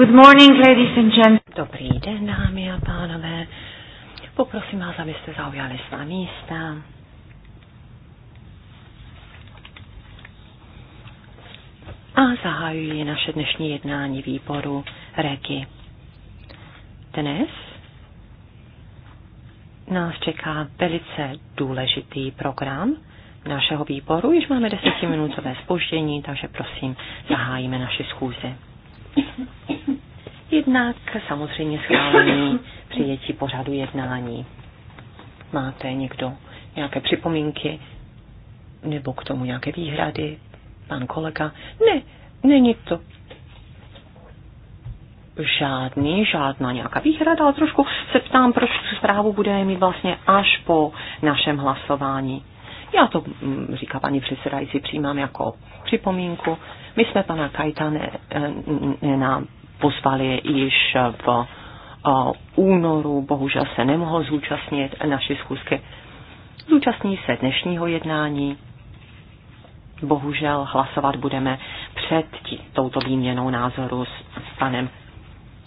Good morning, ladies and gentlemen. Dobrý den, dámy a pánové. Poprosím vás, abyste zaujali svá místa. A zahajuji naše dnešní jednání výboru REGI. Dnes nás čeká velice důležitý program našeho výboru. Již máme desetiminutové spoždění, takže prosím, zahájíme naši schůzi. Jednak samozřejmě schválení přijetí pořadu jednání. Máte někdo nějaké připomínky nebo k tomu nějaké výhrady? Pan kolega? Ne, není to žádný, žádná nějaká výhrada, ale trošku se ptám, proč tu zprávu budeme mít vlastně až po našem hlasování. Já to, mm, říká paní předsedající, přijímám jako připomínku. My jsme pana Kajtane eh, na pozvali již v eh, únoru, bohužel se nemohl zúčastnit naší schůzky. Zúčastní se dnešního jednání. Bohužel hlasovat budeme před tí, touto výměnou názoru s panem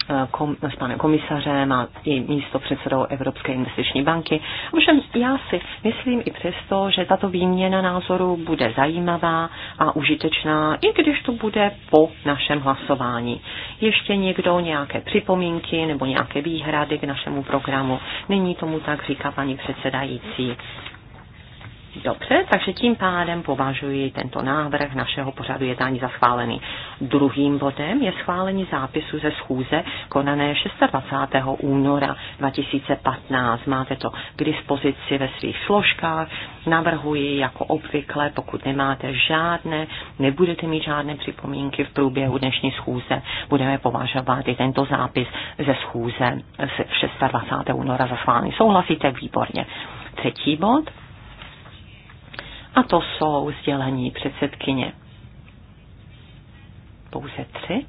Eh, kom, s panem komisařem a i místo předsedou Evropské investiční banky. Ovšem já si myslím i přesto, že tato výměna názoru bude zajímavá a užitečná, i když to bude po našem hlasování. Ještě někdo nějaké připomínky nebo nějaké výhrady k našemu programu? Není tomu tak, říká paní předsedající. Dobře, takže tím pádem považuji tento návrh našeho pořadu jednání za schválený. Druhým bodem je schválení zápisu ze schůze konané 26. února 2015. Máte to k dispozici ve svých složkách. Navrhuji jako obvykle, pokud nemáte žádné, nebudete mít žádné připomínky v průběhu dnešní schůze, budeme považovat i tento zápis ze schůze z 26. února za schválený. Souhlasíte? Výborně. Třetí bod a to jsou sdělení předsedkyně. Pouze tři.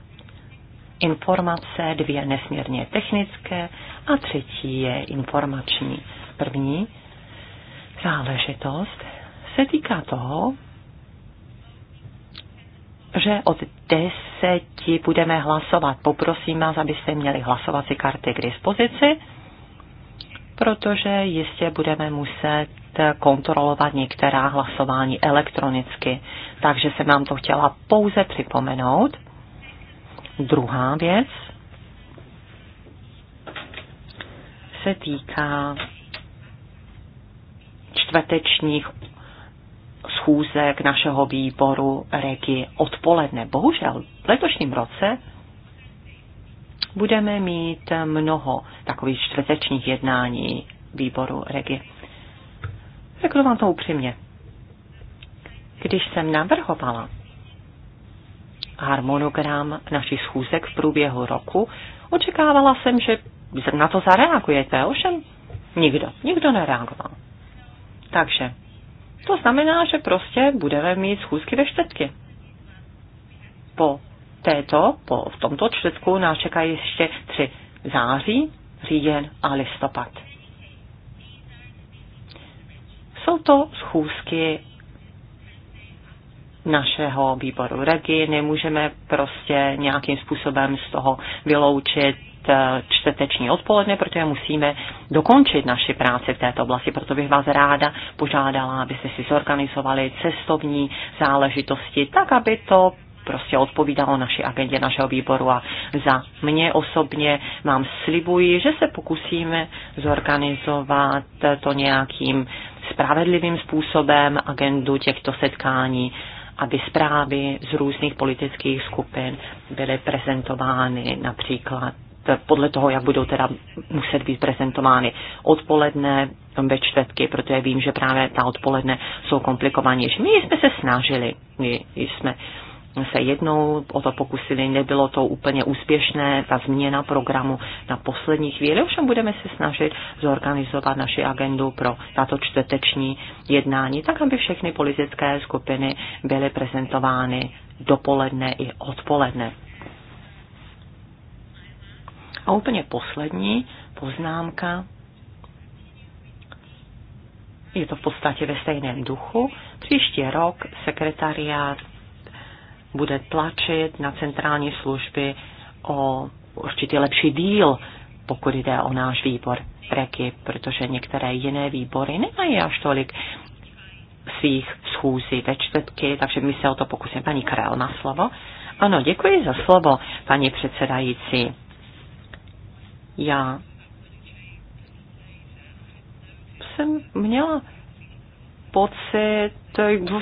Informace, dvě nesmírně technické a třetí je informační. První záležitost se týká toho, že od deseti budeme hlasovat. Poprosím vás, abyste měli hlasovací karty k dispozici, protože jistě budeme muset kontrolovat některá hlasování elektronicky. Takže jsem vám to chtěla pouze připomenout. Druhá věc se týká čtvrtečních schůzek našeho výboru Regi odpoledne. Bohužel v letošním roce budeme mít mnoho takových čtvrtečních jednání výboru Regi. Řeknu vám to upřímně. Když jsem navrhovala harmonogram našich schůzek v průběhu roku, očekávala jsem, že na to zareagujete. Ovšem, nikdo, nikdo nereagoval. Takže, to znamená, že prostě budeme mít schůzky ve štětky. Po této, po, v tomto čtvrtku nás čekají ještě tři září, říjen a listopad. Jsou to schůzky našeho výboru regi, nemůžeme prostě nějakým způsobem z toho vyloučit eh, čteteční odpoledne, protože musíme dokončit naši práci v této oblasti. Proto bych vás ráda požádala, abyste si zorganizovali cestovní záležitosti, tak aby to prostě odpovídalo naší agendě našeho výboru a za mě osobně vám slibuji, že se pokusíme zorganizovat to nějakým spravedlivým způsobem agendu těchto setkání, aby zprávy z různých politických skupin byly prezentovány například podle toho, jak budou teda muset být prezentovány odpoledne ve čtvrtky, protože vím, že právě ta odpoledne jsou komplikovanější. My jsme se snažili, my jsme se jednou o to pokusili, nebylo to úplně úspěšné, ta změna programu na poslední chvíli. Ovšem budeme se snažit zorganizovat naši agendu pro tato čteteční jednání, tak aby všechny politické skupiny byly prezentovány dopoledne i odpoledne. A úplně poslední poznámka. Je to v podstatě ve stejném duchu. Příští rok sekretariát bude tlačit na centrální služby o určitý lepší díl, pokud jde o náš výbor reky, protože některé jiné výbory nemají až tolik svých schůzí ve čtvrtky, takže my se o to pokusíme. Paní Karel na slovo. Ano, děkuji za slovo, paní předsedající. Já jsem měla pocit,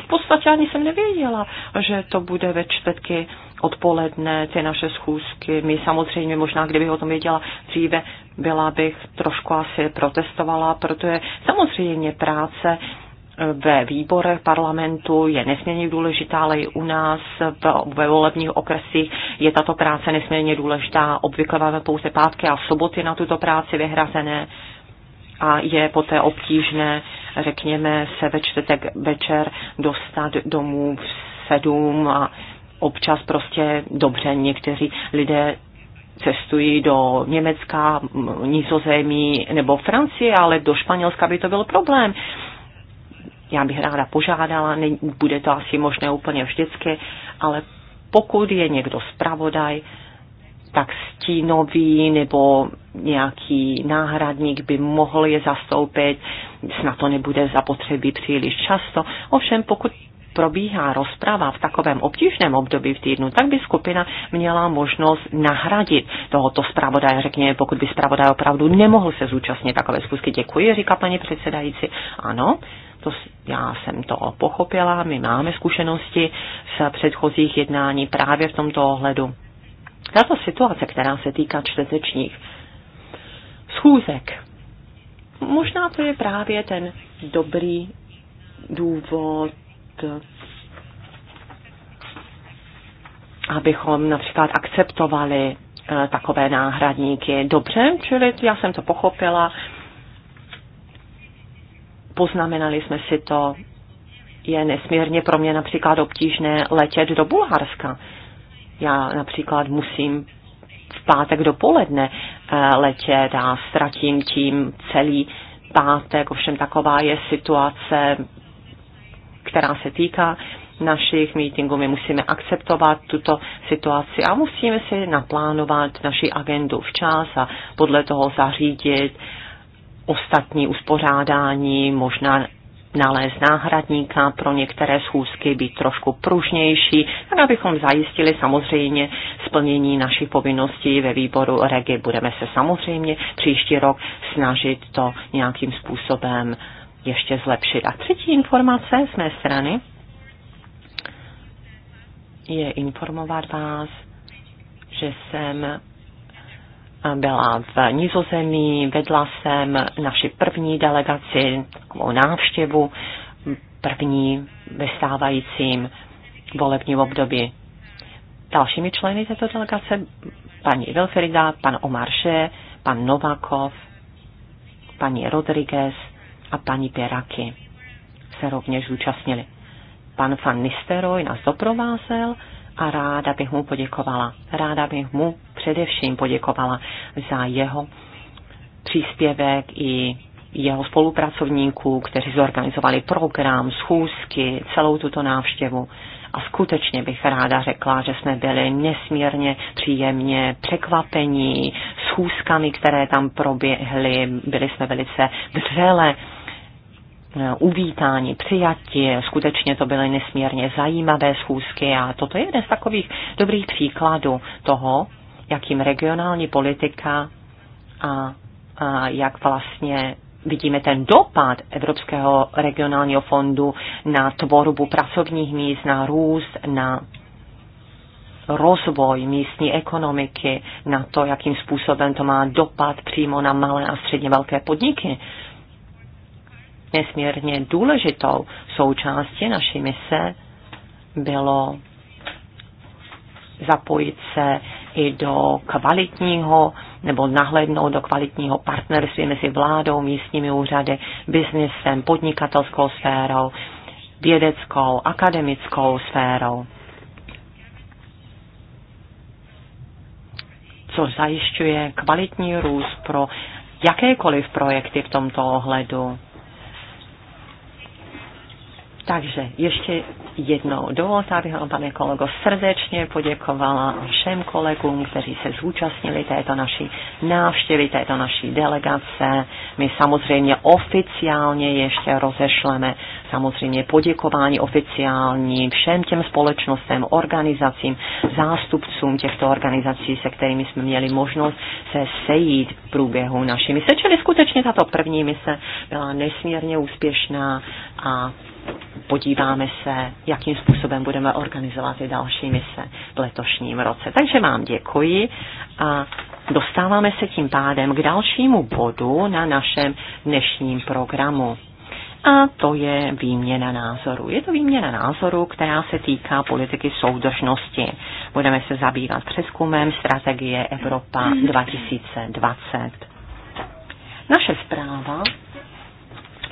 v podstatě ani jsem nevěděla, že to bude ve čtvrtky odpoledne, ty naše schůzky. My samozřejmě možná, kdybych o tom věděla dříve, byla bych trošku asi protestovala, protože samozřejmě práce ve výborech parlamentu je nesmírně důležitá, ale i u nás ve volebních okresích je tato práce nesmírně důležitá. Obvykle máme pouze pátky a soboty na tuto práci vyhrazené a je poté obtížné, řekněme, se ve čtvrtek večer dostat domů v sedm a občas prostě dobře někteří lidé cestují do Německa, Nizozemí nebo Francie, ale do Španělska by to byl problém. Já bych ráda požádala, ne, bude to asi možné úplně vždycky, ale pokud je někdo zpravodaj, tak stínový nebo nějaký náhradník by mohl je zastoupit, snad to nebude zapotřebí příliš často. Ovšem, pokud probíhá rozprava v takovém obtížném období v týdnu, tak by skupina měla možnost nahradit tohoto zpravodaje, řekněme, pokud by zpravodaj opravdu nemohl se zúčastnit takové zkusky. Děkuji, říká paní předsedající. Ano, to, já jsem to pochopila, my máme zkušenosti z předchozích jednání právě v tomto ohledu. Tato situace, která se týká čtvrtečních schůzek, možná to je právě ten dobrý důvod, abychom například akceptovali eh, takové náhradníky. Dobře, čili já jsem to pochopila, poznamenali jsme si to, je nesmírně pro mě například obtížné letět do Bulharska. Já například musím v pátek dopoledne eh, letět a ztratím tím celý pátek. Ovšem taková je situace, která se týká našich meetingů. My musíme akceptovat tuto situaci a musíme si naplánovat naši agendu včas a podle toho zařídit ostatní uspořádání, možná nalézt náhradníka pro některé schůzky, být trošku pružnější, tak abychom zajistili samozřejmě splnění našich povinností ve výboru REGI. Budeme se samozřejmě příští rok snažit to nějakým způsobem ještě zlepšit. A třetí informace z mé strany je informovat vás, že jsem byla v Nizozemí, vedla jsem naši první delegaci takovou návštěvu, první ve stávajícím volebním období. Dalšími členy této delegace paní Wilfrida, pan Omarše, pan Novakov, paní Rodriguez a paní Pěraky se rovněž zúčastnili. Pan Van Nisteroj nás doprovázel a ráda bych mu poděkovala. Ráda bych mu především poděkovala za jeho příspěvek i jeho spolupracovníků, kteří zorganizovali program, schůzky, celou tuto návštěvu. A skutečně bych ráda řekla, že jsme byli nesmírně příjemně překvapení schůzkami, které tam proběhly. Byli jsme velice vřele Eh, uvítání, přijatí. Skutečně to byly nesmírně zajímavé schůzky a toto je jeden z takových dobrých příkladů toho, jakým regionální politika a, a jak vlastně vidíme ten dopad Evropského regionálního fondu na tvorbu pracovních míst, na růst, na rozvoj místní ekonomiky, na to, jakým způsobem to má dopad přímo na malé a středně velké podniky Nesmírně důležitou součástí naší mise bylo zapojit se i do kvalitního nebo nahlédnout do kvalitního partnerství mezi vládou, místními úřady, biznesem, podnikatelskou sférou, vědeckou, akademickou sférou. co zajišťuje kvalitní růst pro jakékoliv projekty v tomto ohledu. Takže ještě jednou dovolte, abych vám, pane kolego, srdečně poděkovala všem kolegům, kteří se zúčastnili této naší návštěvy, této naší delegace. My samozřejmě oficiálně ještě rozešleme samozřejmě poděkování oficiální všem těm společnostem, organizacím, zástupcům těchto organizací, se kterými jsme měli možnost se sejít v průběhu naší mise. Čili skutečně tato první mise byla nesmírně úspěšná a podíváme se, jakým způsobem budeme organizovat i další mise v letošním roce. Takže vám děkuji a dostáváme se tím pádem k dalšímu bodu na našem dnešním programu. A to je výměna názoru. Je to výměna názoru, která se týká politiky soudržnosti. Budeme se zabývat přeskumem strategie Evropa 2020. Naše zpráva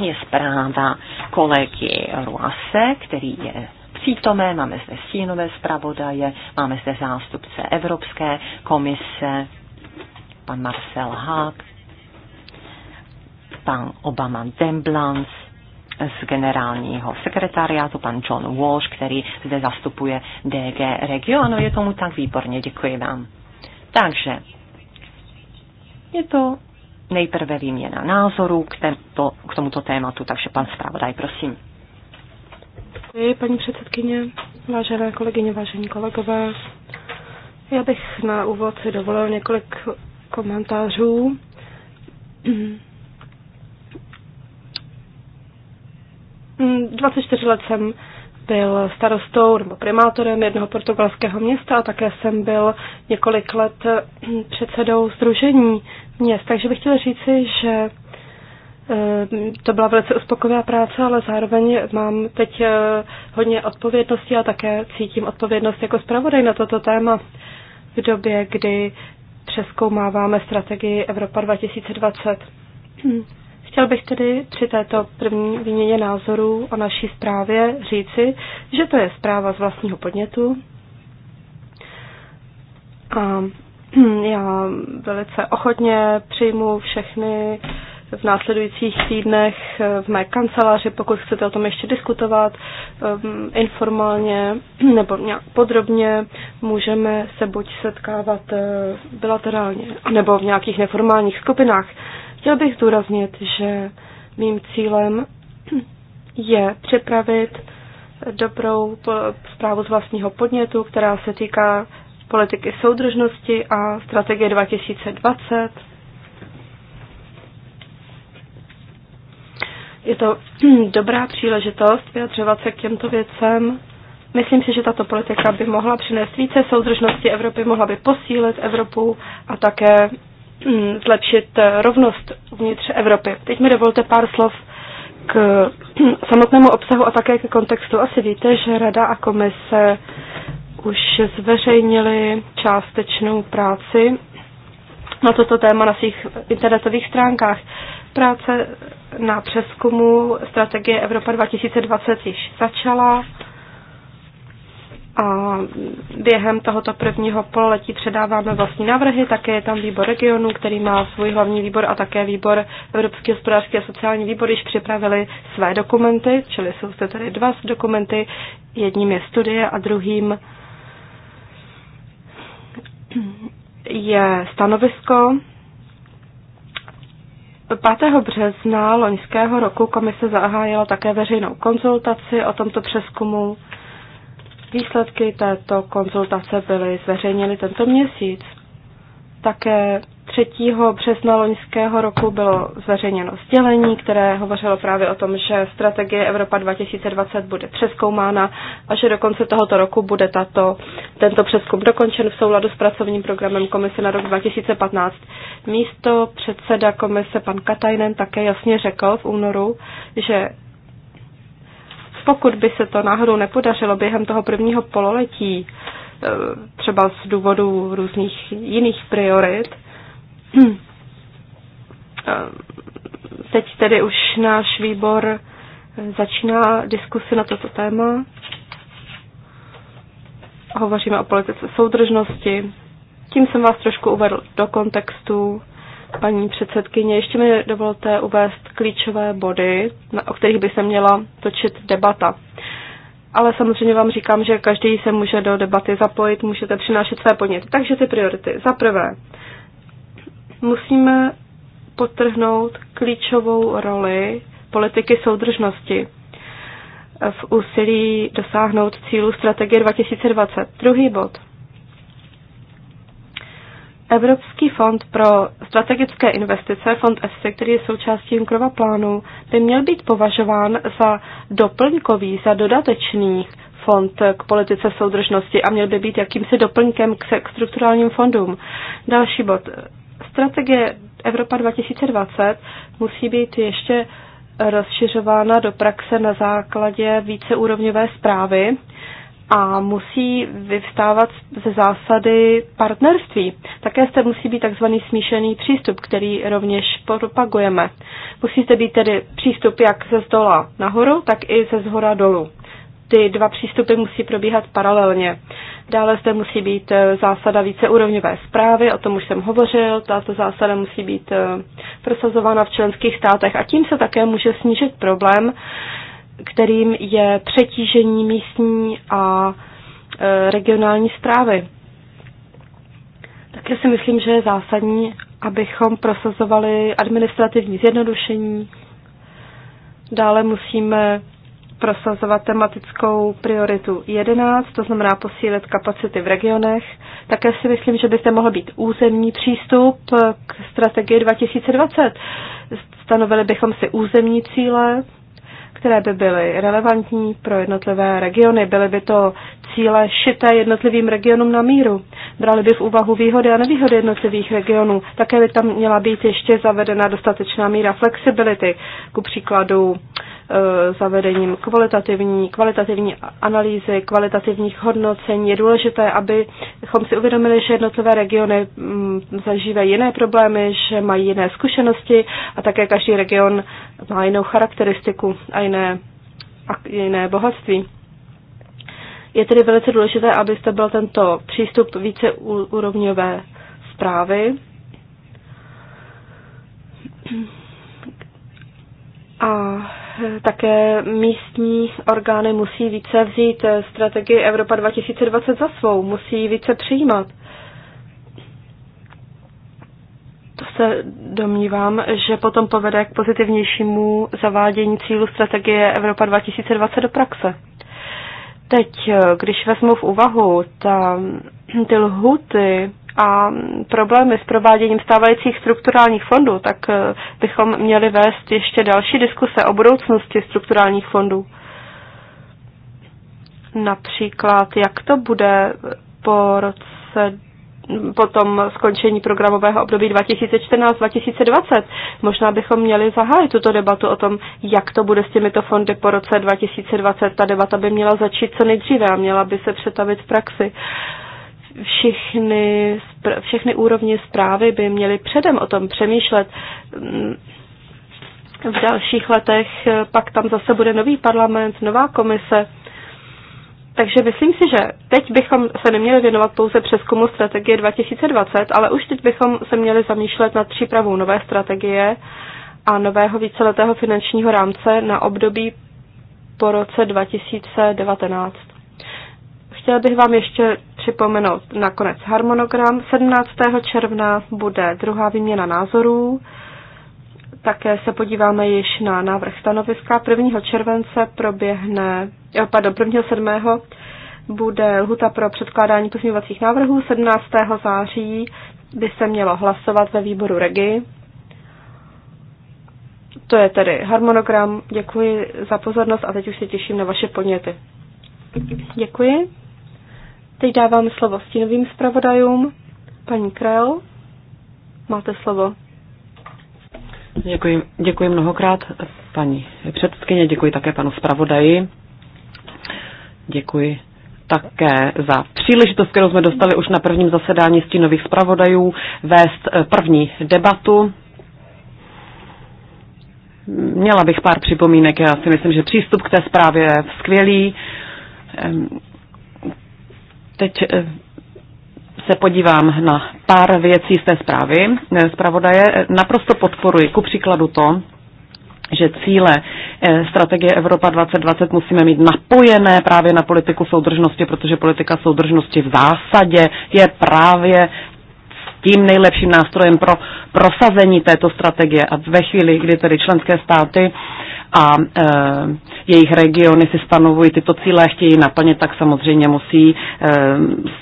je vlastně zpráva kolegy Ruase, který je přítomé, máme zde stínové zpravodaje, máme zde zástupce Evropské komise, pan Marcel Haag, pan Obama Demblans z generálního sekretariátu, pan John Walsh, který zde zastupuje DG Regio. Ano, je tomu tak výborně, děkuji vám. Takže je to Nejprve výměna názorů k, tento, k tomuto tématu, takže pan zpravodaj, prosím. Děkuji, paní předsedkyně, vážené kolegyně, vážení kolegové. Já bych na úvod si dovolil několik komentářů. Hmm. 24 let jsem byl starostou nebo primátorem jednoho portugalského města a také jsem byl několik let předsedou Združení měst. Takže bych chtěla říci, že eh, to byla velice uspokojivá práce, ale zároveň mám teď eh, hodně odpovědnosti a také cítím odpovědnost jako zpravodaj na toto téma v době, kdy přeskoumáváme strategii Evropa 2020. Chtěl bych tedy při této první výměně názorů o naší zprávě říci, že to je zpráva z vlastního podnětu a já velice ochotně přijmu všechny v následujících týdnech v mé kanceláři, pokud chcete o tom ještě diskutovat um, informálně nebo nějak podrobně, můžeme se buď setkávat eh, bilaterálně nebo v nějakých neformálních skupinách. Chtěl bych zdůraznit, že mým cílem je připravit dobrou zprávu z vlastního podnětu, která se týká politiky soudržnosti a strategie 2020. Je to dobrá příležitost vyjadřovat se k těmto věcem. Myslím si, že tato politika by mohla přinést více soudržnosti Evropy, mohla by posílit Evropu a také mm, zlepšit eh, rovnost uvnitř Evropy. Teď mi dovolte pár slov k samotnému obsahu a také ke kontextu. Asi víte, že Rada a Komise už zveřejnili částečnou práci na toto téma na svých internetových stránkách. Práce na přeskumu strategie Evropa 2020 již začala a během tohoto prvního pololetí předáváme vlastní návrhy, také je tam výbor regionu, který má svůj hlavní výbor a také výbor Evropský hospodářský a sociální výbor, již připravili své dokumenty, čili jsou zde tady dva dokumenty, jedním je studie a druhým je stanovisko 5. března loňského roku komise zahájila také veřejnou konzultaci o tomto přeskumu. Výsledky této konzultace byly zveřejněny tento měsíc. Také 3. března loňského roku bylo zveřejněno sdělení, které hovořilo právě o tom, že strategie Evropa 2020 bude přeskoumána a že do konce tohoto roku bude tato, tento přeskum dokončen v souladu s pracovním programem komise na rok 2015. Místo předseda komise pan Katajnen také jasně řekl v únoru, že pokud by se to náhodou nepodařilo během toho prvního pololetí, eh, třeba z důvodu různých jiných priorit, Hm. Teď tedy už náš výbor začíná diskusi na toto téma. Hovoříme o politice soudržnosti. Tím jsem vás trošku uvedl do kontextu. Paní předsedkyně, ještě mi dovolte uvést klíčové body, o kterých by se měla točit debata. Ale samozřejmě vám říkám, že každý se může do debaty zapojit, můžete přinášet své podněty. Takže ty priority. Za prvé, musíme potrhnout klíčovou roli politiky soudržnosti v úsilí dosáhnout cílu strategie 2020. Druhý bod. Evropský fond pro strategické investice, fond ESSE, který je součástí Junckerova plánu, by měl být považován za doplňkový, za dodatečný fond k politice soudržnosti a měl by být jakýmsi doplňkem k strukturálním fondům. Další bod. Strategie Evropa 2020 musí být ještě rozšiřována do praxe na základě víceúrovňové zprávy a musí vyvstávat ze zásady partnerství. Také zde musí být tzv. smíšený přístup, který rovněž propagujeme. Musí zde být tedy přístup jak ze zdola nahoru, tak i ze zhora dolů. Ty dva přístupy musí probíhat paralelně. Dále zde musí být eh, zásada víceúrovňové zprávy, o tom už jsem hovořil, tato zásada musí být eh, prosazována v členských státech a tím se také může snížit problém, kterým je přetížení místní a eh, regionální zprávy. Také si myslím, že je zásadní, abychom prosazovali administrativní zjednodušení. Dále musíme prosazovat tematickou prioritu 11, to znamená posílit kapacity v regionech. Také si myslím, že by zde mohl být územní přístup k strategii 2020. Stanovili bychom si územní cíle, které by byly relevantní pro jednotlivé regiony. Byly by to cíle šité jednotlivým regionům na míru. Brali by v úvahu výhody a nevýhody jednotlivých regionů. Také by tam měla být ještě zavedena dostatečná míra flexibility, ku příkladu Eh, zavedením kvalitativní, kvalitativní analýzy, kvalitativních hodnocení. Je důležité, abychom si uvědomili, že jednotlivé regiony mm, zažívají jiné problémy, že mají jiné zkušenosti a také každý region má jinou charakteristiku a jiné, a jiné bohatství. Je tedy velice důležité, abyste byl tento přístup více úrovňové zprávy. A také místní orgány musí více vzít strategii Evropa 2020 za svou, musí více přijímat. To se domnívám, že potom povede k pozitivnějšímu zavádění cílu strategie Evropa 2020 do praxe. Teď, eh, když vezmu v úvahu ta, ty lhuty, a problémy s prováděním stávajících strukturálních fondů, tak eh, bychom měli vést ještě další diskuse o budoucnosti strukturálních fondů. Například, jak to bude po roce po tom skončení programového období 2014-2020. Možná bychom měli zahájit tuto debatu o tom, jak to bude s těmito fondy po roce 2020. Ta debata by měla začít co nejdříve a měla by se přetavit v praxi všechny, všechny úrovně zprávy by měly předem o tom přemýšlet. V dalších letech eh, pak tam zase bude nový parlament, nová komise. Takže myslím si, že teď bychom se neměli věnovat pouze přeskumu strategie 2020, ale už teď bychom se měli zamýšlet nad přípravou nové strategie a nového víceletého finančního rámce na období po roce 2019. Chtěla bych vám ještě připomenout nakonec harmonogram. 17. června bude druhá výměna názorů. Také se podíváme již na návrh stanoviska. 1. července proběhne, eh, pardon, 1. 7. bude lhuta pro předkládání pozměňovacích návrhů. 17. září by se mělo hlasovat ve výboru REGI. To je tedy harmonogram. Děkuji za pozornost a teď už se těším na vaše podněty. Děkuji. Teď dávám slovo stínovým zpravodajům. Paní Krajl, máte slovo. Děkuji, děkuji mnohokrát paní předsedkyně, děkuji také panu zpravodaji. Děkuji také za příležitost, kterou jsme dostali už na prvním zasedání stínových zpravodajů, vést eh, první debatu. Měla bych pár připomínek. Já si myslím, že přístup k té zprávě je skvělý. Teď eh, se podívám na pár věcí z té zprávy. Eh, zpravodaje naprosto podporuji. Ku příkladu to, že cíle eh, strategie Evropa 2020 musíme mít napojené právě na politiku soudržnosti, protože politika soudržnosti v zásadě je právě tím nejlepším nástrojem pro prosazení této strategie. A ve chvíli, kdy tedy členské státy a e, jejich regiony si stanovují tyto cíle a chtějí naplnit, tak samozřejmě musí e,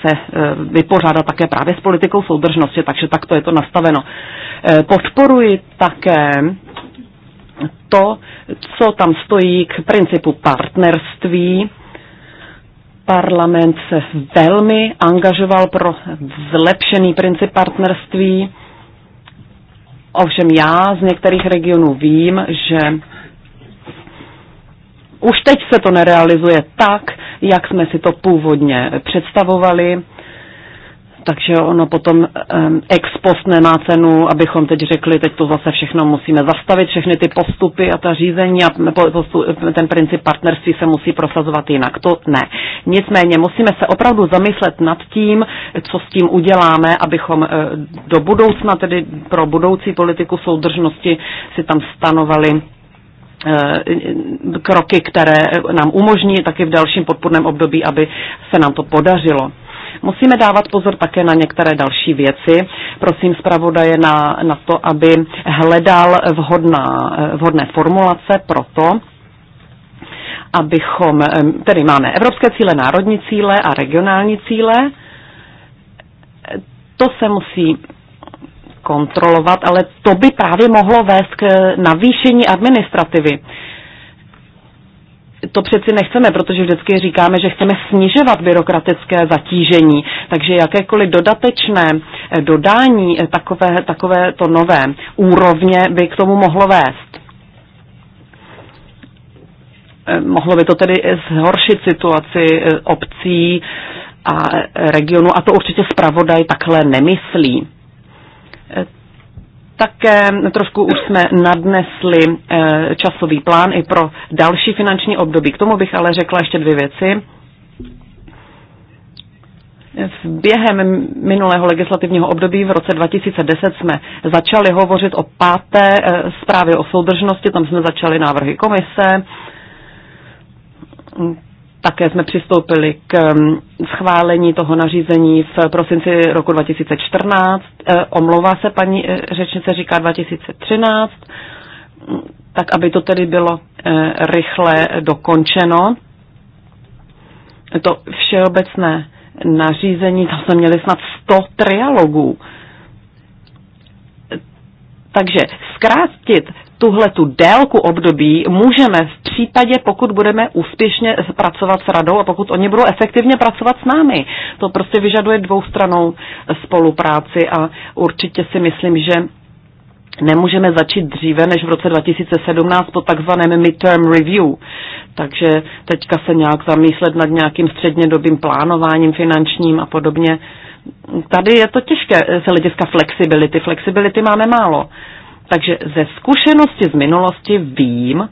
se e, vypořádat také právě s politikou soudržnosti, takže takto je to nastaveno. E, podporuji také to, co tam stojí k principu partnerství. Parlament se velmi angažoval pro zlepšený princip partnerství. Ovšem já z některých regionů vím, že už teď se to nerealizuje tak, jak jsme si to původně představovali, takže ono potom ex post nemá cenu, abychom teď řekli, teď to zase všechno musíme zastavit, všechny ty postupy a ta řízení a ten princip partnerství se musí prosazovat jinak. To ne. Nicméně musíme se opravdu zamyslet nad tím, co s tím uděláme, abychom eh, do budoucna, tedy pro budoucí politiku soudržnosti si tam stanovali Eh, kroky, které nám umožní taky v dalším podpůrném období, aby se nám to podařilo. Musíme dávat pozor také na některé další věci. Prosím zpravodaje na, na to, aby hledal vhodná, eh, vhodné formulace pro to, abychom, eh, tedy máme evropské cíle, národní cíle a regionální cíle. To se musí kontrolovat, ale to by právě mohlo vést k eh, navýšení administrativy. To přeci nechceme, protože vždycky říkáme, že chceme snižovat byrokratické zatížení. Takže jakékoliv dodatečné eh, dodání eh, takové, takové to nové úrovně by k tomu mohlo vést. Mohlo by to tedy zhoršit situaci obcí, a regionu a to určitě zpravodaj takhle nemyslí. Také trošku už jsme nadnesli eh, časový plán i pro další finanční období. K tomu bych ale řekla ještě dvě věci. V během minulého legislativního období v roce 2010 jsme začali hovořit o páté eh, zprávě o soudržnosti, tam jsme začali návrhy komise, také jsme přistoupili k um, schválení toho nařízení v prosinci roku 2014. E, omlouvá se paní e, řečnice, říká 2013, tak aby to tedy bylo e, rychle dokončeno. To všeobecné nařízení, tam jsme měli snad 100 trialogů. Takže zkrátit tuhle tu délku období můžeme v případě, pokud budeme úspěšně pracovat s radou a pokud oni budou efektivně pracovat s námi. To prostě vyžaduje dvoustranou spolupráci a určitě si myslím, že nemůžeme začít dříve než v roce 2017 po takzvaném midterm review. Takže teďka se nějak zamýšlet nad nějakým střednědobým plánováním finančním a podobně. Tady je to těžké z hlediska flexibility. Flexibility máme málo. Uh, takže ze zkušenosti z minulosti vím,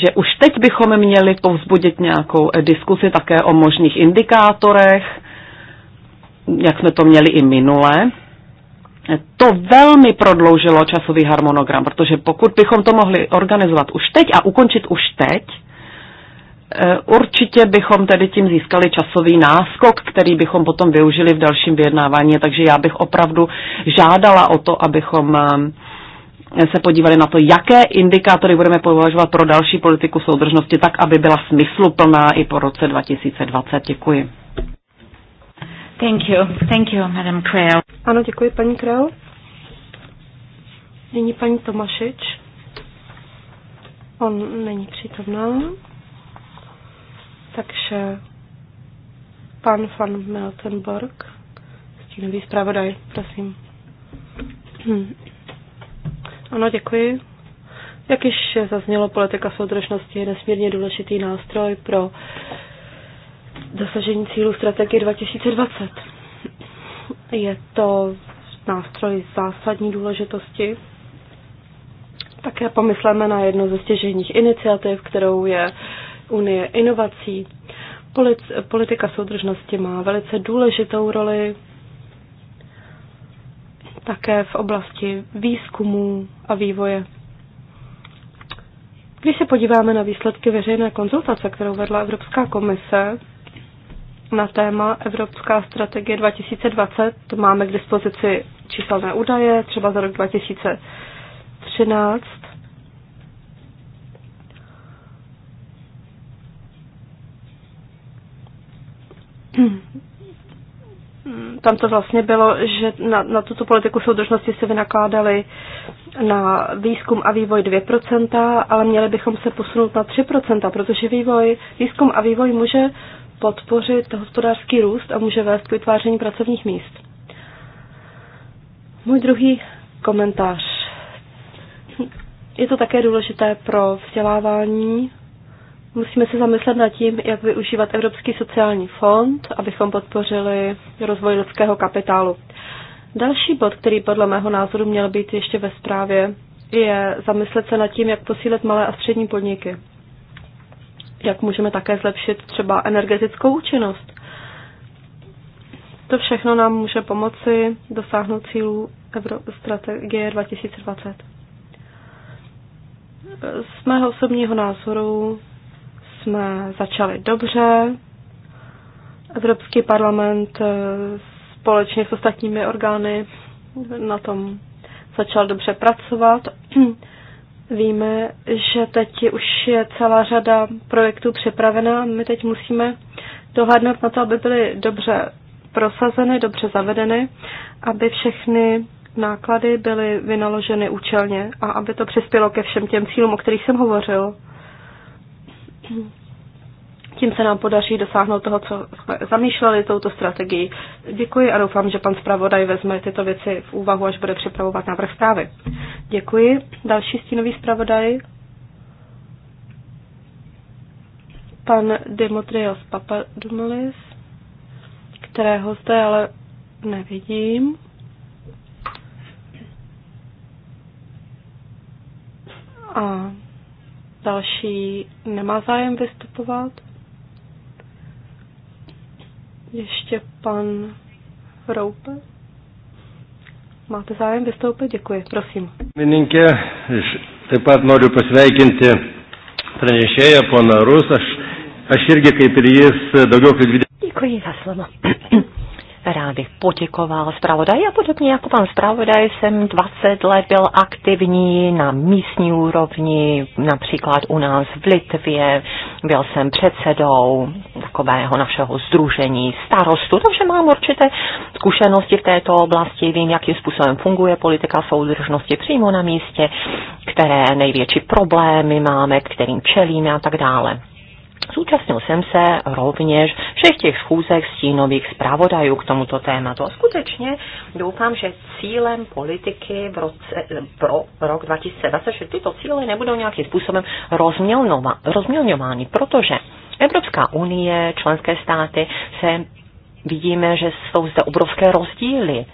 že už teď bychom měli povzbudit nějakou eh, diskusi také o možných indikátorech, jak jsme to měli i minule. Eh, to velmi prodloužilo časový harmonogram, protože pokud bychom to mohli organizovat už teď a ukončit už teď, Eh, určitě bychom tedy tím získali časový náskok, který bychom potom využili v dalším vyjednávání, takže já bych opravdu žádala o to, abychom eh, se podívali na to, jaké indikátory budeme považovat pro další politiku soudržnosti, tak aby byla smysluplná i po roce 2020. Děkuji. Thank you. Thank you, Madam Creel. Ano, děkuji, paní Creel. Nyní paní Tomašič. On není přítomná. Takže pan van Meltenborg, stínový zpravodaj, prosím. Hmm. Ano, děkuji. Jak již zaznělo, politika soudržnosti je nesmírně důležitý nástroj pro dosažení cílů strategie 2020. Je to nástroj zásadní důležitosti. Také pomysleme na jedno ze stěžejních iniciativ, kterou je unie inovací. Politika soudržnosti má velice důležitou roli také v oblasti výzkumu a vývoje. Když se podíváme na výsledky veřejné konzultace, kterou vedla Evropská komise na téma Evropská strategie 2020, máme k dispozici číselné údaje, třeba za rok 2013, tam to vlastně bylo, že na, na tuto politiku soudržnosti se vynakládali na výzkum a vývoj 2%, ale měli bychom se posunout na 3%, protože vývoj, výzkum a vývoj může podpořit hospodářský růst a může vést k vytváření pracovních míst. Můj druhý komentář. Je to také důležité pro vzdělávání Musíme se zamyslet nad tím, jak využívat Evropský sociální fond, abychom podpořili rozvoj lidského kapitálu. Další bod, který podle mého názoru měl být ještě ve zprávě, je zamyslet se nad tím, jak posílit malé a střední podniky. Jak můžeme také zlepšit třeba energetickou účinnost. To všechno nám může pomoci dosáhnout cílů Euro- strategie 2020. Z mého osobního názoru jsme začali dobře. Evropský parlament eh, společně s ostatními orgány na tom začal dobře pracovat. Víme, že teď už je celá řada projektů připravená. My teď musíme dohádnout na to, aby byly dobře prosazeny, dobře zavedeny, aby všechny náklady byly vynaloženy účelně a aby to přispělo ke všem těm cílům, o kterých jsem hovořil. Tím se nám podaří dosáhnout toho, co jsme zamýšleli touto strategii. Děkuji a doufám, že pan zpravodaj vezme tyto věci v úvahu, až bude připravovat návrh zprávy. Děkuji. Další stínový zpravodaj. Pan Demotrios Papadomolis, kterého zde ale nevidím. A Další nemá zájem vystupovat. Ještě pan Roupe. Máte zájem vystoupit? Děkuji, prosím. Mininkė, aš taip pat noriu pasveikinti pranešėją, poną Rus. Aš, aš irgi kaip ir jis daugiau kaip 20. Děkuji za slovo. Rád bych poděkoval zpravodaji a podobně jako pan zpravodaj jsem 20 let byl aktivní na místní úrovni, například u nás v Litvě. Byl jsem předsedou takového našeho združení starostu, takže mám určité zkušenosti v této oblasti, vím, jakým způsobem funguje politika soudržnosti přímo na místě, které největší problémy máme, kterým čelíme a tak dále. Zúčastnil jsem se rovněž všech těch schůzek stínových zpravodajů k tomuto tématu. A skutečně doufám, že cílem politiky v roce, eh, pro rok 2020, že tyto cíle nebudou nějakým způsobem rozmělňovány, protože Evropská unie, členské státy se vidíme, že jsou zde obrovské rozdíly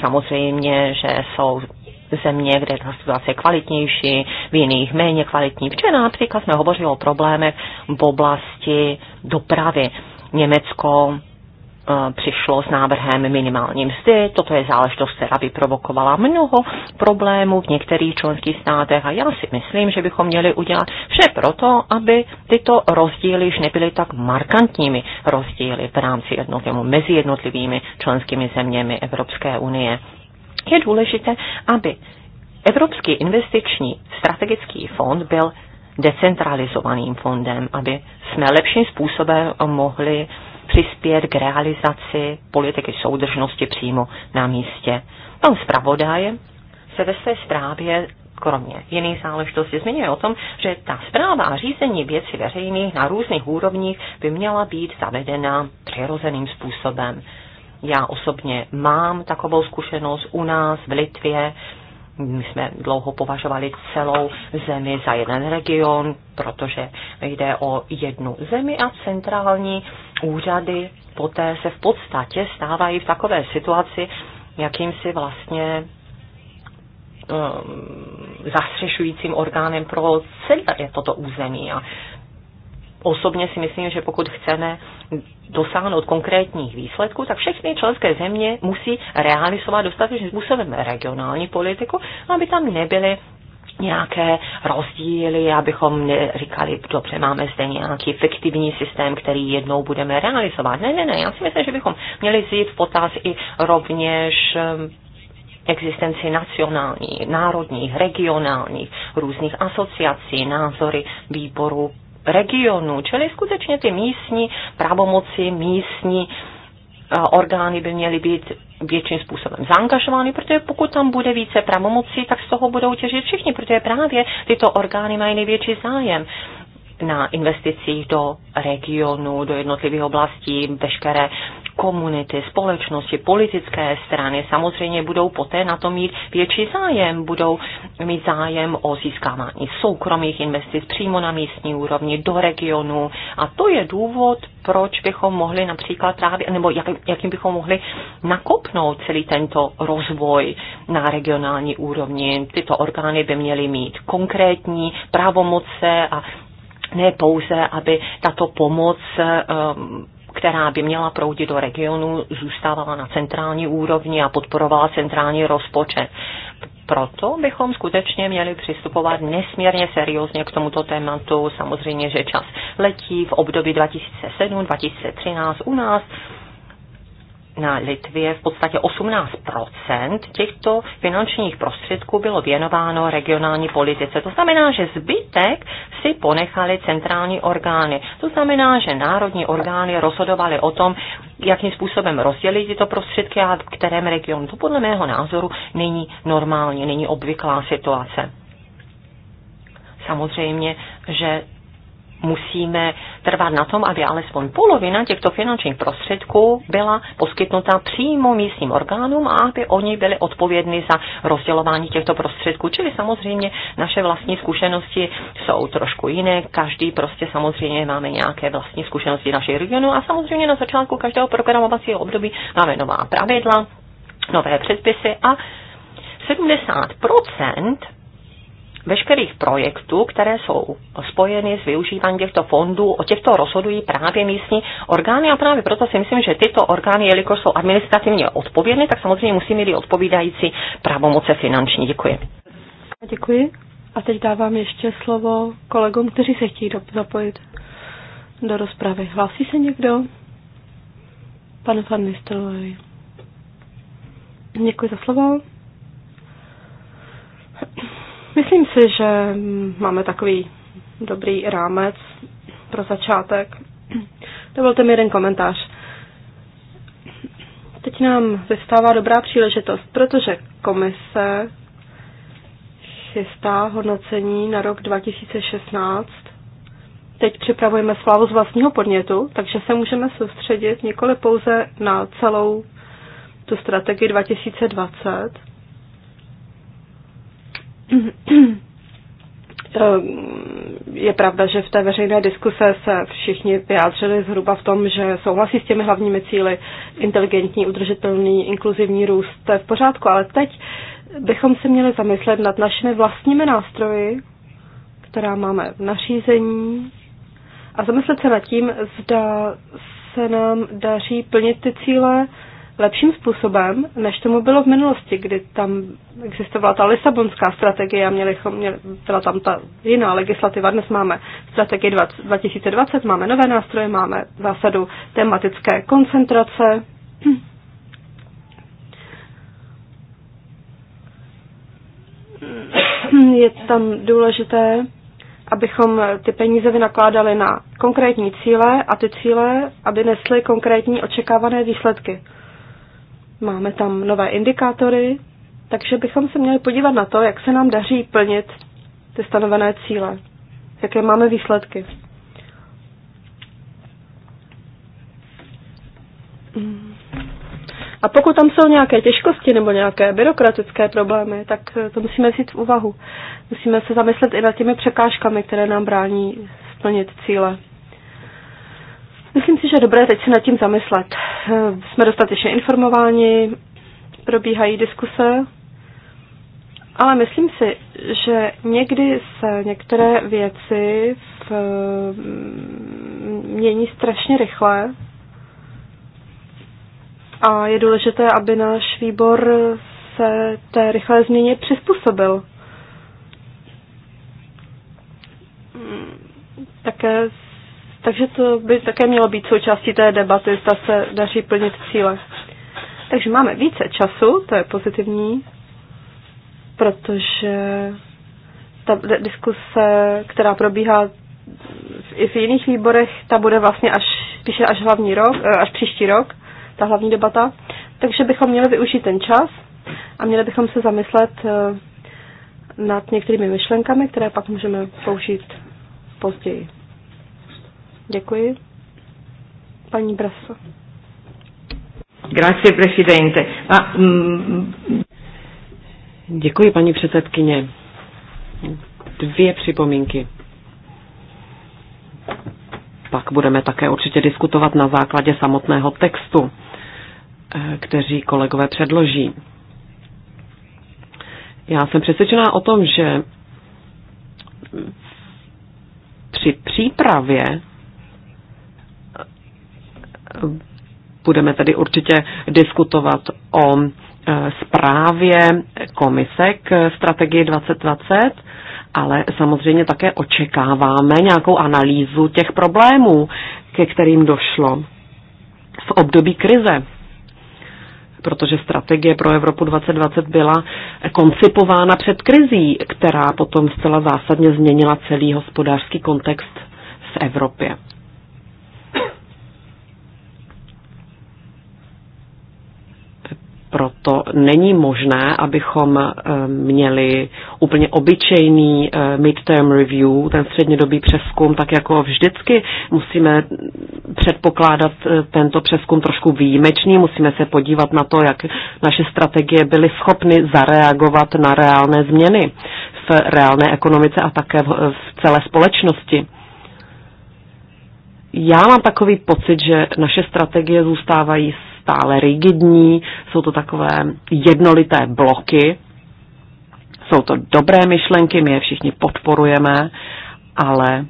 samozřejmě, že jsou země, kde ta situace je kvalitnější, v jiných méně kvalitní. Včera například jsme hovořili o problémech v oblasti dopravy. Německo eh, přišlo s návrhem minimální mzdy. Toto je záležitost, která by provokovala mnoho problémů v některých členských státech a já si myslím, že bychom měli udělat vše proto, aby tyto rozdíly již nebyly tak markantními rozdíly v rámci jednotlivými mezi jednotlivými členskými zeměmi Evropské unie je důležité, aby Evropský investiční strategický fond byl decentralizovaným fondem, aby jsme lepším způsobem mohli přispět k realizaci politiky soudržnosti přímo na místě. Pan zpravodaj se ve své zprávě kromě jiných záležitostí zmiňuje o tom, že ta zpráva a řízení věcí veřejných na různých úrovních by měla být zavedena přirozeným způsobem. Já osobně mám takovou zkušenost u nás v Litvě. My jsme dlouho považovali celou zemi za jeden region, protože jde o jednu zemi a centrální úřady poté se v podstatě stávají v takové situaci, jakým si vlastně um, zastřešujícím orgánem pro celé toto území. A osobně si myslím, že pokud chceme dosáhnout konkrétních výsledků, tak všechny členské země musí realizovat dostatečným způsobem regionální politiku, aby tam nebyly nějaké rozdíly, abychom říkali, dobře, máme zde nějaký fiktivní systém, který jednou budeme realizovat. Ne, ne, ne, já si myslím, že bychom měli vzít v potaz i rovněž ehm, existenci nacionálních, národních, regionálních, různých asociací, názory výboru regionů, čili skutečně ty místní pravomoci, místní eh, orgány by měly být větším způsobem zaangažovány, protože pokud tam bude více pravomocí, tak z toho budou těžit všichni, protože právě tyto orgány mají největší zájem na investicích do regionu, do jednotlivých oblastí, veškeré komunity, společnosti, politické strany samozřejmě budou poté na to mít větší zájem, budou mít zájem o získávání soukromých investic přímo na místní úrovni, do regionu a to je důvod, proč bychom mohli například právě, nebo jak, jakým bychom mohli nakopnout celý tento rozvoj na regionální úrovni. Tyto orgány by měly mít konkrétní právomoce a ne pouze, aby tato pomoc um, která by měla proudit do regionu, zůstávala na centrální úrovni a podporovala centrální rozpočet. Proto bychom skutečně měli přistupovat nesmírně seriózně k tomuto tématu. Samozřejmě, že čas letí v období 2007-2013 u nás na Litvě v podstatě 18 těchto finančních prostředků bylo věnováno regionální politice. To znamená, že zbytek si ponechali centrální orgány. To znamená, že národní orgány rozhodovaly o tom, jakým způsobem rozdělit tyto prostředky a v kterém regionu. To podle mého názoru není normální, není obvyklá situace. Samozřejmě, že musíme trvat na tom, aby alespoň polovina těchto finančních prostředků byla poskytnuta přímo místním orgánům a aby oni byli odpovědní za rozdělování těchto prostředků. Čili samozřejmě naše vlastní zkušenosti jsou trošku jiné, každý prostě samozřejmě máme nějaké vlastní zkušenosti naší regionu a samozřejmě na začátku každého programovacího období máme nová pravidla, nové předpisy a 70 veškerých projektů, které jsou spojeny s využíváním těchto fondů, o těchto rozhodují právě místní orgány a právě proto si myslím, že tyto orgány, jelikož jsou administrativně odpovědné, tak samozřejmě musí mít i odpovídající pravomoce finanční. Děkuji. Děkuji. A teď dávám ještě slovo kolegům, kteří se chtějí zapojit do rozpravy. Hlásí se někdo? Pane Van Nistelrooy. Děkuji za slovo. Myslím si, že máme takový dobrý rámec pro začátek. Dovolte mi jeden komentář. Teď nám vystává dobrá příležitost, protože komise chystá hodnocení na rok 2016. Teď připravujeme slávu z vlastního podnětu, takže se můžeme soustředit nikoli pouze na celou tu strategii 2020, Eh, je pravda, že v té veřejné diskuse se všichni vyjádřili zhruba v tom, že souhlasí s těmi hlavními cíly inteligentní, udržitelný, inkluzivní růst, to je v pořádku, ale teď bychom se měli zamyslet nad našimi vlastními nástroji, která máme v nařízení a zamyslet se nad tím, zda se nám daří plnit ty cíle, lepším způsobem, než tomu bylo v minulosti, kdy tam existovala ta Lisabonská strategie a měli, měli, byla tam ta jiná legislativa. Dnes máme strategii 20, 2020, máme nové nástroje, máme zásadu tematické koncentrace. Je tam důležité, abychom ty peníze vynakládali na konkrétní cíle a ty cíle, aby nesly konkrétní očekávané výsledky. Máme tam nové indikátory, takže bychom se měli podívat na to, jak se nám daří plnit ty stanovené cíle, jaké máme výsledky. A pokud tam jsou nějaké těžkosti nebo nějaké byrokratické problémy, tak to musíme vzít v úvahu. Musíme se zamyslet i nad těmi překážkami, které nám brání splnit cíle. Myslím si, že je dobré teď se nad tím zamyslet. Eh, jsme dostatečně informováni, probíhají diskuse, ale myslím si, že někdy se některé věci v, mm, mění strašně rychle a je důležité, aby náš výbor se té rychlé změně přizpůsobil. Mm, také takže to by také mělo být součástí té debaty, zda se daří plnit cíle. Takže máme více času, to je pozitivní, protože ta diskuse, která probíhá i v jiných výborech, ta bude vlastně až, píše až hlavní rok, eh, až příští rok, ta hlavní debata. Takže bychom měli využít ten čas a měli bychom se zamyslet eh, nad některými myšlenkami, které pak můžeme použít později. Děkuji. Paní Braso. Grazie, presidente. A, ah, mm, Děkuji, paní předsedkyně. Dvě připomínky. Pak budeme také určitě diskutovat na základě samotného textu, eh, kteří kolegové předloží. Já jsem přesvědčená o tom, že při přípravě budeme tedy určitě diskutovat o e, zprávě komise k strategii 2020, ale samozřejmě také očekáváme nějakou analýzu těch problémů, ke kterým došlo v období krize protože strategie pro Evropu 2020 byla koncipována před krizí, která potom zcela zásadně změnila celý hospodářský kontext v Evropě. proto není možné, abychom eh, měli úplně obyčejný eh, midterm review, ten střednědobý přeskum, tak jako vždycky musíme předpokládat eh, tento přeskum trošku výjimečný, musíme se podívat na to, jak naše strategie byly schopny zareagovat na reálné změny v reálné ekonomice a také v celé společnosti já mám takový pocit, že naše strategie zůstávají stále rigidní, jsou to takové jednolité bloky. Jsou to dobré myšlenky, my je všichni podporujeme, ale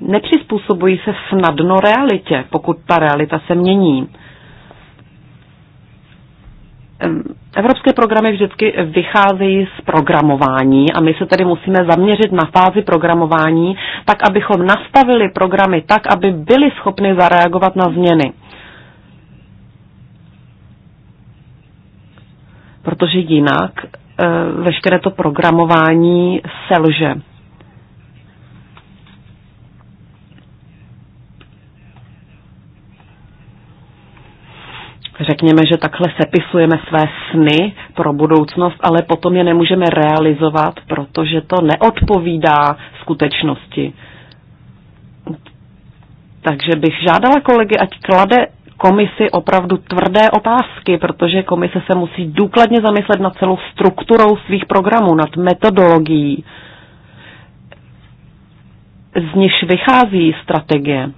nepřizpůsobují se snadno realitě, pokud ta realita se mění. Evropské programy vždycky vycházejí z programování a my se tedy musíme zaměřit na fázi programování, tak abychom nastavili programy tak, aby byly schopny zareagovat na změny. protože jinak eh, veškeré to programování selže. Řekněme, že takhle sepisujeme své sny pro budoucnost, ale potom je nemůžeme realizovat, protože to neodpovídá skutečnosti. Takže bych žádala kolegy, ať klade komisi opravdu tvrdé otázky, protože komise se musí důkladně zamyslet nad celou strukturou svých programů, nad metodologií, z níž vychází strategie,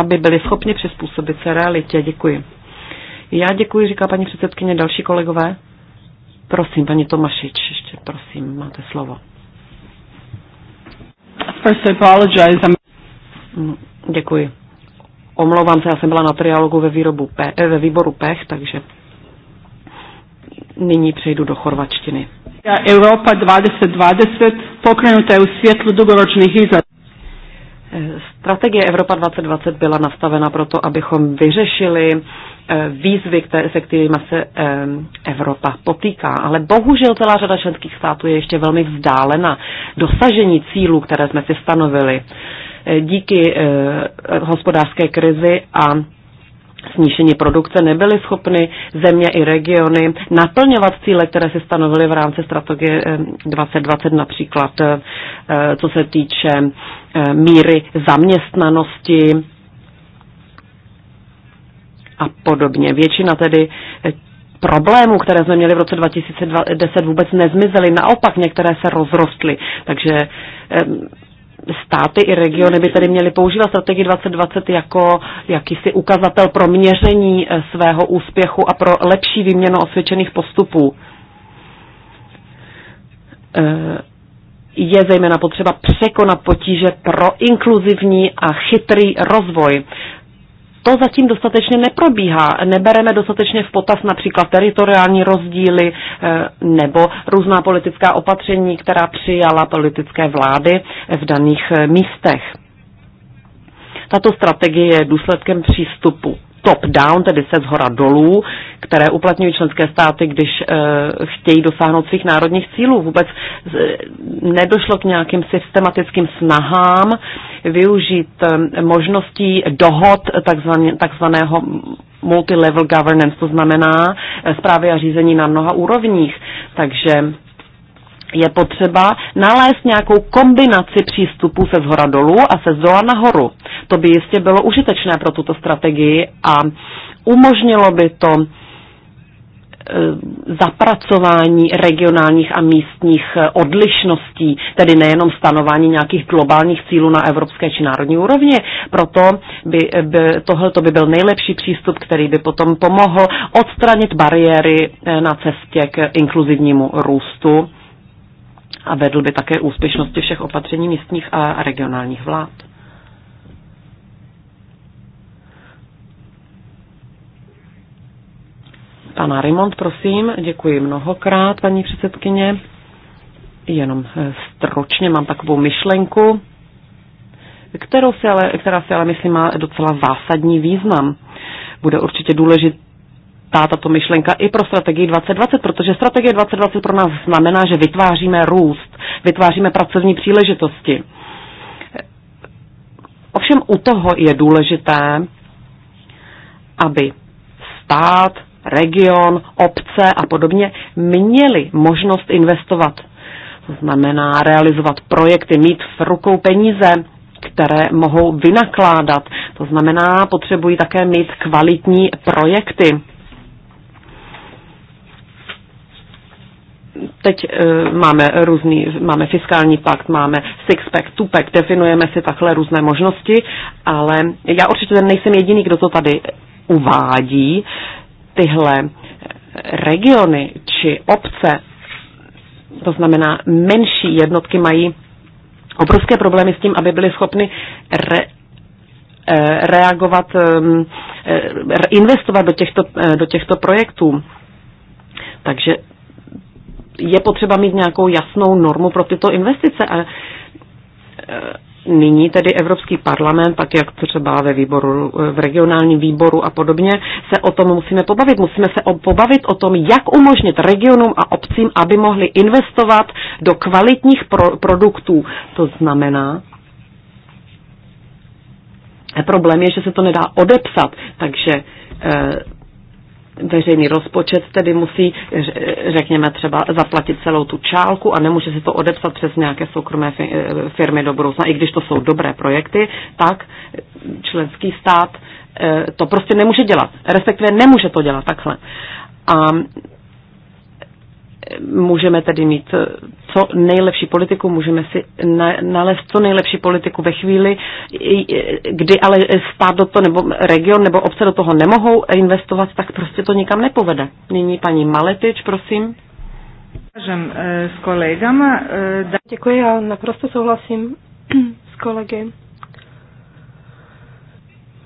aby byli schopni přizpůsobit se realitě. Děkuji. Já děkuji, říká paní předsedkyně, další kolegové. Prosím, paní Tomašič, ještě prosím, máte slovo. First, I apologize. Děkuji. Omlouvám se, já jsem byla na trialogu ve, výrobu eh, ve výboru PECH, takže nyní přejdu do chorvačtiny. Evropa 2020 pokrenuta je u světlu dugoročných výzad. Eh, strategie Evropa 2020 byla nastavena proto, abychom vyřešili eh, výzvy, které, se kterými se eh, Evropa potýká. Ale bohužel celá řada členských států je ještě velmi vzdálena dosažení cílů, které jsme si stanovili díky eh, hospodářské krizi a snížení produkce nebyly schopny země i regiony naplňovat cíle, které se stanovily v rámci strategie 2020, eh, například eh, co se týče míry zaměstnanosti a podobně. Většina tedy problémů, které jsme měli v roce 2010, vůbec nezmizely, naopak některé se rozrostly. Takže státy i regiony by tedy měly používat strategii 2020 jako jakýsi ukazatel pro měření eh, svého úspěchu a pro lepší výměnu osvědčených postupů. Eh, je zejména potřeba překonat potíže pro inkluzivní a chytrý rozvoj to zatím dostatečně neprobíhá. Nebereme dostatečně v potaz například teritoriální rozdíly eh, nebo různá politická opatření, která přijala politické vlády eh, v daných eh, místech. Tato strategie je důsledkem přístupu top-down, tedy se zhora dolů, které uplatňují členské státy, když e, chtějí dosáhnout svých národních cílů. Vůbec e, nedošlo k nějakým systematickým snahám využít e, možností dohod takzvaného multilevel governance, to znamená e, zprávy a řízení na mnoha úrovních. Takže je potřeba nalézt nějakou kombinaci přístupů se zhora dolů a se zdola nahoru. To by jistě bylo užitečné pro tuto strategii a umožnilo by to e, zapracování regionálních a místních e, odlišností, tedy nejenom stanování nějakých globálních cílů na evropské či národní úrovni. Proto by, by tohle by byl nejlepší přístup, který by potom pomohl odstranit bariéry e, na cestě k inkluzivnímu růstu a vedl by také úspěšnosti všech opatření místních a regionálních vlád. Pana Rimont, prosím, děkuji mnohokrát, paní předsedkyně. Jenom eh, stročně mám takovou myšlenku, kterou si ale, která si ale myslím má docela zásadní význam. Bude určitě důležitý ta, tato myšlenka i pro strategii 2020, protože strategie 2020 pro nás znamená, že vytváříme růst, vytváříme pracovní příležitosti. Ovšem u toho je důležité, aby stát, region, obce a podobně měli možnost investovat. To znamená realizovat projekty, mít v rukou peníze, které mohou vynakládat. To znamená, potřebují také mít kvalitní projekty. teď eh, máme různý, máme fiskální pakt, máme six-pack, two-pack, definujeme si takhle různé možnosti, ale já určitě nejsem jediný, kdo to tady uvádí. Tyhle regiony či obce, to znamená menší jednotky, mají obrovské problémy s tím, aby byly schopny re, eh, reagovat, ehm, eh, investovat do těchto, do těchto projektů. Takže je potřeba mít nějakou jasnou normu pro tyto investice. A e, nyní tedy Evropský parlament, tak jak třeba ve výboru, e, v regionálním výboru a podobně, se o tom musíme pobavit. Musíme se o, pobavit o tom, jak umožnit regionům a obcím, aby mohli investovat do kvalitních pro, produktů. To znamená, e, problém je, že se to nedá odepsat, takže veřejný rozpočet tedy musí, řekněme třeba, zaplatit celou tu čálku a nemůže si to odepsat přes nějaké soukromé eh, firmy do budoucna. I když to jsou dobré projekty, tak členský stát eh, to prostě nemůže dělat, respektive nemůže to dělat takhle. A eh, můžeme tedy mít co nejlepší politiku, můžeme si nalézt co nejlepší politiku ve chvíli, kdy ale stát do toho, nebo region, nebo obce do toho nemohou investovat, tak prostě to nikam nepovede. Nyní paní Maletič, prosím. Eh, s kolegama. Eh, Děkuji, já naprosto souhlasím s kolegy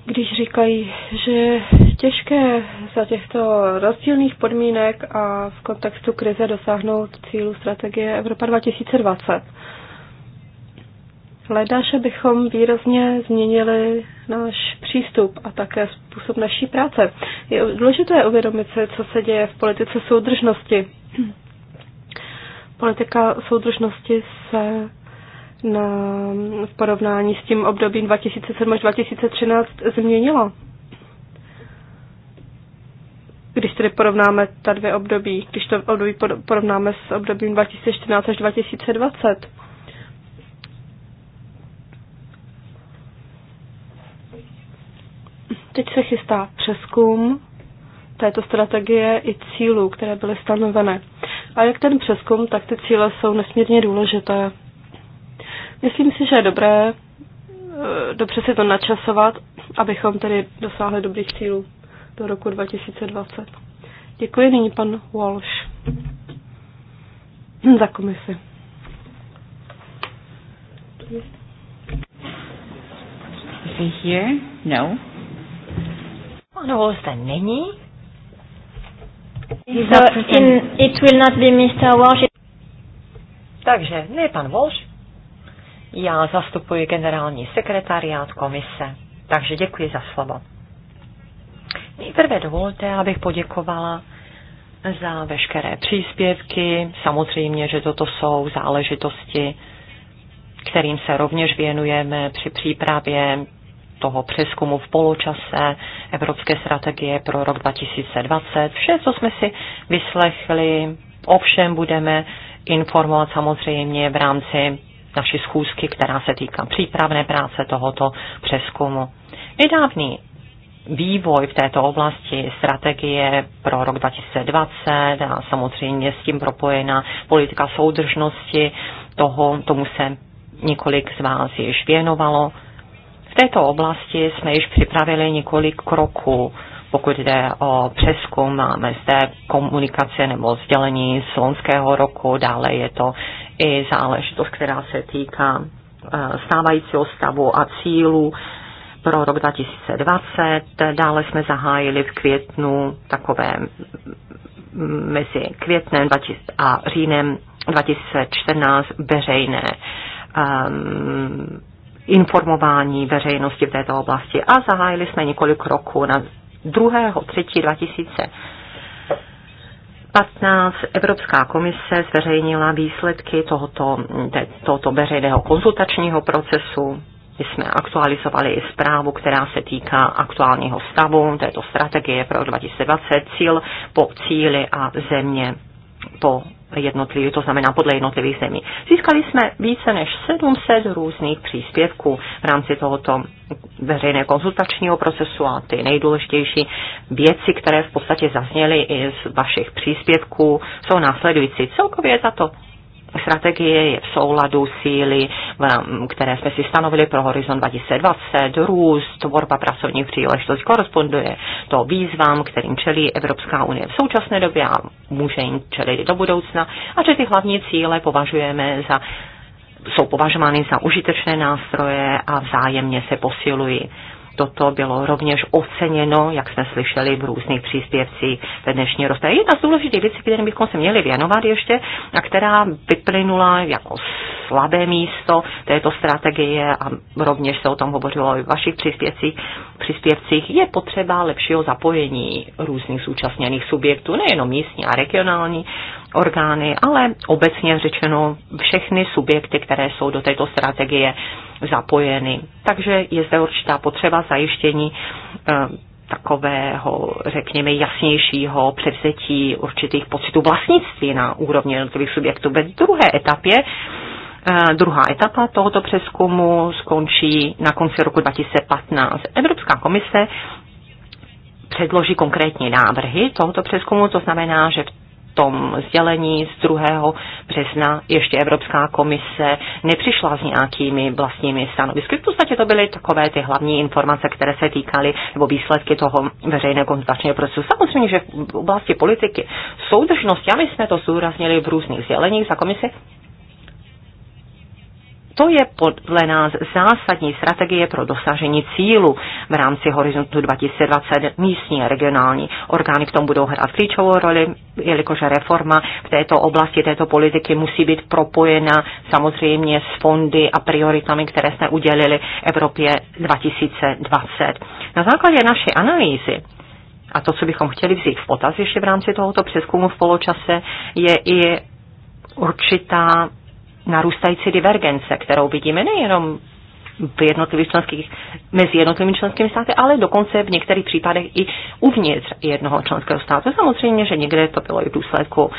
když říkají, že je těžké za těchto rozdílných podmínek a v kontextu krize dosáhnout cílu strategie Evropa 2020. Ledaže bychom výrazně změnili náš přístup a také způsob naší práce. Je důležité uvědomit si, co se děje v politice soudržnosti. Politika soudržnosti se na, v porovnání s tím obdobím 2007 až 2013 změnilo? Když tedy porovnáme ta dvě období, když to období porovnáme s obdobím 2014 až 2020, Teď se chystá přeskum této strategie i cílů, které byly stanovené. A jak ten přeskum, tak ty cíle jsou nesmírně důležité. Myslím si, že je dobré eh, dobře si to načasovat, abychom tedy dosáhli dobrých cílů do roku 2020. Děkuji nyní pan Walsh hm, za komisi. Is he here? No. Walsh tam není. So in, it will not be Mr. Walsh. Takže ne pan Walsh, já zastupuji generální sekretariát komise, takže děkuji za slovo. Nejprve dovolte, abych poděkovala za veškeré příspěvky. Samozřejmě, že toto jsou záležitosti, kterým se rovněž věnujeme při přípravě toho přeskumu v poločase Evropské strategie pro rok 2020. Vše, co jsme si vyslechli, ovšem budeme informovat samozřejmě v rámci naší schůzky, která se týká přípravné práce tohoto přeskumu. Nedávný vývoj v této oblasti, strategie pro rok 2020 a samozřejmě s tím propojená politika soudržnosti, toho, tomu se několik z vás již věnovalo. V této oblasti jsme již připravili několik kroků pokud jde o přeskum, máme zde komunikace nebo sdělení z loňského roku, dále je to i záležitost, která se týká eh, stávajícího stavu a cílů pro rok 2020. Dále jsme zahájili v květnu takové mezi květnem a říjnem 2014 veřejné um, informování veřejnosti v této oblasti a zahájili jsme několik kroků na 15. Evropská komise zveřejnila výsledky tohoto, tohoto veřejného konzultačního procesu. My jsme aktualizovali i zprávu, která se týká aktuálního stavu této strategie pro 2020, cíl po cíli a země po jednotlivých, to znamená podle jednotlivých zemí. Získali jsme více než 700 různých příspěvků v rámci tohoto veřejné konzultačního procesu a ty nejdůležitější věci, které v podstatě zazněly i z vašich příspěvků, jsou následující. Celkově tato strategie je v souladu síly, které jsme si stanovili pro Horizon 2020, růst, tvorba pracovních příležitostí koresponduje to výzvám, kterým čelí Evropská unie v současné době a může jim čelit do budoucna a že ty hlavní cíle považujeme za jsou považovány za užitečné nástroje a vzájemně se posilují. Toto bylo rovněž oceněno, jak jsme slyšeli v různých příspěvcích ve dnešní rozpravě. Jedna z důležitých věcí, které bychom se měli věnovat ještě, a která vyplynula jako slabé místo této strategie a rovněž se o tom hovořilo i v vašich příspěvcích, příspěvcích je potřeba lepšího zapojení různých zúčastněných subjektů, nejenom místní a regionální, orgány, ale obecně řečeno všechny subjekty, které jsou do této strategie zapojeny. Takže je zde určitá potřeba zajištění eh, takového, řekněme, jasnějšího převzetí určitých pocitů vlastnictví na úrovni jednotlivých subjektů. Ve druhé etapě eh, Druhá etapa tohoto přeskumu skončí na konci roku 2015. Evropská komise předloží konkrétní návrhy tohoto přeskumu, to znamená, že v tom sdělení z 2. března ještě Evropská komise nepřišla s nějakými vlastními stanovisky. V podstatě to byly takové ty hlavní informace, které se týkaly nebo výsledky toho veřejného konzultačního procesu. Samozřejmě, že v oblasti politiky soudržnosti, a my jsme to zúraznili v různých sděleních za komisi, to je podle nás zásadní strategie pro dosažení cílu v rámci horizontu 2020. Místní a regionální orgány v tom budou hrát klíčovou roli, jelikož reforma v této oblasti, této politiky musí být propojena samozřejmě s fondy a prioritami, které jsme udělili Evropě 2020. Na základě naší analýzy a to, co bychom chtěli vzít v potaz ještě v rámci tohoto přeskumu v poločase, je i určitá narůstající divergence, kterou vidíme nejenom v jednotlivých členských, mezi jednotlivými členskými státy, ale dokonce v některých případech i uvnitř jednoho členského státu. Samozřejmě, že někde to bylo i v důsledku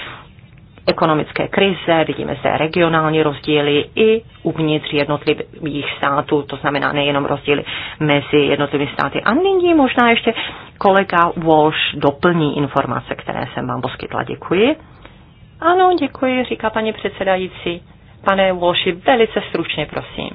ekonomické krize, vidíme se regionální rozdíly i uvnitř jednotlivých států, to znamená nejenom rozdíly mezi jednotlivými státy. A nyní možná ještě kolega Walsh doplní informace, které jsem vám poskytla. Děkuji. Ano, děkuji, říká paní předsedající. Pane Walshi, velice stručně, prosím.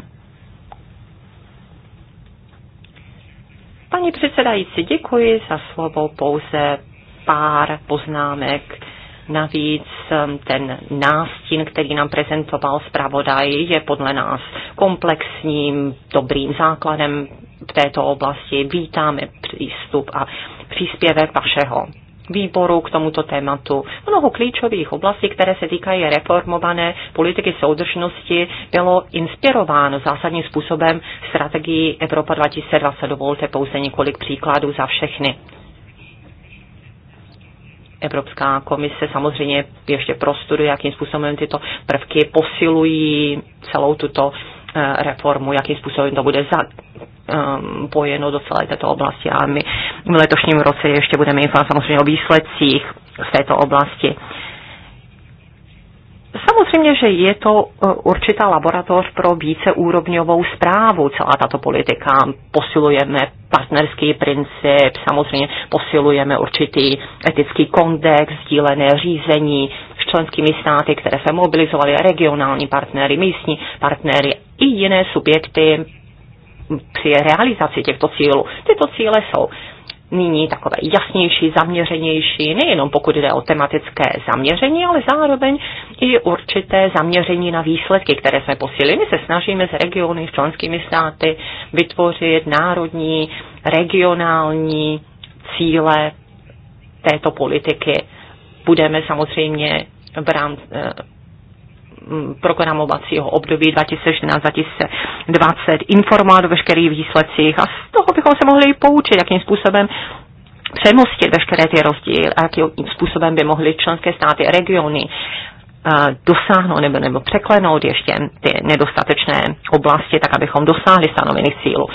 Paní předsedající, děkuji za slovo pouze pár poznámek. Navíc um, ten nástin, který nám prezentoval zpravodaj, je podle nás komplexním, dobrým základem v této oblasti. Vítáme přístup a příspěvek vašeho výboru k tomuto tématu. Mnoho klíčových oblastí, které se týkají reformované politiky soudržnosti, bylo inspirováno zásadním způsobem strategii Evropa 2020. Dovolte pouze několik příkladů za všechny. Evropská komise samozřejmě ještě prostuduje, jakým způsobem tyto prvky posilují celou tuto reformu, jakým způsobem to bude zapojeno um, do celé této oblasti. A my v letošním roce ještě budeme informovat samozřejmě o výsledcích z této oblasti. Samozřejmě, že je to uh, určitá laboratoř pro víceúrovňovou zprávu, celá tato politika. Posilujeme partnerský princip, samozřejmě posilujeme určitý etický kontext, sdílené řízení, členskými státy, které se mobilizovaly, regionální partnery, místní partnery i jiné subjekty při realizaci těchto cílů. Tyto cíle jsou nyní takové jasnější, zaměřenější, nejenom pokud jde o tematické zaměření, ale zároveň i určité zaměření na výsledky, které jsme posílili. My se snažíme s regiony, s členskými státy vytvořit národní, regionální cíle této politiky. Budeme samozřejmě v rámci eh, programovacího období 2014-2020 informovat o veškerých výsledcích a z toho bychom se mohli i poučit, jakým způsobem přemostit veškeré ty rozdíly a jakým způsobem by mohly členské státy a regiony eh, dosáhnout nebo, nebo překlenout ještě ty nedostatečné oblasti, tak abychom dosáhli stanovených cílů.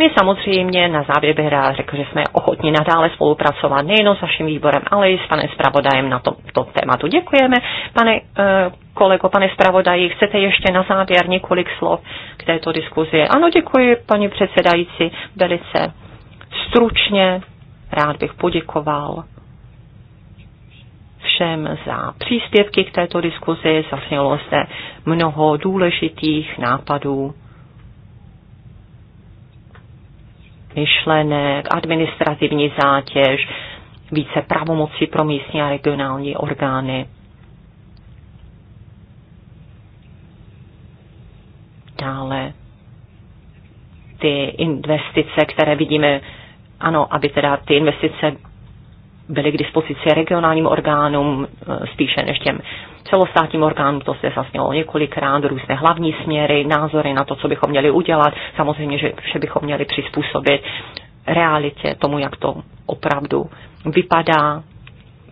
My samozřejmě na závěr bych rád řekl, že jsme ochotni nadále spolupracovat nejenom s vaším výborem, ale i s panem zpravodajem na to tématu. Děkujeme. Pane eh, kolego, pane zpravodaji, chcete ještě na závěr několik slov k této diskuzi? Ano, děkuji, paní předsedající, velice stručně. Rád bych poděkoval všem za příspěvky k této diskuzi. Zasnělo zde mnoho důležitých nápadů myšlenek, administrativní zátěž, více pravomocí pro místní a regionální orgány. Dále ty investice, které vidíme, ano, aby teda ty investice byly k dispozici regionálním orgánům eh, spíše než těm celostátním orgánu, to se zasnělo několikrát, různé hlavní směry, názory na to, co bychom měli udělat, samozřejmě, že vše bychom měli přizpůsobit realitě, tomu, jak to opravdu vypadá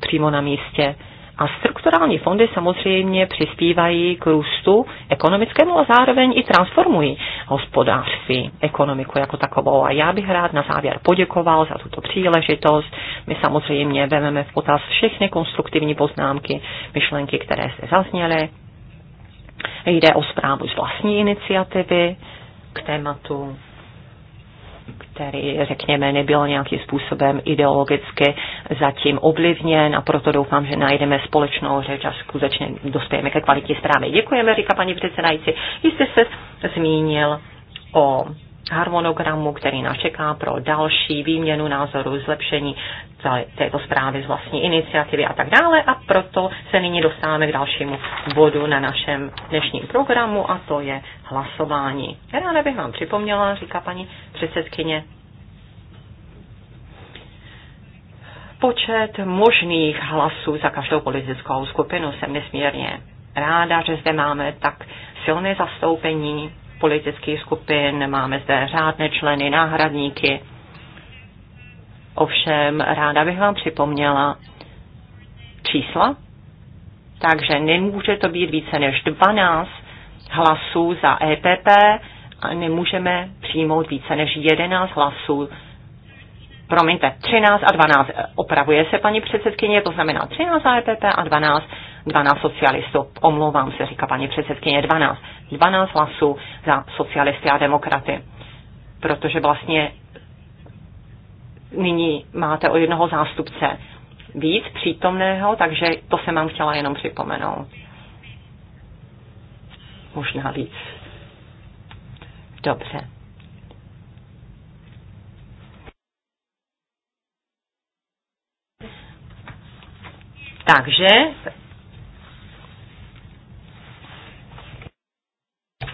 přímo na místě. A strukturální fondy samozřejmě přispívají k růstu ekonomickému a zároveň i transformují hospodářství, ekonomiku jako takovou. A já bych rád na závěr poděkoval za tuto příležitost. My samozřejmě vememe v potaz všechny konstruktivní poznámky, myšlenky, které se zazněly. Jde o zprávu z vlastní iniciativy k tématu který, řekněme, nebyl nějakým způsobem ideologicky zatím ovlivněn a proto doufám, že najdeme společnou řeč a skutečně dospějeme ke kvalitě zprávy. Děkujeme, říká paní předsedající. Jste se zmínil o harmonogramu, který nás čeká pro další výměnu názorů, zlepšení celé této zprávy z vlastní iniciativy a tak dále. A proto se nyní dostáváme k dalšímu bodu na našem dnešním programu a to je hlasování. Ráda bych vám připomněla, říká paní předsedkyně, počet možných hlasů za každou politickou skupinu. Jsem nesmírně ráda, že zde máme tak silné zastoupení politických skupin, máme zde řádné členy, náhradníky. Ovšem, ráda bych vám připomněla čísla, takže nemůže to být více než 12 hlasů za EPP a nemůžeme přijmout více než 11 hlasů promiňte, 13 a 12. Eh, opravuje se paní předsedkyně, to znamená 13 za EPP a 12, 12 socialistů. Omlouvám se, říká paní předsedkyně, 12. 12 hlasů za socialisty a demokraty. Protože vlastně nyní máte o jednoho zástupce víc přítomného, takže to se mám chtěla jenom připomenout. Možná víc. Dobře. Takže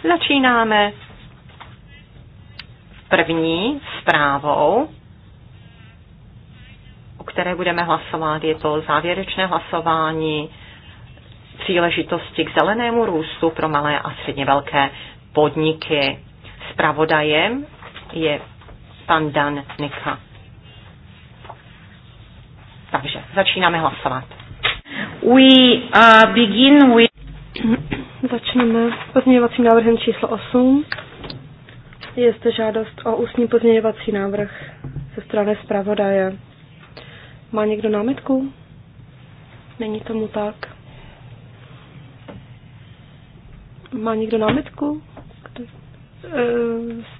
začínáme první zprávou, o které budeme hlasovat. Je to závěrečné hlasování příležitosti k zelenému růstu pro malé a středně velké podniky. Spravodajem je pan Dan Nika. Takže začínáme hlasovat. We uh, begin with... Začneme pozměňovacím návrhem číslo 8. Je zde žádost o ústní pozměňovací návrh ze strany zpravodaje. Má někdo námitku? Není tomu tak. Má někdo námitku? Eh,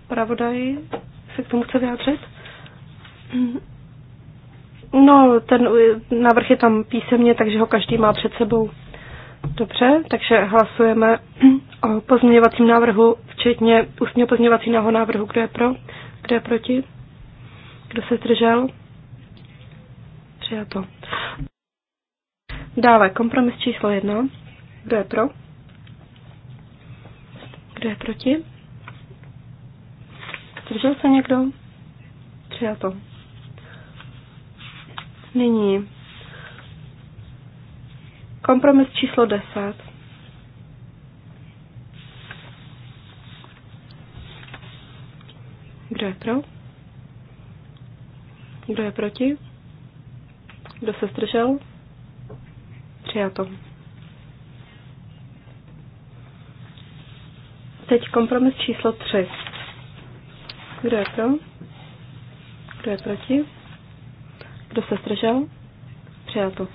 zpravodaj se k tomu chce vyjádřit? No, ten návrh je tam písemně, takže ho každý má před sebou. Dobře, takže hlasujeme o pozměňovacím návrhu, včetně ústního pozměňovacího návrhu. Kdo je pro? Kdo je proti? Kdo se zdržel? Přijato. Dále kompromis číslo jedna. Kdo je pro? Kdo je proti? Zdržel se někdo? Přijato. Nyní kompromis číslo 10. Kdo je pro? Kdo je proti? Kdo se zdržel? Přijato. Teď kompromis číslo 3. Kdo je pro? Kdo je proti? Kdo se zdržel? Přijato.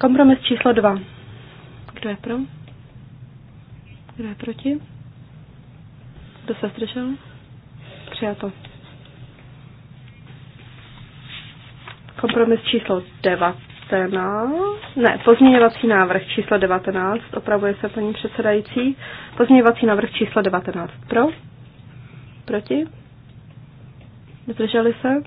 Kompromis číslo dva. Kdo je pro? Kdo je proti? Kdo se zdržel? Přijato. Kompromis číslo 19. Ne, pozměňovací návrh číslo 19. Opravuje se paní předsedající. Pozměňovací návrh číslo 19. Pro? Proti? Zdrželi se?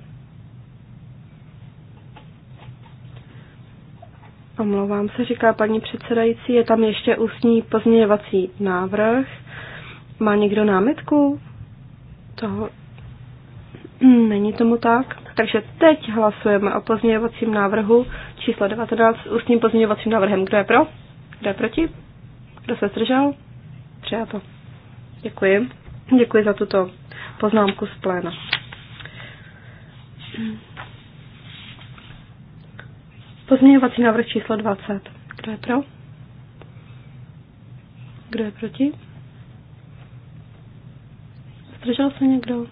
Omlouvám se, říká paní předsedající, je tam ještě ústní pozměňovací návrh. Má někdo námitku? Toho není tomu tak. Takže teď hlasujeme o pozměňovacím návrhu číslo 19 s ústním pozměňovacím návrhem. Kdo je pro? Kdo je proti? Kdo se zdržel? Přijato. Děkuji. Děkuji za tuto poznámku z pléna. Pozměňovací návrh číslo 20. Kdo je pro? Kdo je proti? Zdržel se někdo?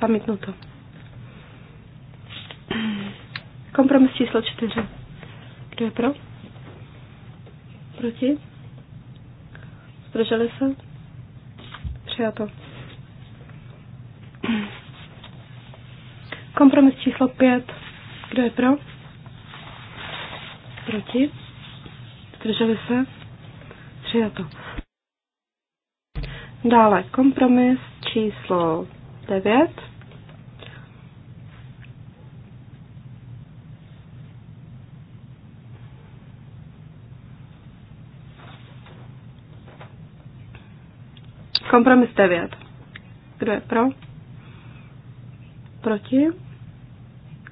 Zamítnuto. Kompromis číslo 4. Kdo je pro? Proti? Zdrželi se? Přijato. Kompromis číslo 5. Kdo je pro? Proti? Zdrželi se? Přijato. Dále kompromis číslo 9. Kompromis 9. Kdo je pro? Proti?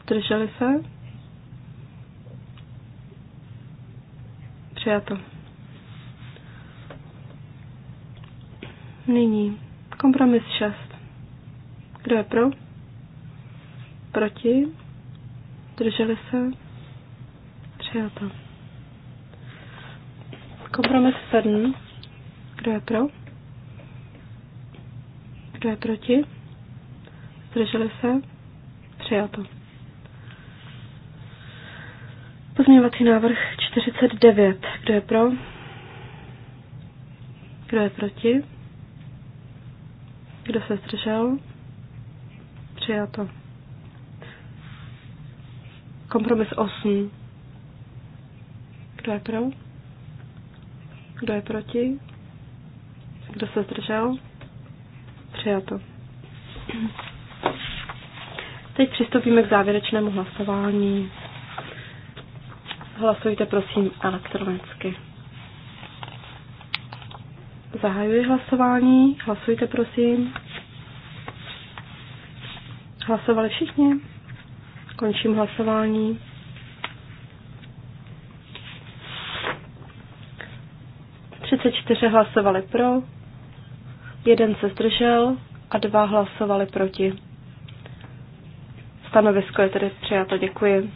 Zdrželi se? Přijato. Nyní kompromis 6. Kdo je pro? Proti? Drželi se? Přijato. Kompromis 7. Kdo je pro? Kdo je proti? Zdrželi se? Přijato. Pozměňovací návrh 49. Kdo je pro? Kdo je proti? Kdo se zdržel? Přijato. Kompromis 8. Kdo je pro? Kdo je proti? Kdo se zdržel? Přijato. Teď přistoupíme k závěrečnému hlasování. Hlasujte prosím elektronicky. Zahajuji hlasování. Hlasujte prosím. Hlasovali všichni? Končím hlasování. Třicet čtyři hlasovali pro, jeden se zdržel a dva hlasovali proti. Stanovisko je tedy přijato. Děkuji.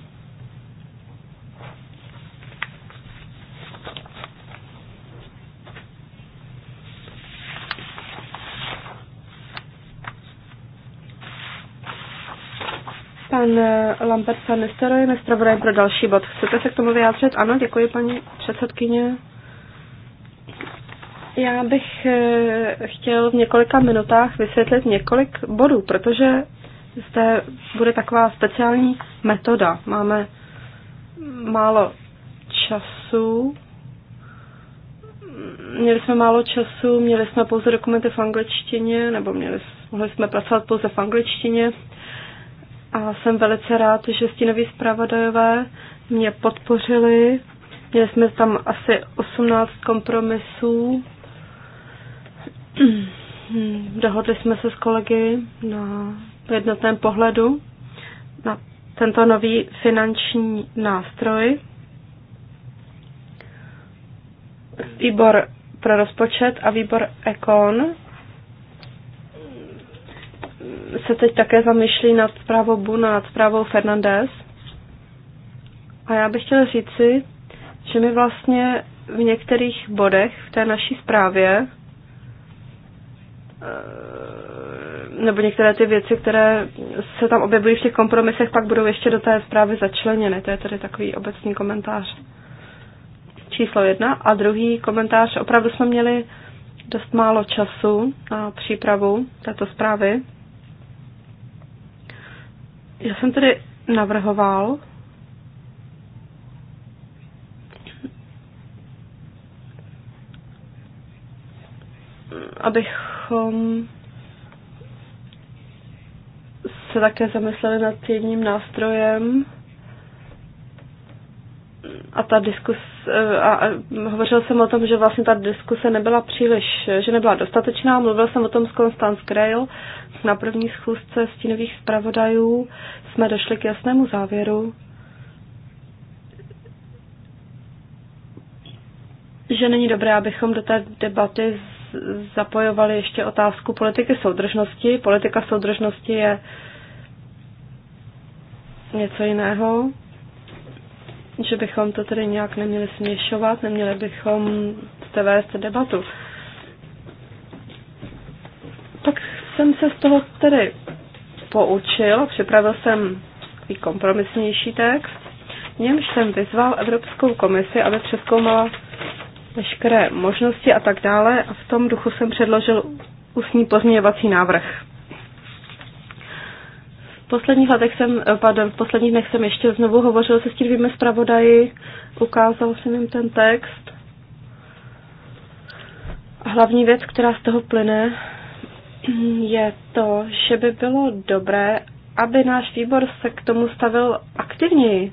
Pan eh, Lambert van Nistelrooy je pro další bod. Chcete se k tomu vyjádřit? Ano, děkuji, paní předsedkyně. Já bych eh, chtěl v několika minutách vysvětlit několik bodů, protože zde bude taková speciální metoda. Máme málo času, měli jsme málo času, měli jsme pouze dokumenty v angličtině, nebo měli, mohli jsme pracovat pouze v angličtině a jsem velice rád, že stínoví zpravodajové mě podpořili. Měli jsme tam asi 18 kompromisů. Dohodli jsme se s kolegy na jednotném pohledu na tento nový finanční nástroj. Výbor pro rozpočet a výbor Ekon se teď také zamýšlí nad zprávou Buna, nad zprávou Fernandez. A já bych chtěla říci, že my vlastně v některých bodech v té naší zprávě eh, nebo některé ty věci, které se tam objevují v těch kompromisech, pak budou ještě do té zprávy začleněny. To je tedy takový obecný komentář číslo jedna. A druhý komentář, opravdu jsme měli dost málo času na přípravu této zprávy. Já jsem tedy navrhoval, abychom se také zamysleli nad jedním nástrojem a ta diskus, a, a hovořil jsem o tom, že vlastně ta diskuse nebyla příliš, že nebyla dostatečná, mluvil jsem o tom s Constance Grail, na první schůzce stínových zpravodajů jsme došli k jasnému závěru, že není dobré, abychom do té debaty zapojovali ještě otázku politiky soudržnosti. Politika soudržnosti je něco jiného, že bychom to tedy nějak neměli směšovat, neměli bychom zde vést debatu. jsem se z toho tedy poučil, připravil jsem takový kompromisnější text, v němž jsem vyzval Evropskou komisi, aby přeskoumala veškeré možnosti a tak dále a v tom duchu jsem předložil ústní pozměňovací návrh. V posledních letech jsem, pardon, v posledních dnech jsem ještě znovu hovořil se stílvými zpravodaji, ukázal jsem jim ten text. Hlavní věc, která z toho plyne, je to, že by bylo dobré, aby náš výbor se k tomu stavil aktivněji.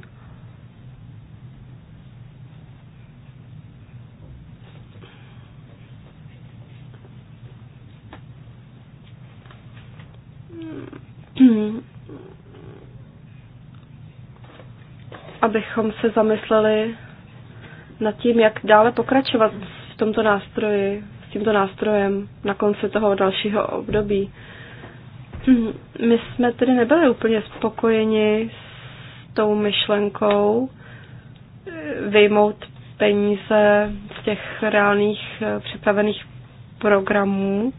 Abychom se zamysleli nad tím, jak dále pokračovat v tomto nástroji s tímto nástrojem na konci toho dalšího období. My jsme tedy nebyli úplně spokojeni s tou myšlenkou eh, vyjmout peníze z těch reálných eh, připravených programů.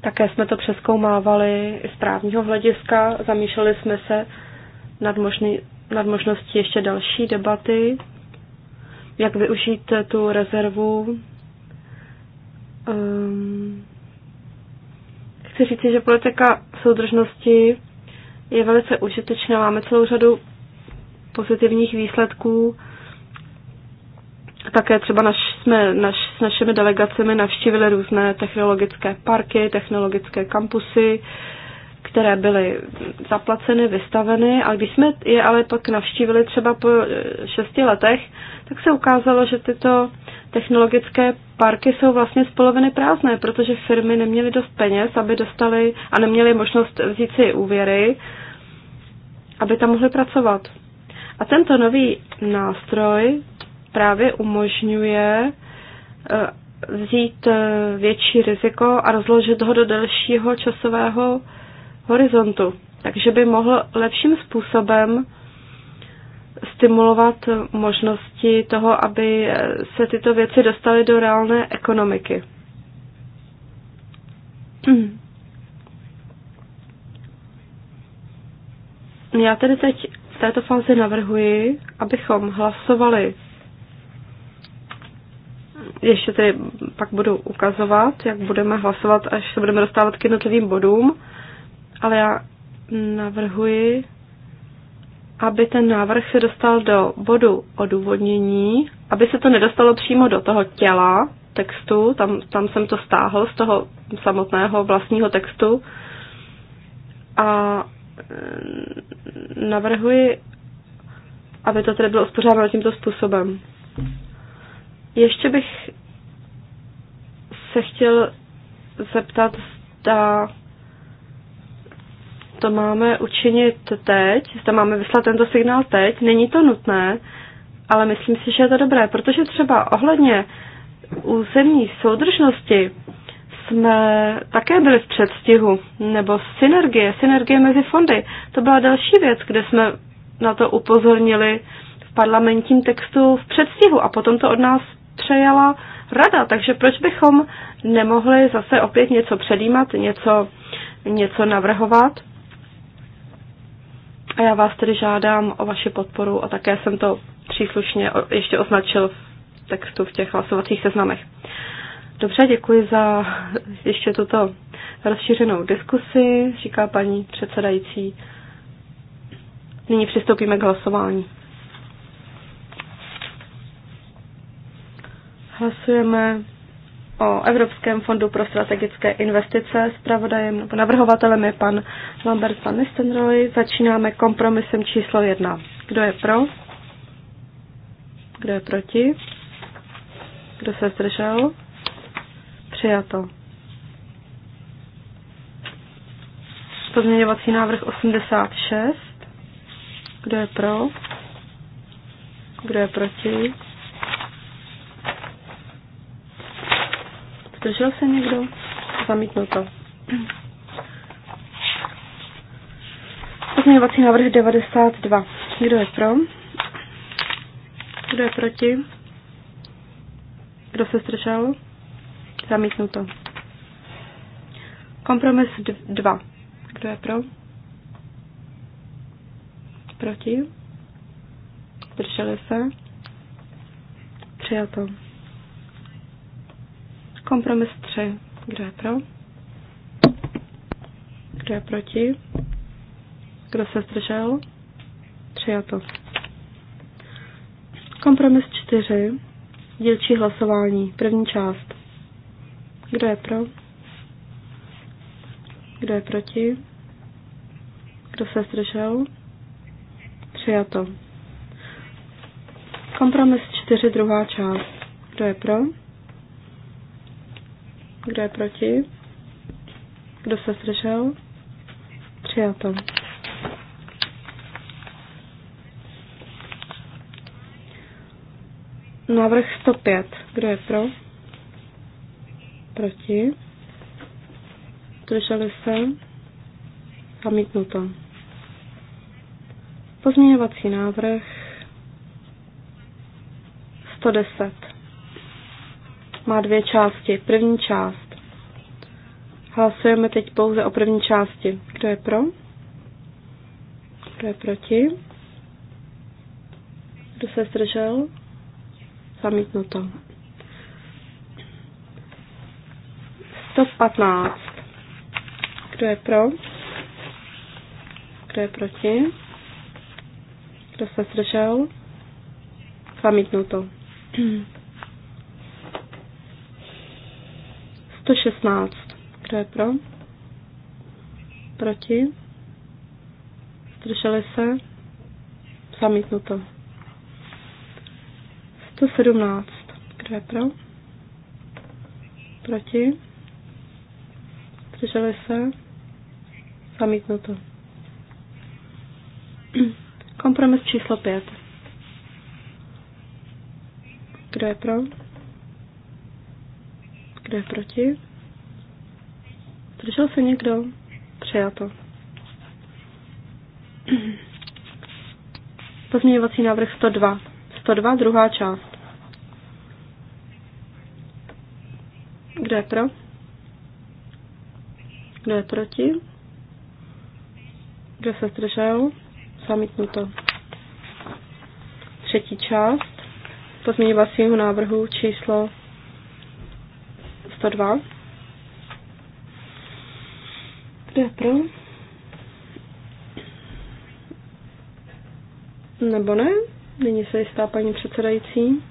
Také jsme to přeskoumávali z právního hlediska, zamýšleli jsme se nad, možný, nad možností ještě další debaty, jak využít tu rezervu Um, chci říci, že politika soudržnosti je velice užitečná. Máme celou řadu pozitivních výsledků. Také třeba naš, jsme naš, s našimi delegacemi navštívili různé technologické parky, technologické kampusy, které byly zaplaceny, vystaveny, A když jsme je ale pak navštívili třeba po šesti letech, tak se ukázalo, že tyto technologické parky jsou vlastně z poloviny prázdné, protože firmy neměly dost peněz, aby dostali a neměly možnost vzít si úvěry, aby tam mohly pracovat. A tento nový nástroj právě umožňuje eh, vzít eh, větší riziko a rozložit ho do delšího časového horizontu. Takže by mohl lepším způsobem stimulovat možnosti toho, aby se tyto věci dostaly do reálné ekonomiky. Já tedy teď v této fázi navrhuji, abychom hlasovali. Ještě tedy pak budu ukazovat, jak budeme hlasovat, až se budeme dostávat k jednotlivým bodům, ale já navrhuji aby ten návrh se dostal do bodu odůvodnění, aby se to nedostalo přímo do toho těla textu, tam, tam jsem to stáhl z toho samotného vlastního textu a eh, navrhuji, aby to tedy bylo uspořádáno tímto způsobem. Ještě bych se chtěl zeptat, zda to máme učinit teď, To máme vyslat tento signál teď, není to nutné, ale myslím si, že je to dobré, protože třeba ohledně územní soudržnosti jsme také byli v předstihu, nebo synergie, synergie mezi fondy. To byla další věc, kde jsme na to upozornili v parlamentním textu v předstihu a potom to od nás přejala rada, takže proč bychom nemohli zase opět něco předjímat, něco, něco navrhovat? A já vás tedy žádám o vaši podporu a také jsem to příslušně ještě označil v textu v těch hlasovacích seznamech. Dobře, děkuji za ještě tuto rozšířenou diskusi, říká paní předsedající. Nyní přistoupíme k hlasování. Hlasujeme o Evropském fondu pro strategické investice. Spravodajem nebo navrhovatelem je pan Lambert van Nistenroy. Začínáme kompromisem číslo jedna. Kdo je pro? Kdo je proti? Kdo se zdržel? Přijato. Pozměňovací návrh 86. Kdo je pro? Kdo je proti? Zdržel se někdo? Zamítnu to. Pozměňovací návrh 92. Kdo je pro? Kdo je proti? Kdo se zdržel? Zamítnu to. Kompromis 2. Kdo je pro? Proti? Zdrželi se? Přijato. Kompromis 3. Kdo je pro? Kdo je proti? Kdo se zdržel? Přijato. Kompromis 4. Dělčí hlasování. První část. Kdo je pro? Kdo je proti? Kdo se zdržel? Přijato. Kompromis 4. Druhá část. Kdo je pro? Kdo je proti? Kdo se zdržel? Přijato. Návrh 105. Kdo je pro? Proti? Zdrželi se? Zamítnuto. Pozměňovací návrh 110 má dvě části. První část. Hlasujeme teď pouze o první části. Kdo je pro? Kdo je proti? Kdo se zdržel? Zamítnuto. 115. Kdo je pro? Kdo je proti? Kdo se zdržel? Zamítnuto. 116. Kdo je pro? Proti? Zdrželi se? Zamítnuto. 117. Kdo je pro? Proti? Zdrželi se? Zamítnuto. Kompromis číslo 5. Kdo je pro? Kdo je proti? Zdržel se někdo? Přijato. Pozměňovací návrh 102. 102, druhá část. Kdo je pro? Kdo je proti? Kdo se zdržel? Zamítnuto. Třetí část pozměňovacího návrhu číslo 102. Kdo je pro? Nebo ne? Není se jistá paní předsedající.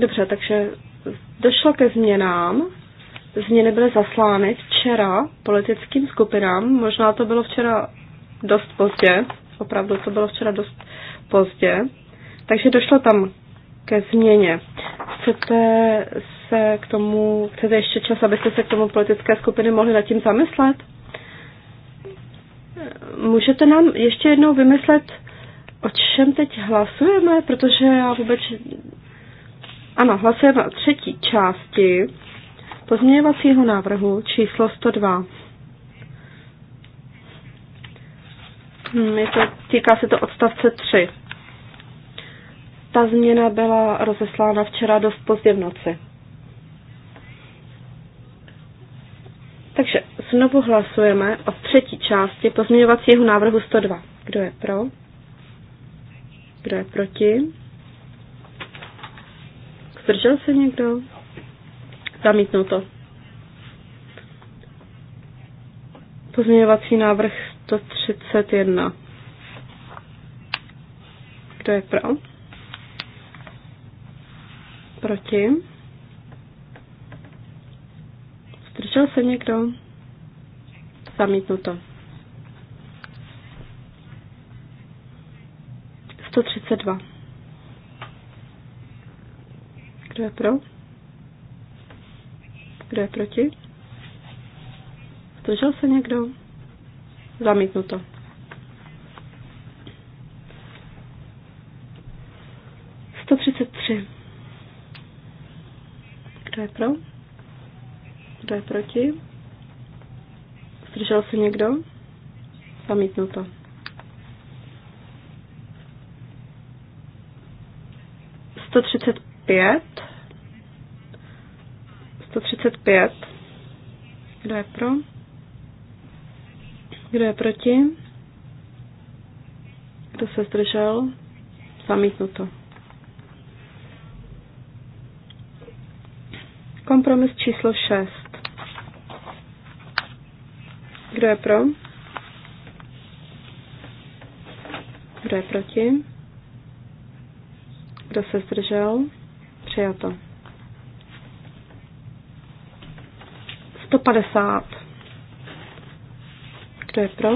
Dobře, takže došlo ke změnám změny byly zaslány včera politickým skupinám. Možná to bylo včera dost pozdě, opravdu to bylo včera dost pozdě. Takže došlo tam ke změně. Chcete se k tomu, chcete ještě čas, abyste se k tomu politické skupiny mohli nad tím zamyslet? Můžete nám ještě jednou vymyslet, o čem teď hlasujeme, protože já vůbec... Ano, hlasujeme o třetí části pozměňovacího návrhu číslo 102. Hmm, je to, týká se to odstavce 3. Ta změna byla rozeslána včera dost pozdě v noci. Takže znovu hlasujeme o třetí části pozměňovacího návrhu 102. Kdo je pro? Kdo je proti? Zdržel se někdo? Zamítnuto. Pozměňovací návrh 131. Kdo je pro? Proti? Zdržel se někdo? Zamítnuto. 132. Kdo je pro? Kdo je proti? Zdržel se někdo? Zamítnuto. Sto třicet tři. Kdo je pro? Kdo je proti? Zdržel se někdo? Zamítnuto. Sto třicet pět. 35. Kdo je pro? Kdo je proti? Kdo se zdržel? Zamítnuto. Kompromis číslo 6. Kdo je pro? Kdo je proti? Kdo se zdržel? Přijato. 150. Kdo je pro?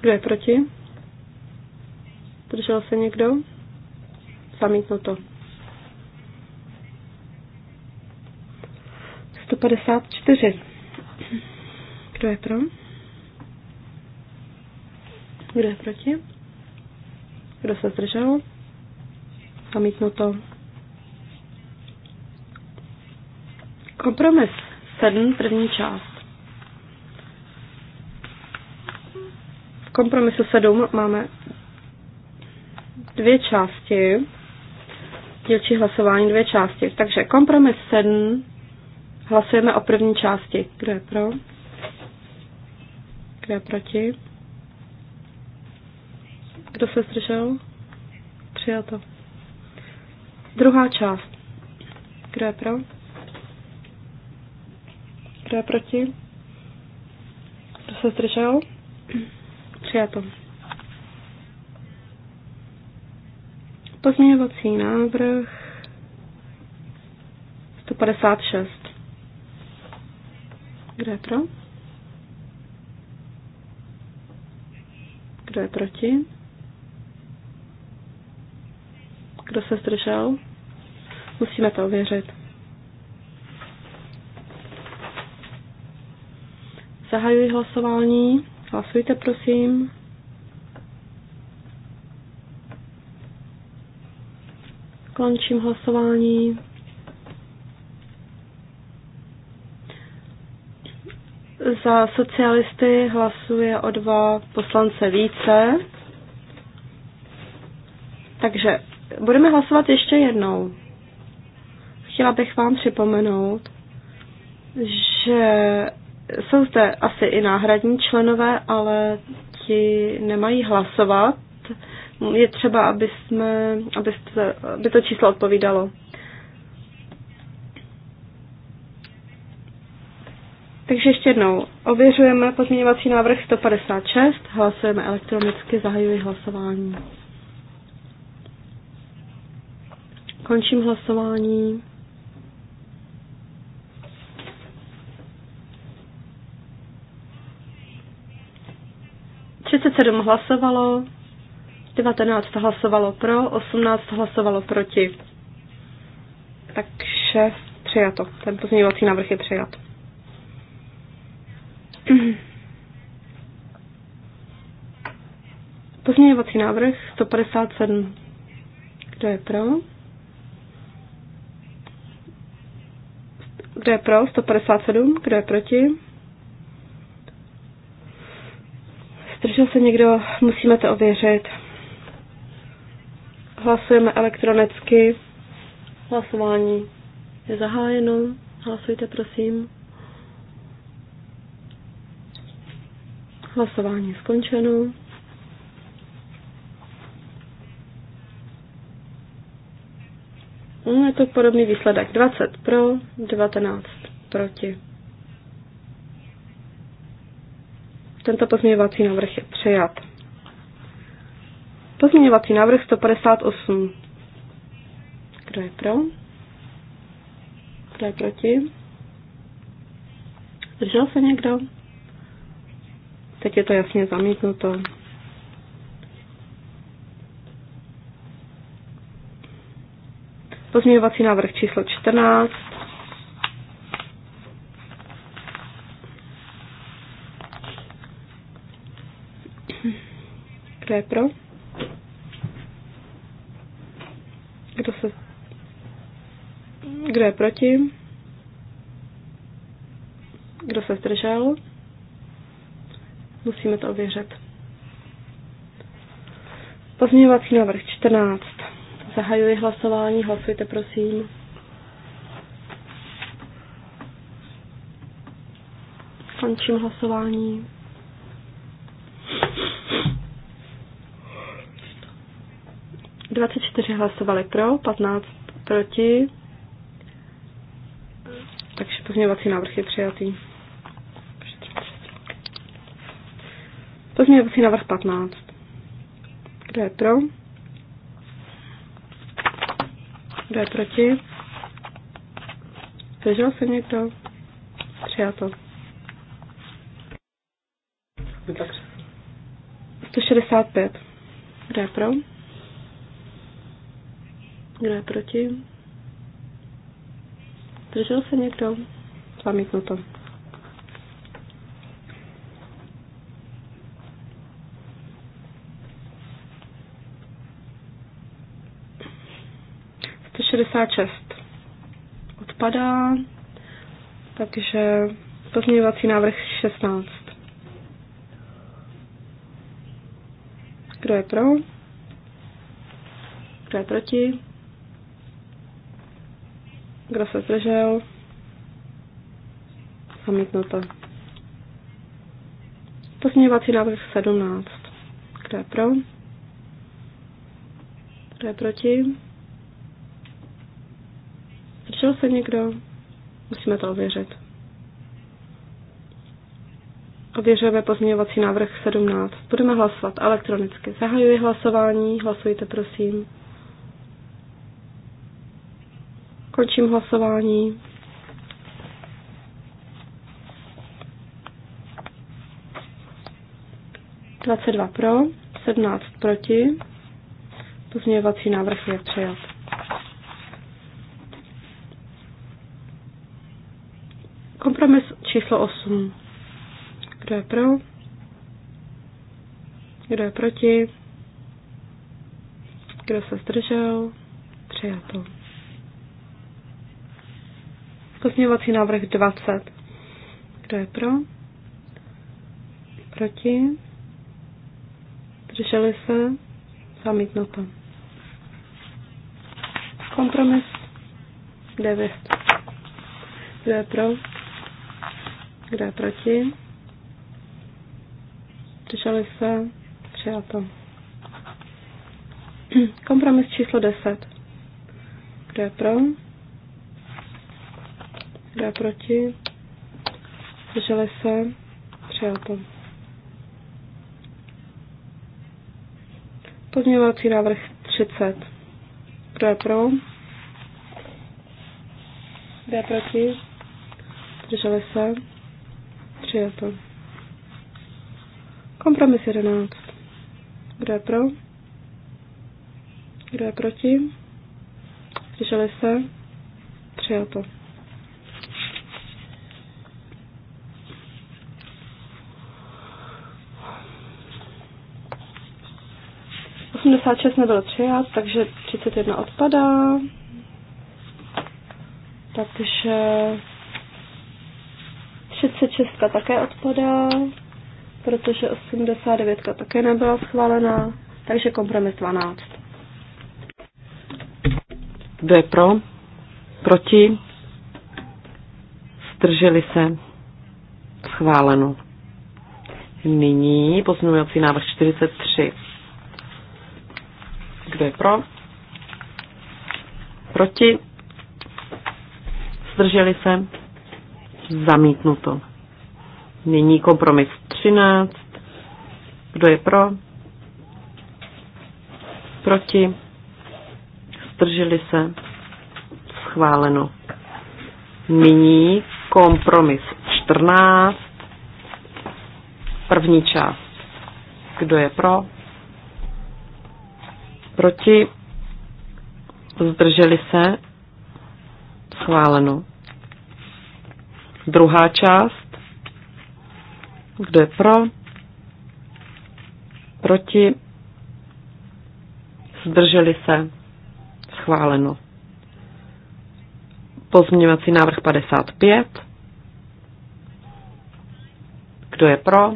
Kdo je proti? Držel se někdo? to. 154. Kdo je pro? Kdo je proti? Kdo se zdržel? to. Kompromis 7, první část. V kompromisu 7 máme dvě části, dělčí hlasování dvě části. Takže kompromis 7, hlasujeme o první části. Kdo je pro? Kdo je proti? Kdo se zdržel? Přijato. Druhá část. Kdo je pro? Kdo je proti? Kdo se zdržel? Přijato. Pozměňovací návrh 156. Kdo je pro? Kdo je proti? Kdo se zdržel? Musíme to ověřit. Zahajuji hlasování. Hlasujte, prosím. Končím hlasování. Za socialisty hlasuje o dva poslance více. Takže budeme hlasovat ještě jednou. Chtěla bych vám připomenout, že jsou zde asi i náhradní členové, ale ti nemají hlasovat. Je třeba, aby, jsme, aby, jste, aby to číslo odpovídalo. Takže ještě jednou, ověřujeme pozměňovací návrh 156, hlasujeme elektronicky, zahajuji hlasování. Končím hlasování. 27 hlasovalo, 19 hlasovalo pro, 18 hlasovalo proti. Takže přijato. Ten pozměňovací návrh je přijat. Pozměňovací návrh 157. Kdo je pro? Kdo je pro? 157. Kdo je proti? Zdržel se někdo? Musíme to ověřit. Hlasujeme elektronicky. Hlasování je zahájeno. Hlasujte, prosím. Hlasování skončeno. No, je to podobný výsledek. 20 pro, 19 proti. Tento pozměňovací návrh je přijat. Pozměňovací návrh 158. Kdo je pro? Kdo je proti? Zdržel se někdo? Teď je to jasně zamítnuto. Pozměňovací návrh číslo 14. Kdo je pro? Kdo se... Kdo je proti? Kdo se zdržel? Musíme to ověřit. Pozměňovací návrh 14. Zahajuji hlasování, hlasujte prosím. Končím hlasování. 24 hlasovali pro, 15 proti. Takže pozměňovací návrh je přijatý. Pozměňovací návrh 15. Kdo je pro? Kdo je proti? Zdržel se někdo? Přijato. 165. No Kdo je pro? Kdo je proti? Držel se někdo? Zamítnuto. Sto šest odpadá, takže pozměňovací návrh 16. Kdo je pro? Kdo je proti? Kdo se zdržel? Zamítnuto. Pozměňovací návrh 17. Kdo je pro? Kdo je proti? Zdržel se někdo? Musíme to ověřit. Ověřujeme pozměňovací návrh 17. Budeme hlasovat elektronicky. Zahajuji hlasování, hlasujte prosím. Končím hlasování. Dvacet dva pro, 17 proti. Pozměňovací návrh je přijat. Kompromis číslo 8. Kdo je pro? Kdo je proti? Kdo se zdržel? Přijato. Pozměňovací návrh 20. Kdo je pro? Proti? Drželi se? Zamítnuto. Kompromis 9. Kdo je pro? Kdo je proti? Drželi se? Přijato. Kompromis číslo 10. Kdo je pro? dá proti? Zdrželi se? přijal to. Pozměňovací návrh 30. Kdo je pro? Kdo je proti? Zdrželi se? Přijel to. Kompromis 11. Kdo je pro? Kdo je proti? Zdrželi se? Přijel to. 86 nebyl přijat, takže 31 odpadá. Takže 36 také odpadá, protože 89 také nebyla schválená, takže kompromis 12. Kdo je pro? Proti? Zdrželi se? Schváleno. Nyní pozměňovací návrh 43 kdo je pro? Proti? Zdrželi se? Zamítnuto. Nyní kompromis 13. Kdo je pro? Proti? Zdrželi se? Schváleno. Nyní kompromis 14. První část. Kdo je pro? Proti? Zdrželi se? Schváleno. Druhá část. Kdo je pro? Proti? Zdrželi se? Schváleno. Pozměňovací návrh 55. Kdo je pro?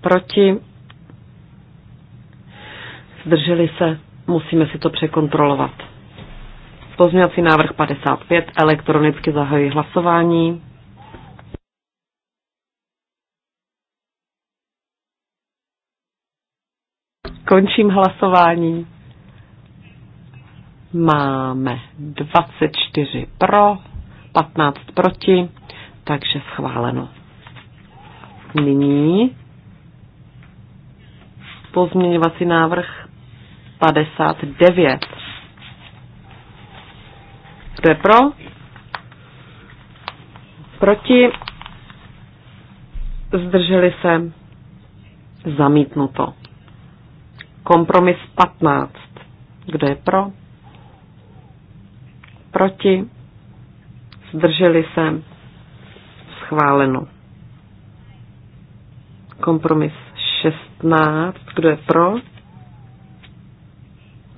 Proti? zdrželi se, musíme si to překontrolovat. Pozměňovací návrh 55, elektronicky zahajuji hlasování. Končím hlasování. Máme 24 pro, 15 proti, takže schváleno. Nyní pozměňovací návrh 59. Kdo je pro? Proti? Zdrželi se? Zamítnuto. Kompromis 15. Kdo je pro? Proti? Zdrželi se? Schváleno. Kompromis 16. Kdo je pro?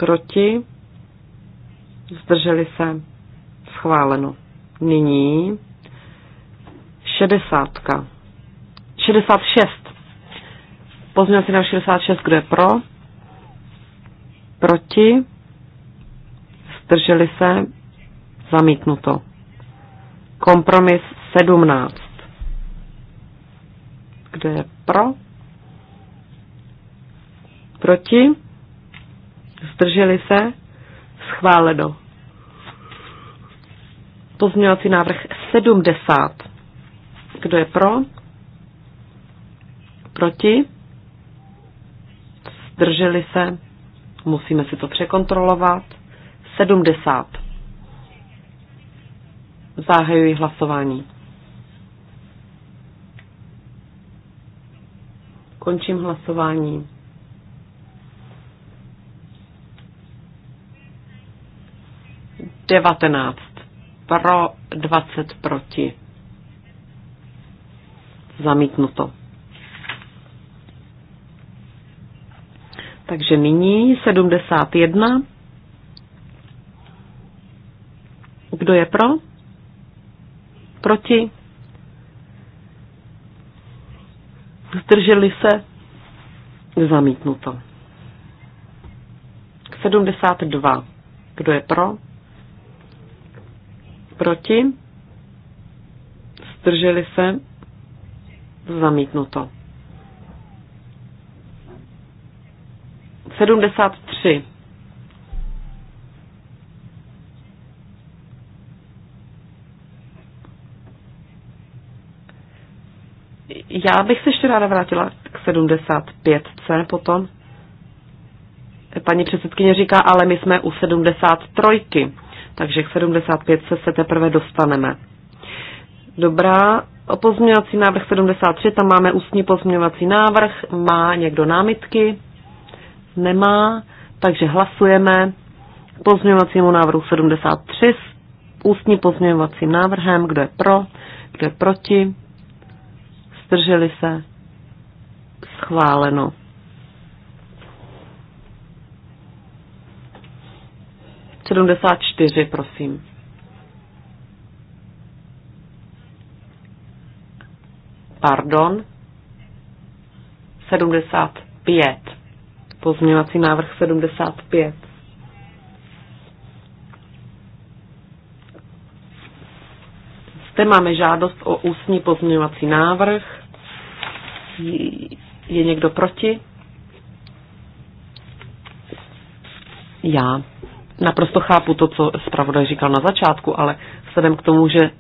Proti? Zdrželi se? Schváleno. Nyní šedesátka. 66. Pozměňovací na 66, kdo je pro? Proti? Zdrželi se? Zamítnuto. Kompromis 17. Kdo je pro? Proti? Zdrželi se? Schváleno. Pozměňovací návrh 70. Kdo je pro? Proti? Zdrželi se? Musíme si to překontrolovat. 70. Zahajuji hlasování. Končím hlasování. 19. Pro 20 proti. Zamítnuto. Takže nyní 71. Kdo je pro? Proti? Zdrželi se? Zamítnuto. 72. Kdo je pro? Proti? Zdrželi se? Zamítnuto. 73. Já bych se ještě ráda vrátila k 75C potom. Paní předsedkyně říká, ale my jsme u 73 takže k 75 se teprve dostaneme. Dobrá, o pozměňovací návrh 73, tam máme ústní pozměňovací návrh. Má někdo námitky? Nemá, takže hlasujeme pozměňovacímu návrhu 73 s ústní pozměňovacím návrhem. Kdo je pro? Kdo je proti? Zdrželi se? Schváleno. 74, prosím. Pardon. 75. Pozměňovací návrh 75. Zde máme žádost o ústní pozměňovací návrh. Je někdo proti? Já naprosto chápu to, co zpravodaj říkal na začátku, ale vzhledem k tomu, že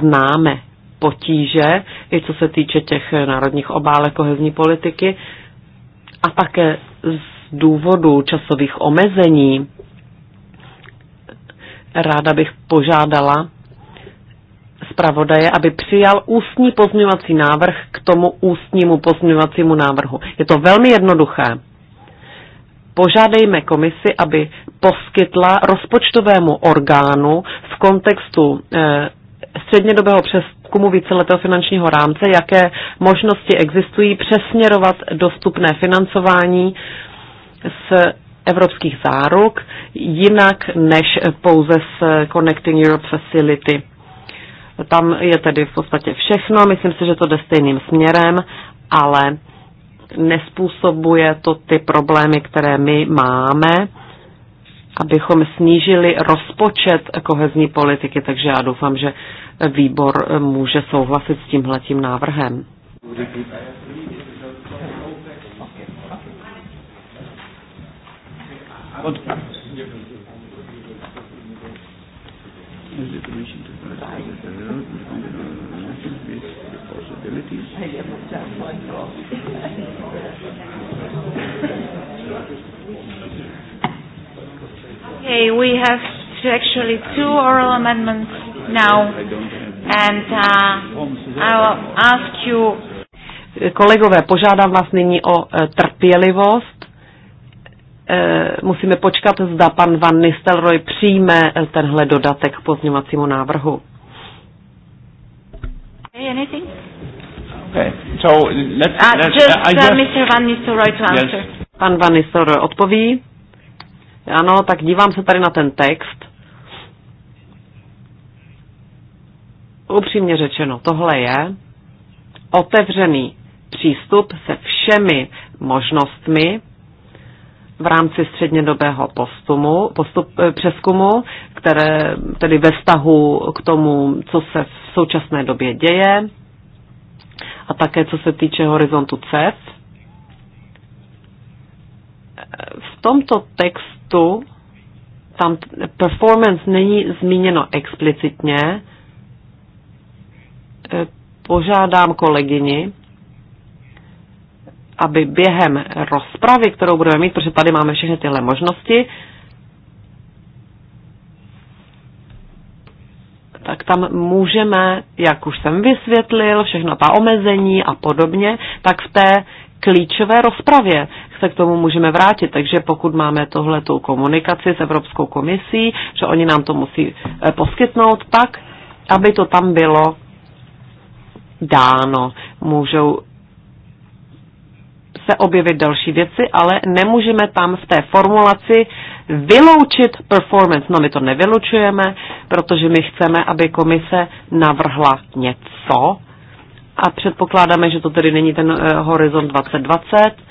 známe potíže, i co se týče těch národních obálek kohezní politiky, a také z důvodu časových omezení ráda bych požádala zpravodaje, aby přijal ústní pozměňovací návrh k tomu ústnímu pozměňovacímu návrhu. Je to velmi jednoduché požádejme komisi, aby poskytla rozpočtovému orgánu v kontextu eh, střednědobého přeskumu víceletého finančního rámce, jaké možnosti existují přesměrovat dostupné financování z evropských záruk jinak než pouze z Connecting Europe Facility. Tam je tedy v podstatě všechno, myslím si, že to jde stejným směrem, ale nespůsobuje to ty problémy, které my máme, abychom snížili rozpočet kohezní politiky, takže já doufám, že výbor může souhlasit s tímhletím návrhem. Okay. Okay. Okay, we have to actually two oral amendments now, and uh, I will ask you. Kolegové, požádám vás nyní o uh, trpělivost. Uh, musíme počkat, zda pan Van Nistelrooy přijme uh, tenhle dodatek k pozměňovacímu návrhu. Hey, anything? Okay. So let's, uh, let's, just uh, uh, Mr. Van Nistelrooy to answer. Yes. Pan Van Nistelrooy odpoví. Ano, tak dívám se tady na ten text. Upřímně řečeno, tohle je otevřený přístup se všemi možnostmi v rámci střednědobého postumu, postup, eh, přeskumu, které tedy ve vztahu k tomu, co se v současné době děje a také co se týče horizontu CEF. V tomto textu textu tam performance není zmíněno explicitně. E, požádám kolegyni, aby během rozpravy, kterou budeme mít, protože tady máme všechny tyhle možnosti, tak tam můžeme, jak už jsem vysvětlil, všechno ta omezení a podobně, tak v té klíčové rozpravě, se k tomu můžeme vrátit. Takže pokud máme tohle tu komunikaci s Evropskou komisí, že oni nám to musí eh, poskytnout, tak aby to tam bylo dáno. Můžou se objevit další věci, ale nemůžeme tam v té formulaci vyloučit performance. No my to nevylučujeme, protože my chceme, aby komise navrhla něco a předpokládáme, že to tedy není ten eh, horizont 2020,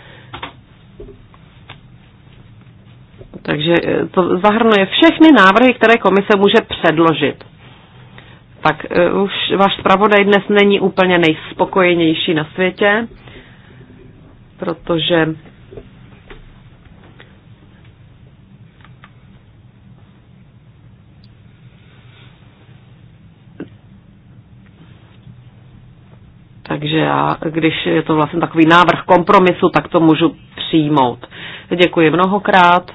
Takže eh, to zahrnuje všechny návrhy, které komise může předložit. Tak eh, už váš zpravodaj dnes není úplně nejspokojenější na světě, protože Takže já, když je to vlastně takový návrh kompromisu, tak to můžu přijmout. Děkuji mnohokrát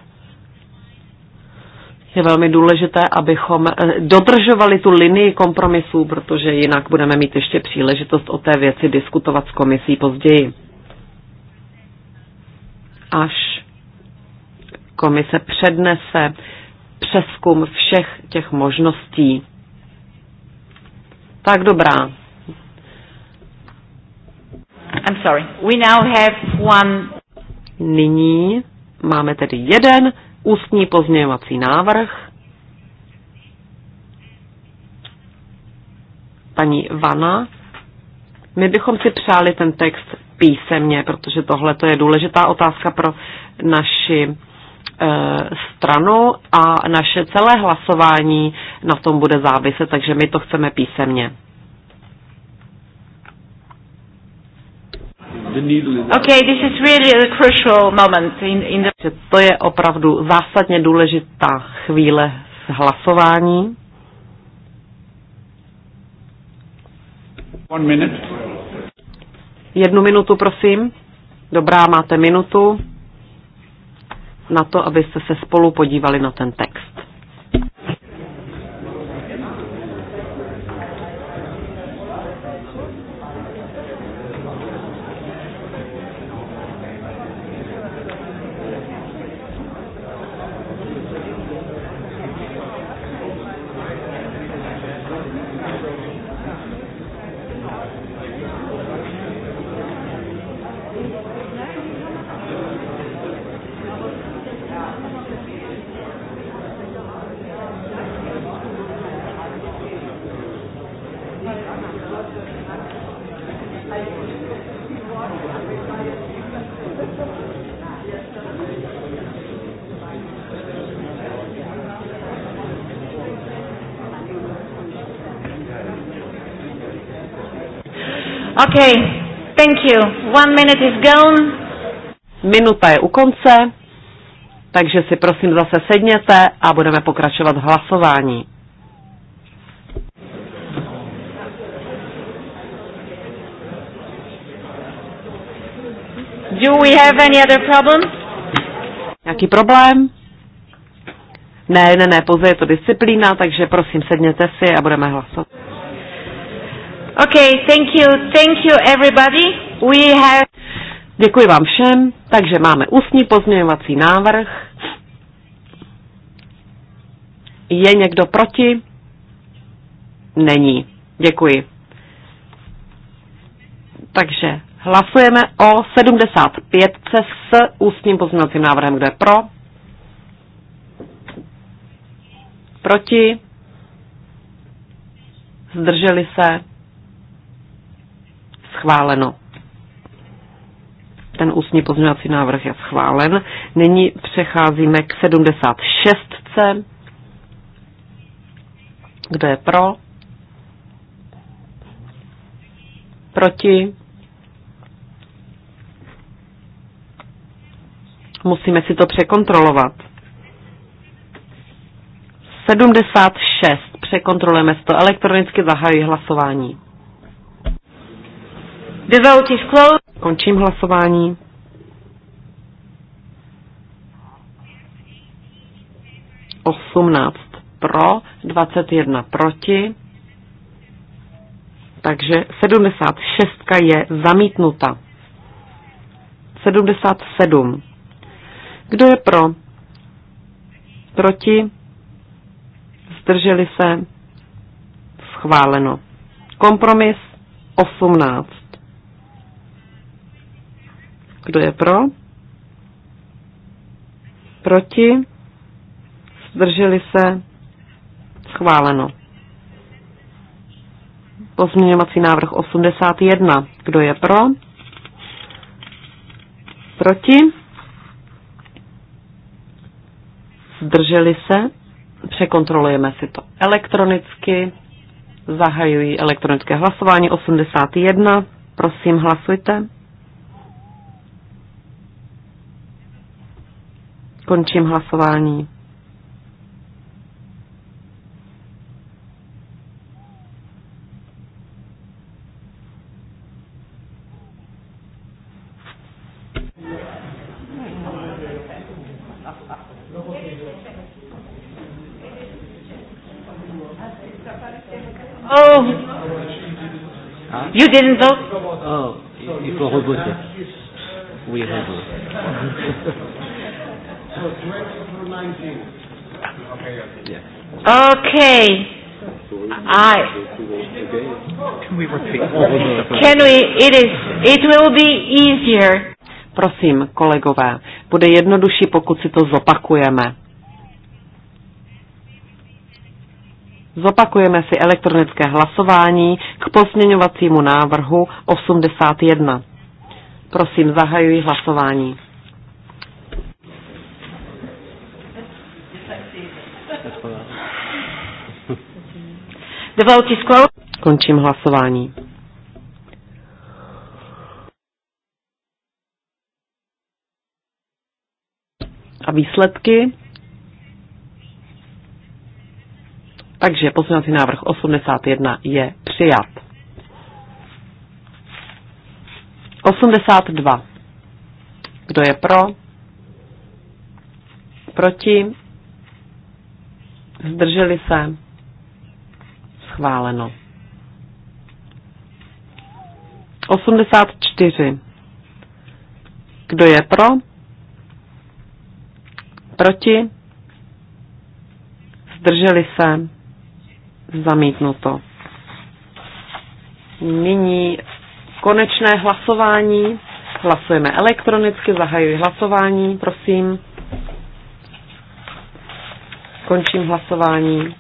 je velmi důležité, abychom eh, dodržovali tu linii kompromisů, protože jinak budeme mít ještě příležitost o té věci diskutovat s komisí později. Až komise přednese přeskum všech těch možností. Tak dobrá. I'm sorry. We now have one... Nyní máme tedy jeden ústní pozměňovací návrh. Paní Vana, my bychom si přáli ten text písemně, protože tohle to je důležitá otázka pro naši eh, stranu a naše celé hlasování na tom bude záviset, takže my to chceme písemně. the needle okay, this is really a crucial moment in, in the... To je opravdu zásadně důležitá chvíle s hlasování. One minute. Jednu minutu, prosím. Dobrá, máte minutu na to, abyste se spolu podívali na ten text. Okay, thank you. One minute is gone. Minuta je u konce, takže si prosím zase sedněte a budeme pokračovat v hlasování. Do we have any other problem? Nějaký problém? Ne, ne, ne, pouze je to disciplína, takže prosím sedněte si a budeme hlasovat. Okay, thank you, thank you everybody. We have... Děkuji vám všem, takže máme ústní pozměňovací návrh. Je někdo proti? Není. Děkuji. Takže hlasujeme o 75 s ústním pozměňovacím návrhem. Kdo je pro? Proti? Zdrželi se? schváleno. Ten ústní pozměňovací návrh je schválen. Nyní přecházíme k 76. Kdo je pro? Proti? Musíme si to překontrolovat. 76. Překontrolujeme to. Elektronicky zahajuji hlasování. The vote is closed. Končím hlasování. Osmnáct pro, dvacet jedna proti, takže 76 je zamítnuta. 77. Kdo je pro? Proti? Zdrželi se? Schváleno. Kompromis 18. Kdo je pro? Proti? Zdrželi se? Schváleno. Pozměňovací návrh 81. Kdo je pro? Proti? Zdrželi se? Překontrolujeme si to elektronicky. Zahajují elektronické hlasování 81. Prosím, hlasujte. Končím hlasování. Oh. You didn't vote? Oh, il faut reboter. Oui, reboter. Okay. Okay. I. Can we repeat? Can we? It is. It will be easier. Prosím, kolegové, bude jednodušší, pokud si to zopakujeme. Zopakujeme si elektronické hlasování k pozměňovacímu návrhu 81. Prosím, zahajuji hlasování. The vote is closed. Končím hlasování. A výsledky? Takže poslanecí návrh 81 je přijat. 82. Kdo je pro? Proti? Zdrželi se? schváleno. 84. Kdo je pro? Proti? Zdrželi se? Zamítnuto. Nyní konečné hlasování. Hlasujeme elektronicky, zahajuji hlasování, prosím. Končím hlasování.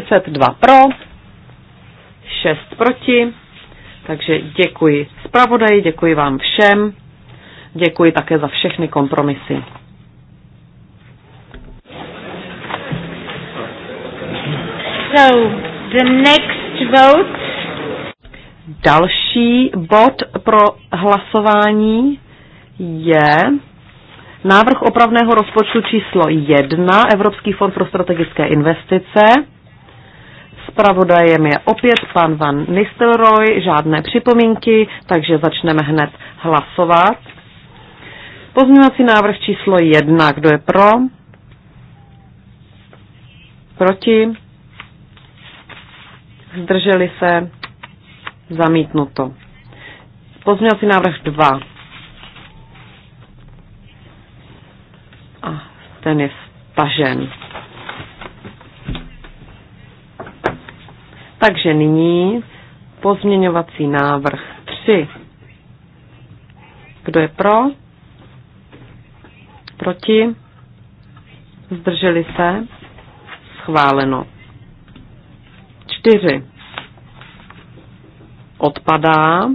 32 pro, 6 proti. Takže děkuji zpravodaji, děkuji vám všem, děkuji také za všechny kompromisy. So, the next vote. Další bod pro hlasování je návrh opravného rozpočtu číslo 1, Evropský fond pro strategické investice. Spravodajem je opět pan Van Nistelrooy, žádné připomínky, takže začneme hned hlasovat. Pozměňovací návrh číslo jedna, kdo je pro? Proti? Zdrželi se? Zamítnuto. Pozměňovací návrh dva. A ten je stažen. Takže nyní pozměňovací návrh 3. Kdo je pro? Proti? Zdrželi se? Schváleno. 4. Odpadá.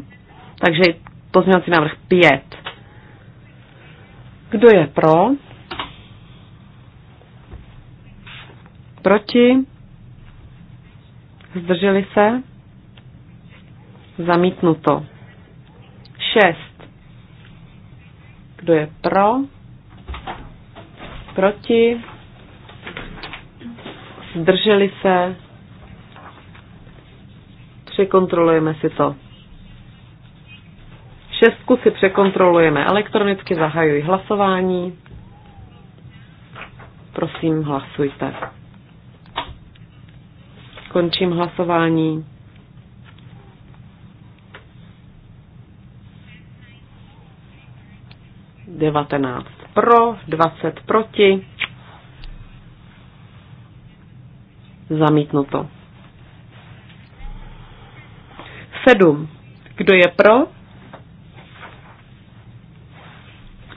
Takže pozměňovací návrh 5. Kdo je pro? Proti? Zdrželi se? Zamítnuto. 6. Kdo je pro? Proti? Zdrželi se? Překontrolujeme si to. Šestku si překontrolujeme elektronicky, zahajuji hlasování. Prosím, hlasujte. Končím hlasování. Devatenáct pro, dvacet proti. Zamítnuto. Sedm. Kdo je pro?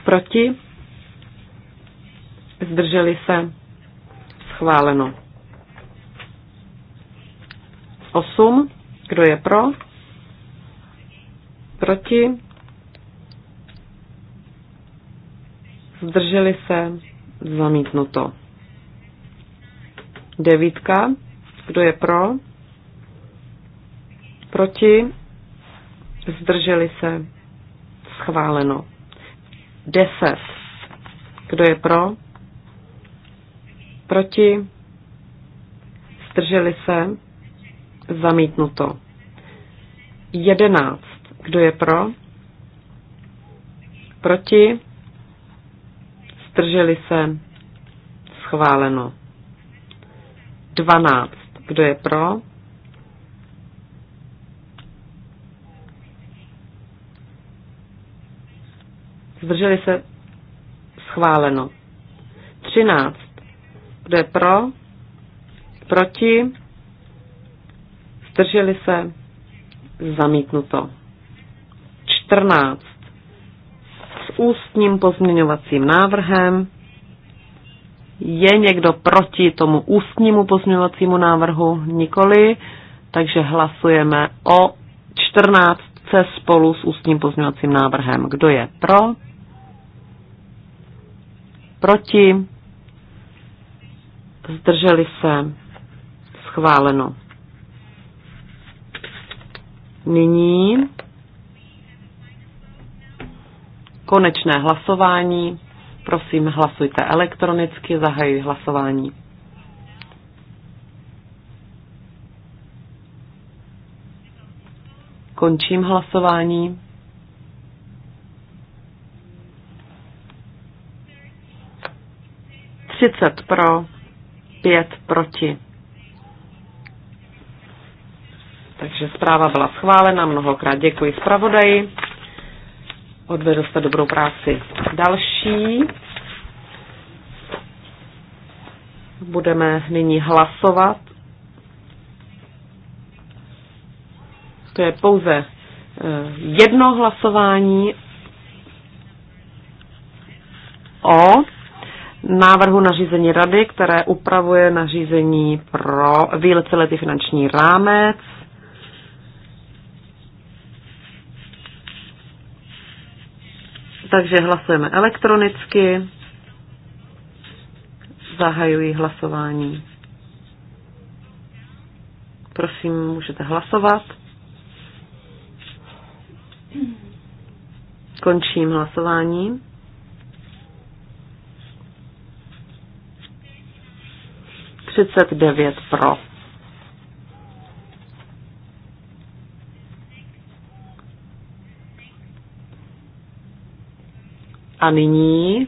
Proti? Zdrželi se? Schváleno. 8. Kdo je pro? Proti? Zdrželi se? Zamítnuto. Devítka. Kdo je pro? Proti? Zdrželi se? Schváleno. Deset. Kdo je pro? Proti? Zdrželi se? Zamítnuto. 11. Kdo je pro? Proti? Strželi se? Schváleno. 12. Kdo je pro? Zdrželi se? Schváleno. 13. Kdo je pro? Proti? Zdrželi se? Zamítnuto. 14. S ústním pozměňovacím návrhem. Je někdo proti tomu ústnímu pozměňovacímu návrhu? Nikoli. Takže hlasujeme o 14 spolu s ústním pozměňovacím návrhem. Kdo je pro? Proti? Zdrželi se? Schváleno. Nyní konečné hlasování. Prosím, hlasujte elektronicky, zahajuji hlasování. Končím hlasování. Třicet pro, pět proti. Takže zpráva byla schválena, mnohokrát děkuji zpravodaji. Odvedl jste dobrou práci. Další. Budeme nyní hlasovat. To je pouze eh, jedno hlasování o návrhu nařízení rady, které upravuje nařízení pro víceletý finanční rámec. Takže hlasujeme elektronicky. Zahajuji hlasování. Prosím, můžete hlasovat. Končím hlasování. Třicet devět pro. A nyní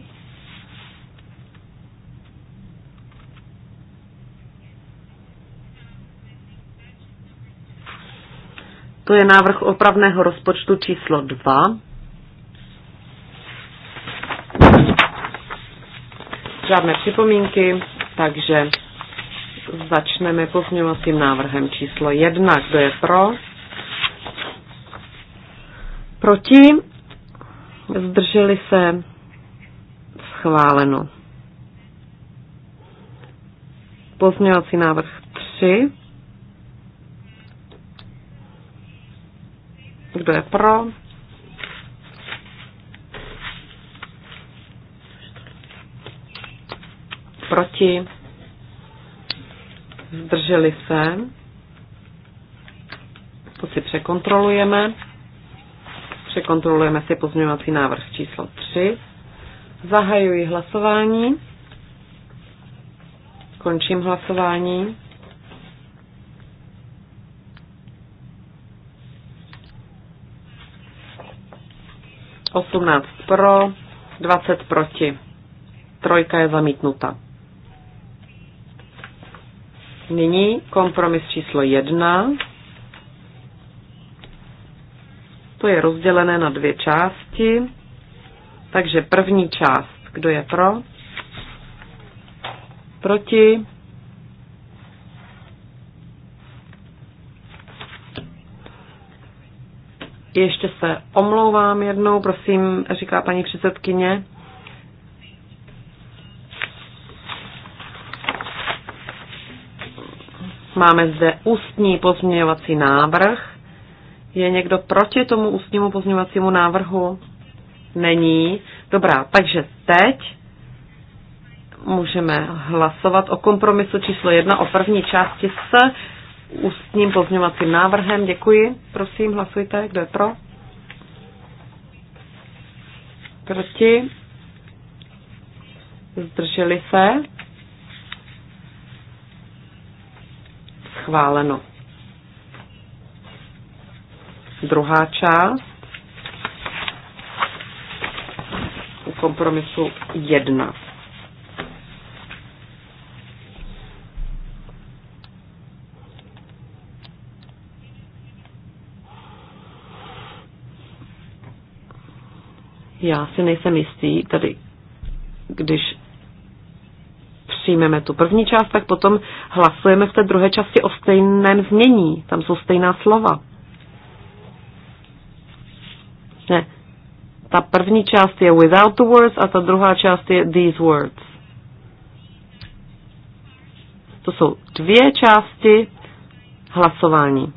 To je návrh opravného rozpočtu číslo 2. Žádné připomínky, takže začneme pozměňovacím návrhem číslo 1. Kdo je pro? Proti? zdrželi se, schváleno. Pozměňovací návrh 3. Kdo je pro? Proti? Zdrželi se? To si překontrolujeme. Překontrolujeme si pozměňovací návrh číslo 3. Zahajuji hlasování. Končím hlasování. Osmnáct pro, 20 proti. Trojka je zamítnuta. Nyní kompromis číslo jedna. To je rozdělené na dvě části. Takže první část, kdo je pro? Proti? Ještě se omlouvám jednou, prosím, říká paní předsedkyně. Máme zde ústní pozměňovací návrh je někdo proti tomu ústnímu pozměňovacímu návrhu? Není. Dobrá, takže teď můžeme hlasovat o kompromisu číslo jedna o první části s ústním pozměňovacím návrhem. Děkuji. Prosím, hlasujte. Kdo je pro? Proti? Zdrželi se? Schváleno druhá část u kompromisu 1. Já si nejsem jistý, tady když přijmeme tu první část, tak potom hlasujeme v té druhé části o stejném změní. Tam jsou stejná slova. Ta první část je without the words a ta druhá část je these words. To jsou dvě části hlasování.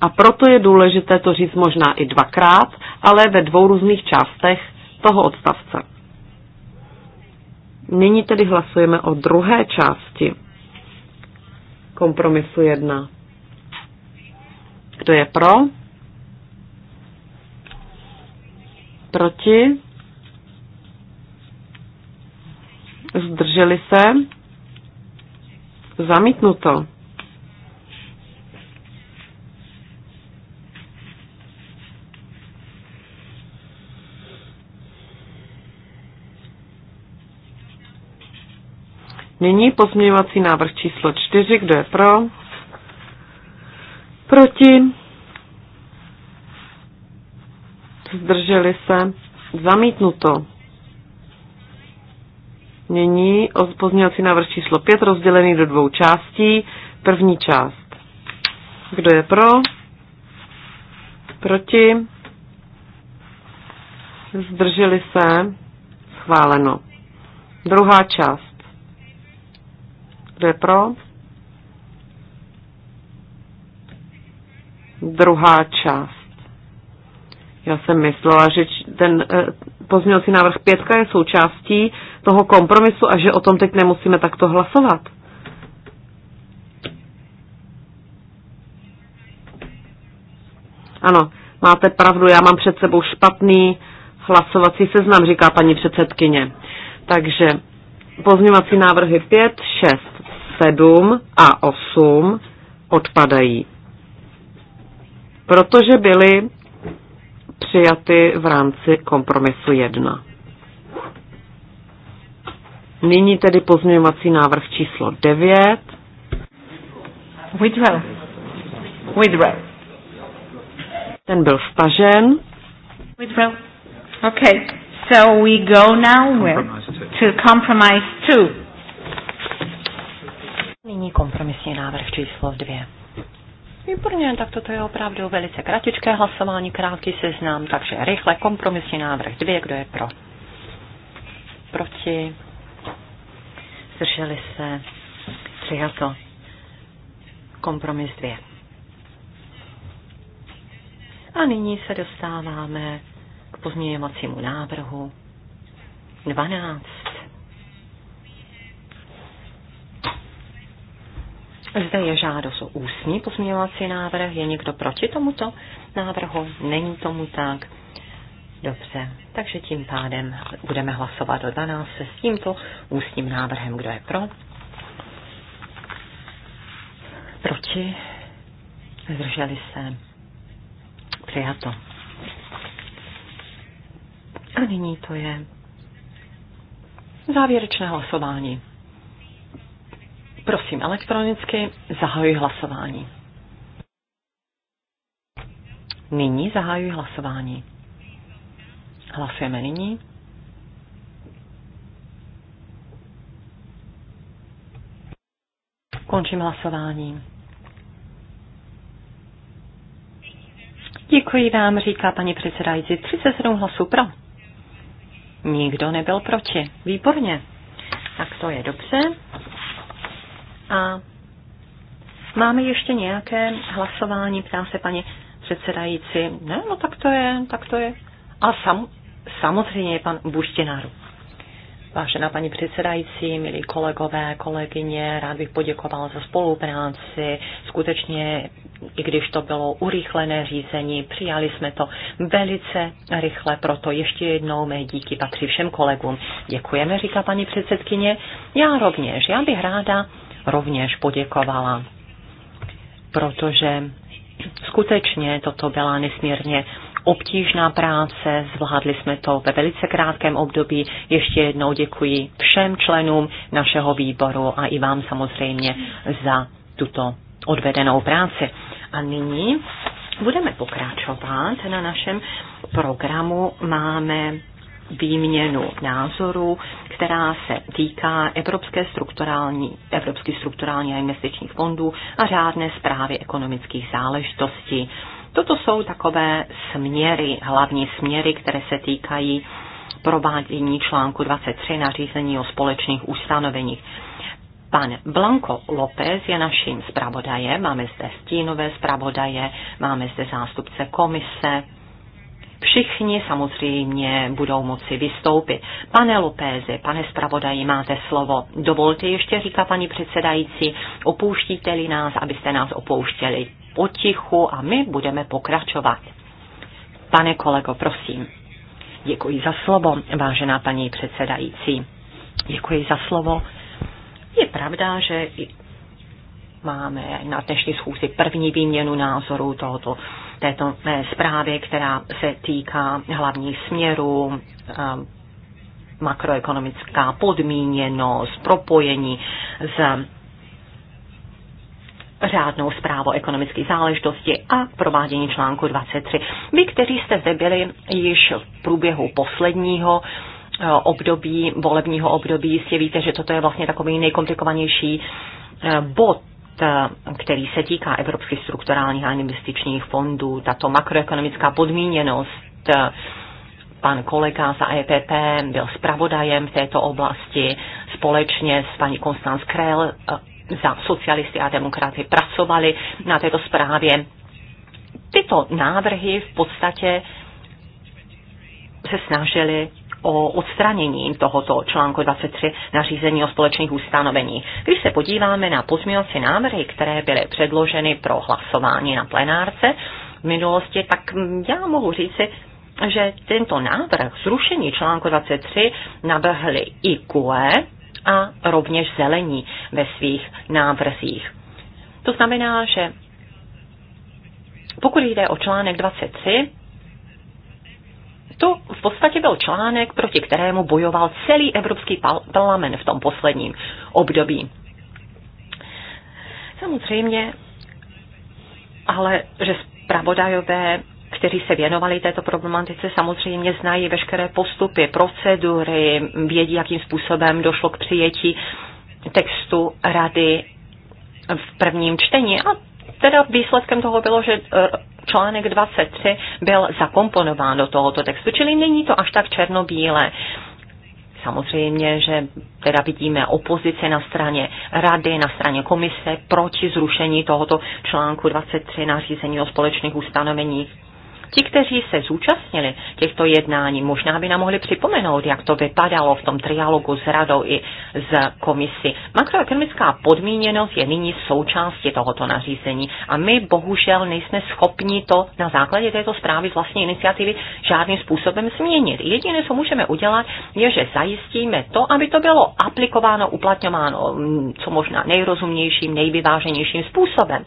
A proto je důležité to říct možná i dvakrát, ale ve dvou různých částech toho odstavce. Nyní tedy hlasujeme o druhé části kompromisu 1. Kdo je pro? Proti? Zdrželi se? Zamítnuto. Nyní pozměňovací návrh číslo 4. Kdo je pro? Proti? zdrželi se, zamítnuto. Nyní o pozměňovací návrh číslo 5 rozdělený do dvou částí. První část. Kdo je pro? Proti? Zdrželi se? Schváleno. Druhá část. Kdo je pro? Druhá část. Já jsem myslela, že ten eh, pozměňovací návrh pětka je součástí toho kompromisu a že o tom teď nemusíme takto hlasovat. Ano, máte pravdu, já mám před sebou špatný hlasovací seznam, říká paní předsedkyně. Takže pozměňovací návrhy 5, 6, 7 a 8 odpadají, protože byly přijaty v rámci kompromisu 1. Nyní tedy pozměňovací návrh číslo 9. Withdraw. Withdraw. Ten byl stažen. Withdraw. Okay. So we go now with, to compromise 2. Nyní kompromisní návrh číslo 2. Výborně, tak toto je opravdu velice kratičké hlasování, krátký seznam, takže rychle kompromisní návrh dvě, kdo je pro. Proti. Zdrželi se. Přijato. Kompromis dvě. A nyní se dostáváme k pozměňovacímu návrhu 12. Zde je žádost o ústní pozměňovací návrh. Je někdo proti tomuto návrhu? Není tomu tak. Dobře, takže tím pádem budeme hlasovat o 12 s tímto ústním návrhem. Kdo je pro? Proti? Zdrželi se? Přijato. A nyní to je závěrečné hlasování. Prosím elektronicky, zahajuji hlasování. Nyní zahajuji hlasování. Hlasujeme nyní. Končím hlasování. Děkuji vám, říká paní předsedající. 37 hlasů pro. Nikdo nebyl proti. Výborně. Tak to je dobře. A máme ještě nějaké hlasování, ptá se paní předsedající. Ne, no tak to je, tak to je. A sam, samozřejmě je pan Buštěnáru. Vážená paní předsedající, milí kolegové, kolegyně, rád bych poděkoval za spolupráci. Skutečně, i když to bylo urychlené řízení, přijali jsme to velice rychle, proto ještě jednou mé díky patří všem kolegům. Děkujeme, říká paní předsedkyně. Já rovněž, já bych ráda rovněž poděkovala, protože skutečně toto byla nesmírně obtížná práce, zvládli jsme to ve velice krátkém období. Ještě jednou děkuji všem členům našeho výboru a i vám samozřejmě za tuto odvedenou práci. A nyní budeme pokračovat na našem programu. Máme výměnu názorů, která se týká Evropské strukturální, evropské strukturální a investičních fondů a řádné zprávy ekonomických záležitostí. Toto jsou takové směry, hlavní směry, které se týkají provádění článku 23 nařízení o společných ustanoveních. Pan Blanco López je naším zpravodajem, máme zde stínové zpravodaje, máme zde zástupce komise, všichni samozřejmě budou moci vystoupit. Pane Lopézi, pane zpravodaji, máte slovo. Dovolte ještě, říká paní předsedající, opouštíte-li nás, abyste nás opouštěli potichu a my budeme pokračovat. Pane kolego, prosím. Děkuji za slovo, vážená paní předsedající. Děkuji za slovo. Je pravda, že máme na dnešní schůzi první výměnu názorů tohoto této eh, zprávy, která se týká hlavních směrů, eh, makroekonomická podmíněnost, propojení s řádnou zprávou ekonomické záležitosti a provádění článku 23. Vy, kteří jste zde byli již v průběhu posledního eh, období, volebního období, si víte, že toto je vlastně takový nejkomplikovanější bod Eh, který se týká evropských strukturálních a investičních fondů, tato makroekonomická podmíněnost, eh, pan kolega za EPP byl zpravodajem v této oblasti společně s paní Konstanz Krell eh, za socialisty a demokraty pracovali na této zprávě. Tyto návrhy v podstatě se snažili o odstranění tohoto článku 23 nařízení o společných ustanovení. Když se podíváme na pozměňovací návrhy, které byly předloženy pro hlasování na plenárce v minulosti, tak mm, já mohu říci, že tento návrh zrušení článku 23 nabrhli i kule a rovněž zelení ve svých návrzích. To znamená, že pokud jde o článek 23, to v podstatě byl článek, proti kterému bojoval celý Evropský parlament v tom posledním období. Samozřejmě, ale že zpravodajové kteří se věnovali této problematice, samozřejmě znají veškeré postupy, procedury, vědí, jakým způsobem došlo k přijetí textu rady v prvním čtení a teda výsledkem toho bylo, že e, článek 23 byl zakomponován do tohoto textu, čili není to až tak černobílé. Samozřejmě, že teda vidíme opozice na straně rady, na straně komise proti zrušení tohoto článku 23 nařízení o společných ustanoveních Ti, kteří se zúčastnili těchto jednání, možná by nám mohli připomenout, jak to vypadalo v tom trialogu s radou i s komisí. Makroekonomická podmíněnost je nyní součástí tohoto nařízení a my bohužel nejsme schopni to na základě této zprávy z vlastní iniciativy žádným způsobem změnit. Jediné, co můžeme udělat, je, že zajistíme to, aby to bylo aplikováno, uplatňováno mm, co možná nejrozumnějším, nejvyváženějším způsobem.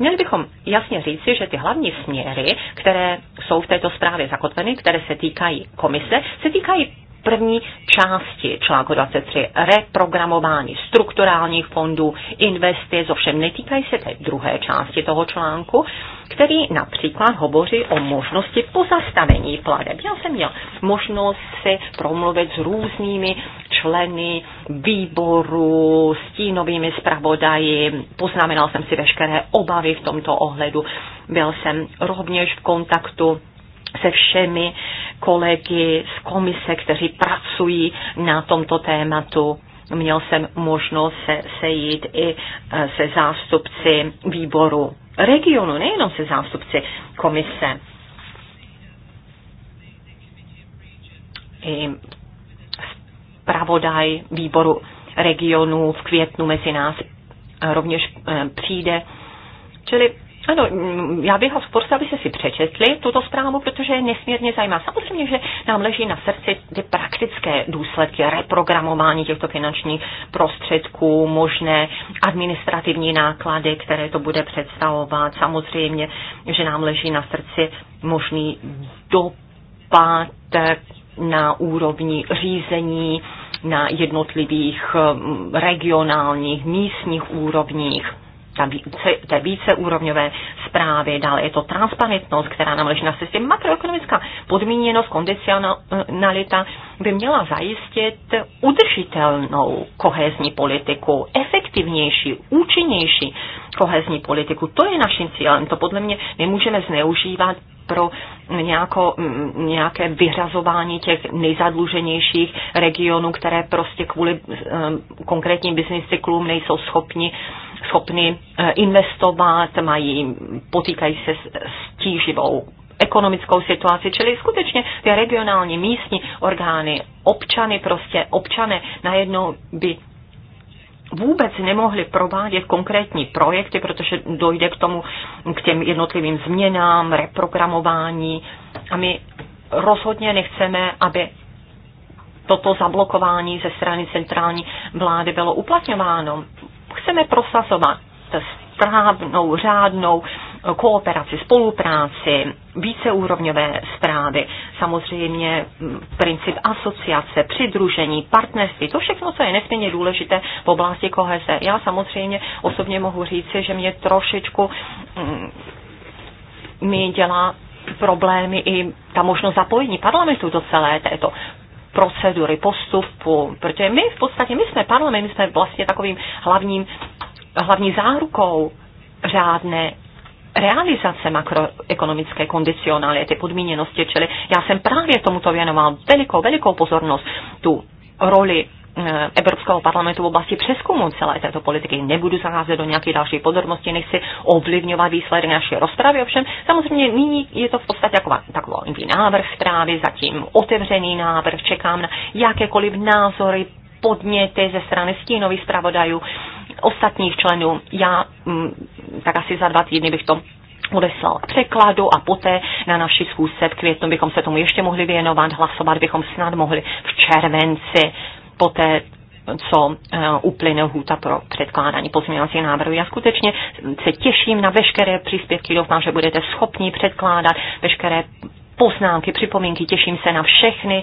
Měli bychom jasně říci, že ty hlavní směry, které jsou v této zprávě zakotveny, které se týkají komise, se týkají první části článku 23 reprogramování strukturálních fondů, investice, ovšem netýkají se té druhé části toho článku, který například hovoří o možnosti pozastavení pladeb. Já jsem měl možnost se promluvit s různými členy výboru, stínovými zpravodaji, poznamenal jsem si veškeré obavy v tomto ohledu. Byl jsem rovněž v kontaktu se všemi kolegy z komise, kteří pracují na tomto tématu. Měl jsem možnost se sejít i e, se zástupci výboru regionu, nejenom se zástupci komise. I pravodaj výboru regionu v květnu mezi nás rovněž e, přijde. Čili ano, mm, já bych ho poprosila, se si přečetli tuto zprávu, protože je nesmírně zajímá. Samozřejmě, že nám leží na srdci ty praktické důsledky reprogramování těchto finančních prostředků, možné administrativní náklady, které to bude představovat. Samozřejmě, že nám leží na srdci možný dopad na úrovni řízení na jednotlivých mm, regionálních, místních úrovních ta více, té víceúrovňové zprávy, dále je to transparentnost, která nám leží na cestě, makroekonomická podmíněnost, kondicionalita by měla zajistit udržitelnou kohezní politiku, efektivnější, účinnější kohezní politiku. To je naším cílem. To podle mě nemůžeme zneužívat pro nějako, mm, nějaké vyhrazování těch nejzadluženějších regionů, které prostě kvůli um, konkrétním business cyklům nejsou schopni schopni eh, investovat, mají, potýkají se s tíživou ekonomickou situaci, čili skutečně ty regionální místní orgány, občany prostě, občané najednou by vůbec nemohli provádět konkrétní projekty, protože dojde k tomu, k těm jednotlivým změnám, reprogramování a my rozhodně nechceme, aby toto zablokování ze strany centrální vlády bylo uplatňováno chceme prosazovat správnou, řádnou kooperaci, spolupráci, víceúrovňové zprávy, samozřejmě mm, princip asociace, přidružení, partnerství, to všechno, co je nesmírně důležité v oblasti koheze. Já samozřejmě osobně mohu říci, že mě trošičku mm, mi dělá problémy i ta možnost zapojení parlamentu do celé této procedury, postupu, protože my v podstatě, my jsme parlament, my jsme vlastně takovým hlavním, hlavní zárukou řádné realizace makroekonomické kondicionality, podmíněnosti, čili já jsem právě tomuto věnoval velikou, velikou pozornost, tu roli Eh, Evropského parlamentu v oblasti přeskumu celé této politiky. Nebudu zacházet do nějakých dalších podrobností, nechci ovlivňovat výsledek naší rozpravy, ovšem samozřejmě nyní je to v podstatě jako takový návrh zprávy, zatím otevřený návrh, čekám na jakékoliv názory, podněty ze strany stínových zpravodajů, ostatních členů. Já mm, tak asi za dva týdny bych to odeslal překladu a poté na naší schůzce v květnu bychom se tomu ještě mohli věnovat, hlasovat bychom snad mohli v červenci poté co eh, uplyne lhůta pro předkládání pozměňovacích návrhů. Já skutečně se těším na veškeré příspěvky, doufám, že budete schopni předkládat veškeré poznámky, připomínky, těším se na všechny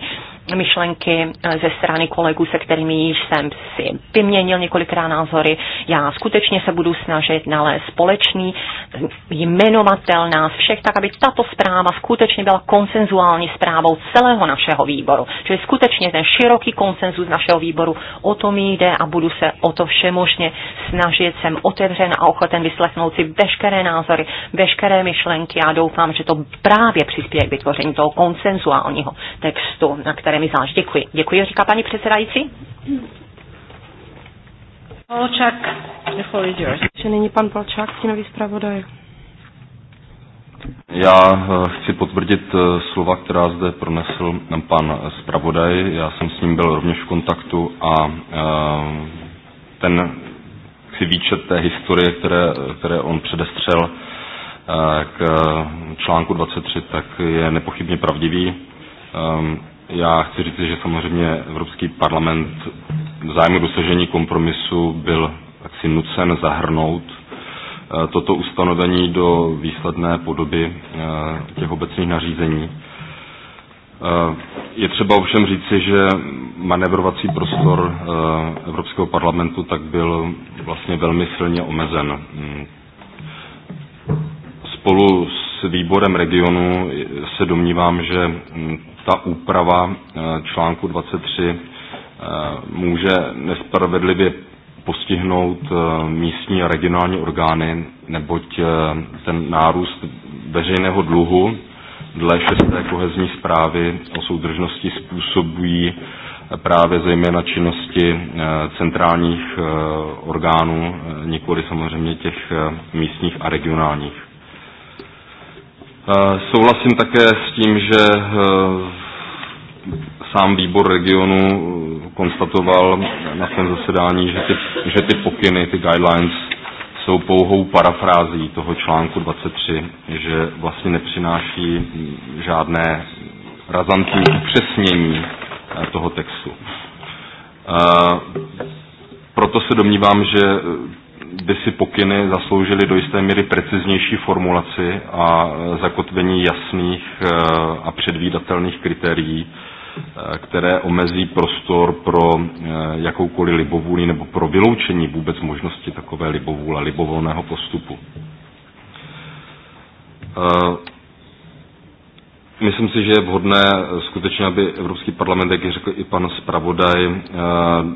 myšlenky eh, ze strany kolegů, se kterými již jsem si vyměnil několikrát názory. Já skutečně se budu snažit nalézt společný eh, jmenovatel nás všech, tak aby tato zpráva skutečně byla konsenzuální zprávou celého našeho výboru. Čili skutečně ten široký konsenzus našeho výboru o tom jde a budu se o to všemožně snažit. Jsem otevřen a ochoten vyslechnout si veškeré názory, veškeré myšlenky a doufám, že to právě přispěje k vytvoření toho konsenzuálního textu, na který Jeremy Děkuji. Děkuji, říká paní předsedající. Polčák, the Že není pan Polčák, stínový zpravodaj. Já eh, chci potvrdit eh, slova, která zde pronesl pan zpravodaj. Já jsem s ním byl rovněž v kontaktu a eh, ten si výčet té historie, které, které on předestřel k článku 23, tak je nepochybně pravdivý. Ehm, já chci říct, že samozřejmě Evropský parlament v zájmu dosažení kompromisu byl jaksi nucen zahrnout eh, toto ustanovení do výsledné podoby eh, těch obecných nařízení. Eh, je třeba ovšem říci, že manevrovací prostor Evropského parlamentu tak byl vlastně velmi silně omezen. Spolu s výborem regionu se domnívám, že ta úprava eh, článku 23 eh, může nespravedlivě postihnout eh, místní a regionální orgány, neboť ten nárůst veřejného dluhu dle šesté kohezní zprávy o soudržnosti způsobují právě zejména činnosti centrálních orgánů, nikoli samozřejmě těch místních a regionálních. Eh, souhlasím také s tím, že eh, sám výbor regionu eh, konstatoval na svém zasedání, že ty, že ty pokyny, ty guidelines jsou pouhou parafrází toho článku 23, že vlastně nepřináší žádné razantní upřesnění toho textu. Proto se domnívám, že by si pokyny zasloužily do jisté míry preciznější formulaci a e, zakotvení jasných e, a předvídatelných kritérií, e, které omezí prostor pro jakoukoliv libovůli nebo pro vyloučení vůbec možnosti takové libovůle, libovolného postupu. Myslím si, že je vhodné skutečně, aby Evropský parlament, jak řekl i pan zpravodaj,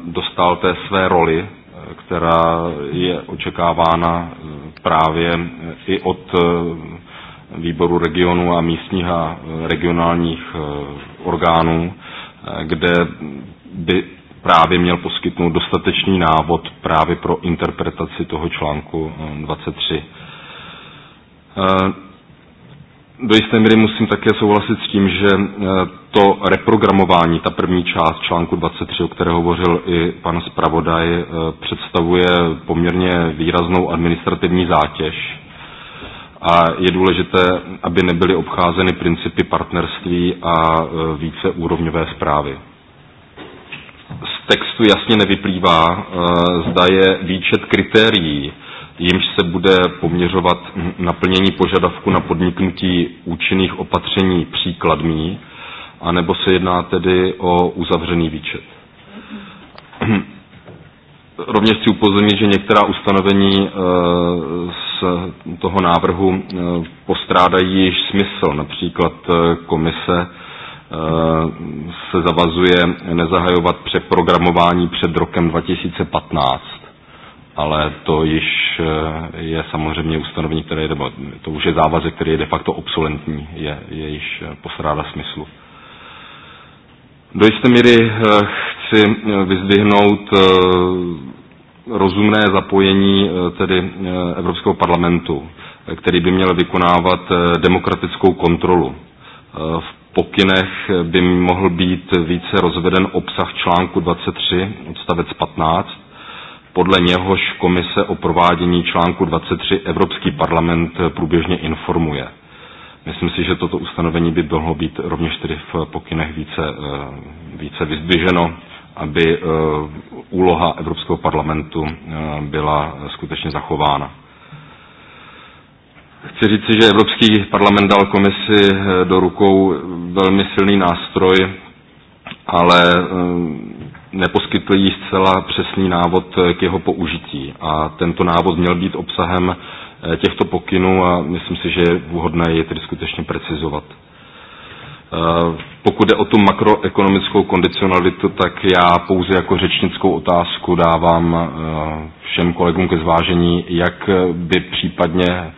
dostal té své roli která je očekávána eh, právě eh, i od eh, výboru regionu a místních a regionálních orgánů, kde by právě měl poskytnout dostatečný návod právě pro interpretaci toho článku 23 do jisté míry musím také souhlasit s tím, že eh, to reprogramování, ta první část článku 23, o které hovořil i pan zpravodaj, eh, představuje poměrně výraznou administrativní zátěž a je důležité, aby nebyly obcházeny principy partnerství a eh, více úrovňové zprávy. Z textu jasně nevyplývá, zda je výčet kritérií, jimž se bude poměřovat naplnění požadavku na podniknutí účinných opatření příkladmí, anebo se jedná tedy o uzavřený výčet. Rovněž chci upozornit, že některá ustanovení eh, z toho návrhu eh, postrádají již smysl. Například eh, komise se zavazuje nezahajovat přeprogramování před rokem 2015 ale to již eh, je samozřejmě ustanovení, které je, to už je závazek, který je de facto obsolentní, je, je již eh, posráda smyslu. Do jisté míry eh, chci vyzdvihnout rozumné zapojení tedy Evropského parlamentu, který by měl vykonávat demokratickou kontrolu. V pokynech by mohl být více rozveden obsah článku 23 odstavec 15, podle něhož komise o provádění článku 23 Evropský parlament průběžně informuje. Myslím si, že toto ustanovení by mohlo být rovněž tedy v pokynech více, eh, více vyzdviženo, aby eh, úloha Evropského parlamentu eh, byla skutečně zachována. Chci říci, že Evropský parlament dal komisi do rukou velmi silný nástroj, ale jí zcela přesný návod eh, k jeho použití. A tento návod měl být obsahem eh, těchto pokynů a myslím si, že je vhodné je tedy skutečně precizovat. Eh, pokud jde o tu makroekonomickou kondicionalitu, tak já pouze jako řečnickou otázku dávám všem kolegům ke zvážení, jak by případně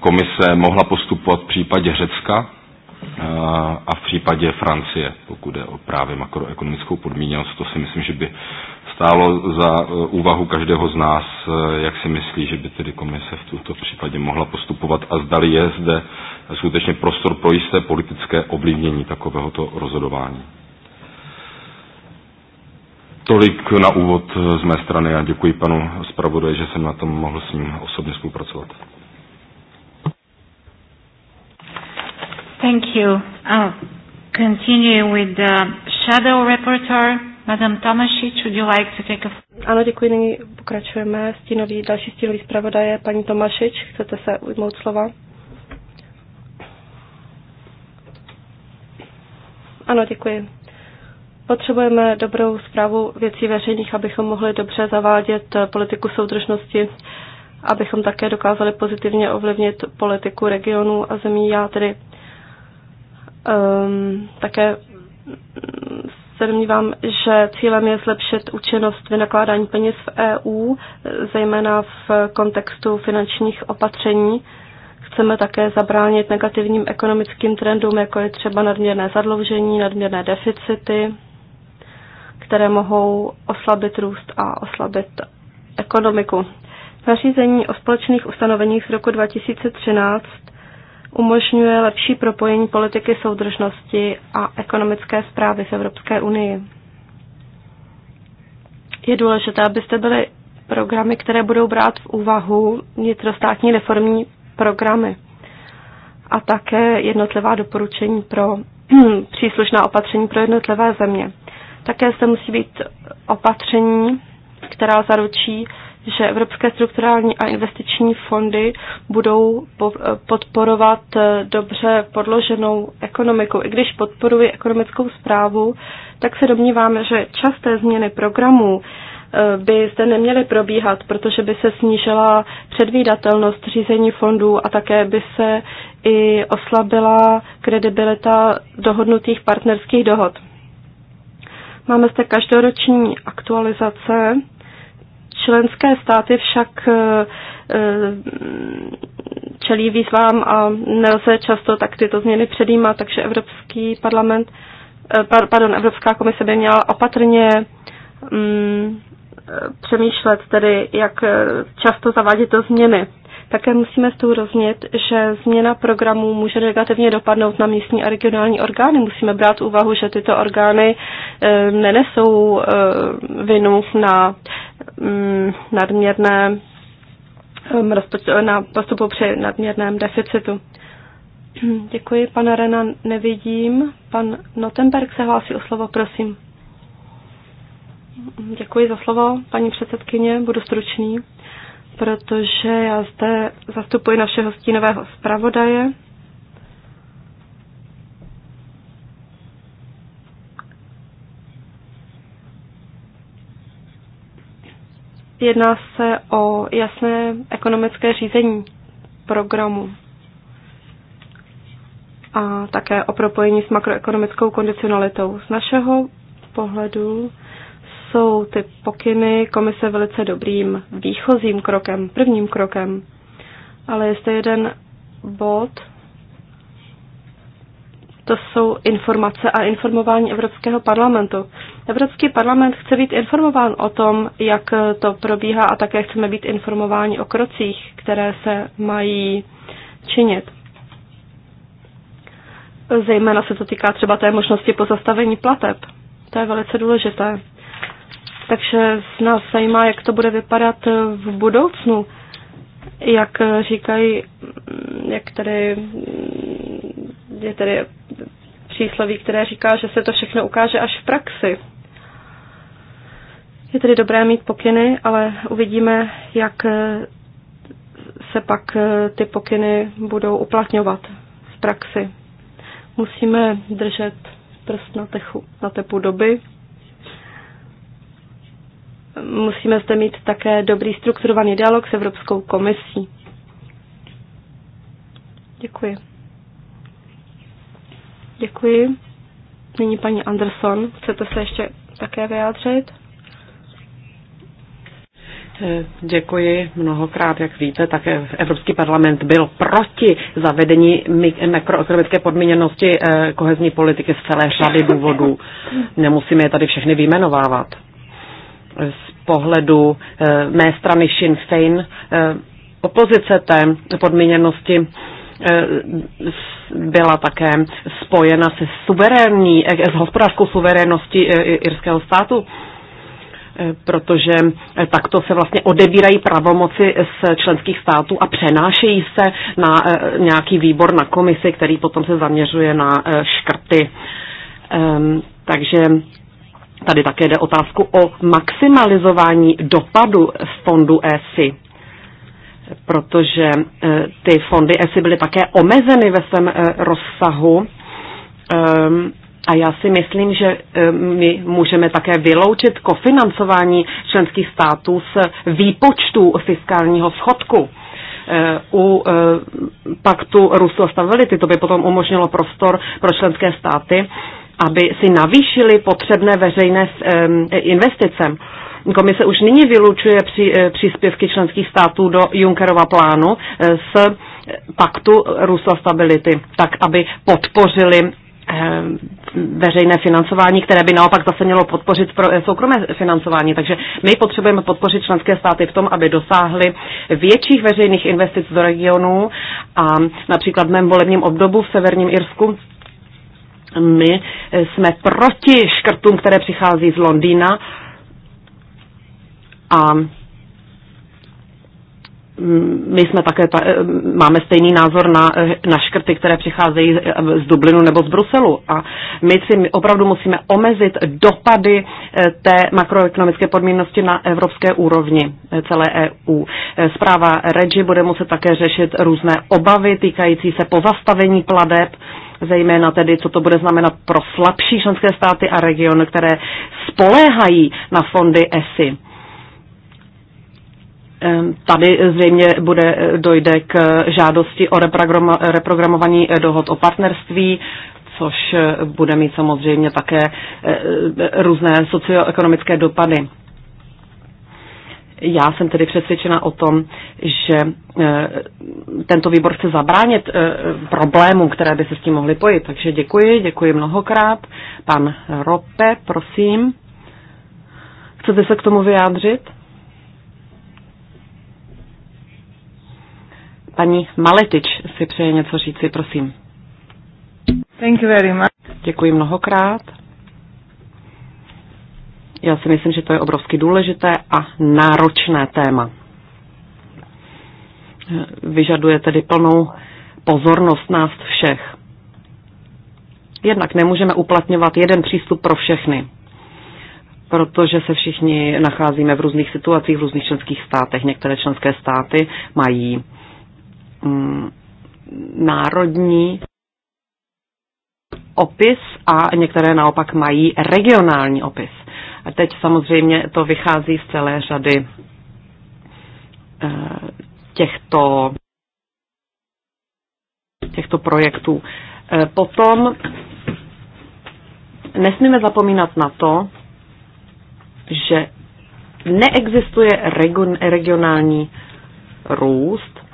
komise mohla postupovat v případě Řecka, a v případě Francie, pokud jde o právě makroekonomickou podmíněnost, to si myslím, že by stálo za eh, úvahu každého z nás, eh, jak si myslí, že by tedy komise v tuto případě mohla postupovat a zdali je zde skutečně prostor pro jisté politické ovlivnění takovéhoto rozhodování. Tolik na úvod eh, z mé strany a děkuji panu zpravodaji, že jsem na tom mohl s ním osobně spolupracovat. Thank you. I'll continue with the shadow reporter, Madam Tomasic. Would you like to take a... Ano, děkuji. Nyní pokračujeme. Stínový, další stínový zpravodaje, paní Tomášič. Chcete se ujmout slova? Ano, děkuji. Potřebujeme dobrou zprávu věcí veřejných, abychom mohli dobře zavádět politiku soudržnosti, abychom také dokázali pozitivně ovlivnit politiku regionů a zemí. Já tedy Um, také se domnívám, že cílem je zlepšit účinnost vynakládání peněz v EU, zejména v kontextu finančních opatření. Chceme také zabránit negativním ekonomickým trendům, jako je třeba nadměrné zadloužení, nadměrné deficity, které mohou oslabit růst a oslabit ekonomiku. Nařízení o společných ustanoveních z roku 2013 umožňuje lepší propojení politiky soudržnosti a ekonomické zprávy v Evropské unii. Je důležité, abyste byli programy, které budou brát v úvahu vnitrostátní reformní programy a také jednotlivá doporučení pro příslušná opatření pro jednotlivé země. Také se musí být opatření, která zaručí že Evropské strukturální a investiční fondy budou podporovat eh, dobře podloženou ekonomiku. I když podporuji ekonomickou zprávu, tak se domníváme, že časté změny programů eh, by zde neměly probíhat, protože by se snížila předvídatelnost řízení fondů a také by se i oslabila kredibilita dohodnutých partnerských dohod. Máme zde každoroční aktualizace Členské státy však eh, eh, čelí výzvám a nelze často tak tyto změny předjímat, takže Evropský parlament, eh, pardon, Evropská komise by měla opatrně mm, přemýšlet tedy, jak často zavádět do změny. Také musíme zdůraznit, že změna programů může negativně dopadnout na místní a regionální orgány. Musíme brát úvahu, že tyto orgány nenesou vinu na Mm, nadměrné mm, na postupu při nadměrném deficitu. Děkuji, pana Rena nevidím. Pan Notenberg se hlásí o slovo, prosím. Děkuji za slovo, paní předsedkyně, budu stručný, protože já zde zastupuji našeho stínového zpravodaje, Jedná se o jasné ekonomické řízení programu a také o propojení s makroekonomickou kondicionalitou. Z našeho pohledu jsou ty pokyny komise velice dobrým výchozím krokem, prvním krokem. Ale je zde jeden bod, to jsou informace a informování Evropského parlamentu. Evropský parlament chce být informován o tom, jak to probíhá a také chceme být informováni o krocích, které se mají činit. Zejména se to týká třeba té možnosti pozastavení plateb. To je velice důležité. Takže z nás zajímá, jak to bude vypadat v budoucnu. Jak říkají, jak tady je tady přísloví, které říká, že se to všechno ukáže až v praxi. Je tedy dobré mít pokyny, ale uvidíme, jak eh, se pak eh, ty pokyny budou uplatňovat v praxi. Musíme držet prst na, techu, na tepu doby. Musíme zde mít také dobrý strukturovaný dialog s Evropskou komisí. Děkuji. Děkuji. Nyní paní Anderson, chcete se ještě také vyjádřit? Děkuji mnohokrát, jak víte, tak Evropský parlament byl proti zavedení makroekonomické podmíněnosti eh, kohezní politiky z celé řady důvodů. Nemusíme je tady všechny vyjmenovávat. Z pohledu eh, mé strany Sinn Féin eh, opozice té podmíněnosti byla také spojena se suverénní, s hospodářskou suverénností irského státu protože takto se vlastně odebírají pravomoci z členských států a přenášejí se na eh, nějaký výbor na komisi, který potom se zaměřuje na eh, škrty. Ehm, takže tady také jde otázku o maximalizování dopadu fondu ESI protože eh, ty fondy ESI byly také omezeny ve svém rozsahu ehm, a já si myslím, že eh, my můžeme také vyloučit kofinancování členských států z výpočtu fiskálního schodku eh, u eh, paktu růstu a stability. To by potom umožnilo prostor pro členské státy, aby si navýšili potřebné veřejné investice. Komise už nyní vylučuje při, příspěvky členských států do Junckerova plánu z paktu růstu a stability, tak aby podpořili Eh, veřejné financování, které by naopak zase mělo podpořit pro eh, soukromé financování. Takže my potřebujeme podpořit členské státy v tom, aby dosáhly větších veřejných investic do regionů a například v mém volebním obdobu v Severním Irsku my eh, jsme proti škrtům, které přichází z Londýna a my jsme také ta, eh, máme stejný názor na, eh, na škrty, které přicházejí eh, z Dublinu nebo z Bruselu. A my si opravdu musíme omezit dopady té makroekonomické podmínnosti na evropské úrovni celé EU. Zpráva Regi bude muset také řešit různé obavy týkající se pozastavení pladeb zejména tedy, co to bude znamenat pro slabší členské státy a regiony, které spoléhají na fondy ESI. Tady zřejmě bude, eh, dojde k eh, žádosti o reprogramování eh, dohod o partnerství, což bude mít samozřejmě také různé socioekonomické dopady. Já jsem tedy přesvědčena o tom, že tento výbor chce zabránit problémům, které by se s tím mohly pojít. Takže děkuji, děkuji mnohokrát. Pan Rope, prosím. Chcete se k tomu vyjádřit? Paní Maletič si přeje něco říci, prosím. Thank you very much. Děkuji mnohokrát. Já si myslím, že to je obrovsky důležité a náročné téma. Vyžaduje tedy plnou pozornost nás všech. Jednak nemůžeme uplatňovat jeden přístup pro všechny, protože se všichni nacházíme v různých situacích, v různých členských státech. Některé členské státy mají Mm, národní opis a některé naopak mají regionální opis. A teď samozřejmě to vychází z celé řady eh, těchto, těchto projektů. Eh, potom nesmíme zapomínat na to, že neexistuje regionální růst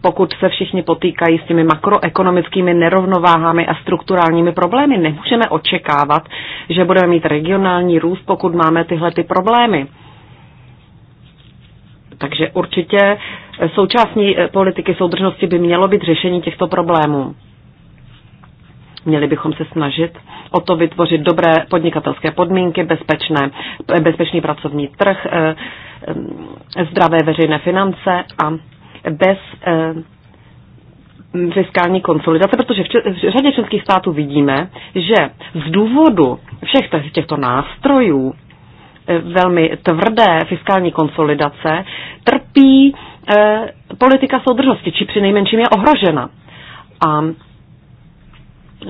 pokud se všichni potýkají s těmi makroekonomickými nerovnováhami a strukturálními problémy. Nemůžeme očekávat, že budeme mít regionální růst, pokud máme tyhle ty problémy. Takže určitě součástí eh, politiky soudržnosti by mělo být řešení těchto problémů. Měli bychom se snažit o to vytvořit dobré podnikatelské podmínky, bezpečné, eh, bezpečný pracovní trh, eh, zdravé veřejné finance a bez eh, fiskální konsolidace, protože v, v řadě členských států vidíme, že z důvodu všech těchto nástrojů eh, velmi tvrdé fiskální konsolidace trpí eh, politika soudržnosti, či nejmenším je ohrožena. A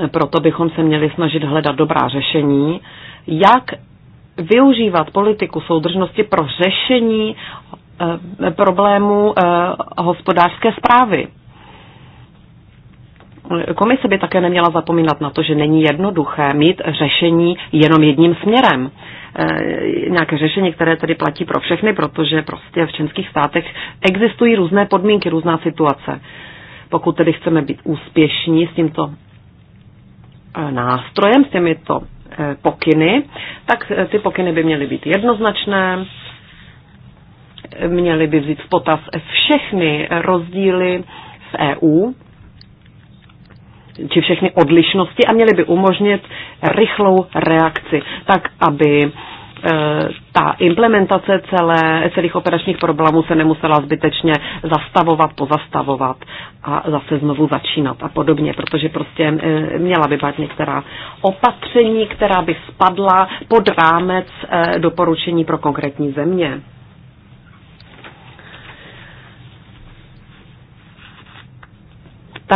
eh, proto bychom se měli snažit hledat dobrá řešení, jak využívat politiku soudržnosti pro řešení Eh, problémů eh, hospodářské zprávy. Komise by také neměla zapomínat na to, že není jednoduché mít řešení jenom jedním směrem. Eh, nějaké řešení, které tedy platí pro všechny, protože prostě v členských státech existují různé podmínky, různá situace. Pokud tedy chceme být úspěšní s tímto nástrojem, s těmito pokyny, tak ty pokyny by měly být jednoznačné, Měli by vzít v potaz všechny rozdíly v EU, či všechny odlišnosti a měly by umožnit rychlou reakci, tak aby e, ta implementace celé, celých operačních problémů se nemusela zbytečně zastavovat, pozastavovat a zase znovu začínat a podobně, protože prostě e, měla by být některá opatření, která by spadla pod rámec e, doporučení pro konkrétní země.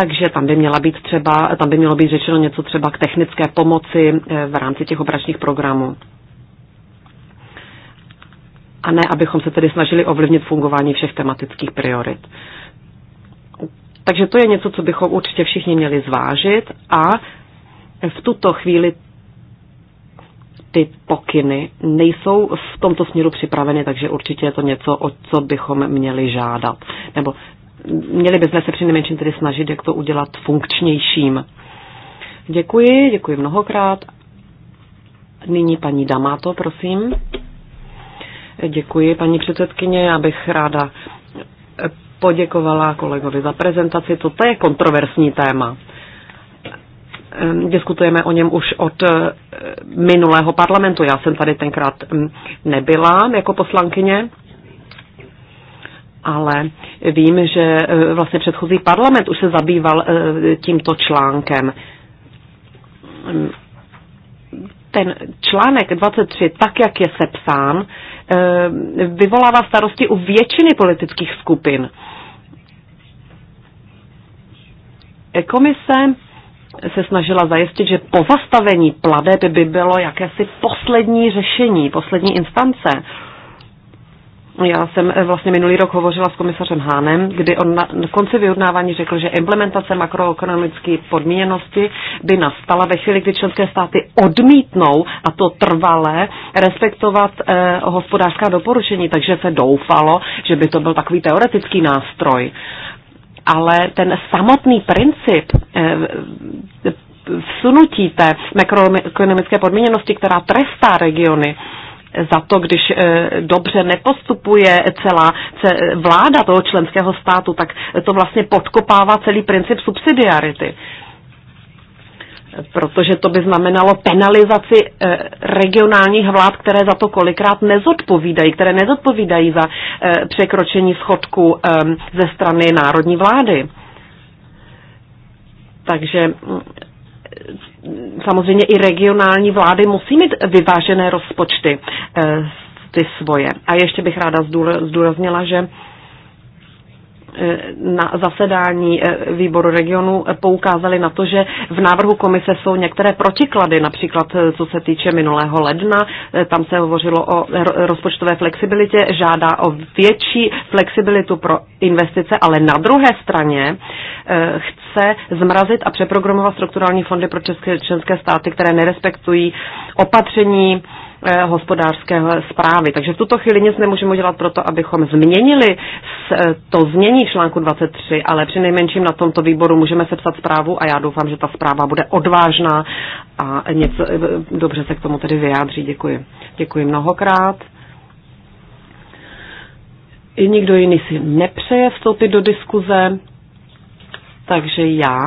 Takže tam by, měla být třeba, tam by mělo být řečeno něco třeba k technické pomoci eh, v rámci těch operačních programů. A ne, abychom se tedy snažili ovlivnit fungování všech tematických priorit. Takže to je něco, co bychom určitě všichni měli zvážit a v tuto chvíli ty pokyny nejsou v tomto směru připraveny, takže určitě je to něco, o co bychom měli žádat. Nebo měli bychom se nejmenším tedy snažit, jak to udělat funkčnějším. Děkuji, děkuji mnohokrát. Nyní paní Damato, prosím. Děkuji, paní předsedkyně. Já bych ráda poděkovala kolegovi za prezentaci. Toto je kontroverzní téma. Ehm, diskutujeme o něm už od eh, minulého parlamentu. Já jsem tady tenkrát ehm, nebyla jako poslankyně, ale vím, že e, vlastně předchozí parlament už se zabýval e, tímto článkem. Ten článek 23, tak jak je sepsán, e, vyvolává starosti u většiny politických skupin. Komise se snažila zajistit, že pozastavení pladeb by bylo jakési poslední řešení, poslední instance. Já jsem eh, vlastně minulý rok hovořila s komisařem Hánem, kdy on na konci vyjednávání řekl, že implementace makroekonomické podmíněnosti by nastala ve chvíli, kdy členské státy odmítnou a to trvalé respektovat eh, hospodářská doporučení, takže se doufalo, že by to byl takový teoretický nástroj. Ale ten samotný princip eh, vsunutí té makroekonomické podmíněnosti, která trestá regiony, eh, za to, když eh, dobře nepostupuje celá vláda toho členského státu, tak to vlastně podkopává celý princip subsidiarity protože to by znamenalo penalizaci eh, regionálních vlád, které za to kolikrát nezodpovídají, které nezodpovídají za eh, překročení schodku ehm, ze strany národní vlády. Takže mm, samozřejmě i regionální vlády musí mít vyvážené rozpočty eh, ty svoje. A ještě bych ráda zdůraznila, že E, na zasedání e, výboru regionu poukázali na to, že v návrhu komise jsou některé protiklady, například e, co se týče minulého ledna, tam se hovořilo o rozpočtové flexibilitě, žádá o větší flexibilitu pro investice, ale na druhé straně chce zmrazit a přeprogramovat strukturální fondy pro české, české státy, které nerespektují opatření Eh, hospodářské zprávy. Takže v tuto chvíli nic nemůžeme dělat proto, abychom změnili eh, to změní článku 23, ale při nejmenším na tomto výboru můžeme sepsat zprávu a já doufám, že ta zpráva bude odvážná a něco, eh, dobře se k tomu tedy vyjádří. Děkuji. Děkuji mnohokrát. I nikdo jiný si nepřeje vstoupit do diskuze, takže já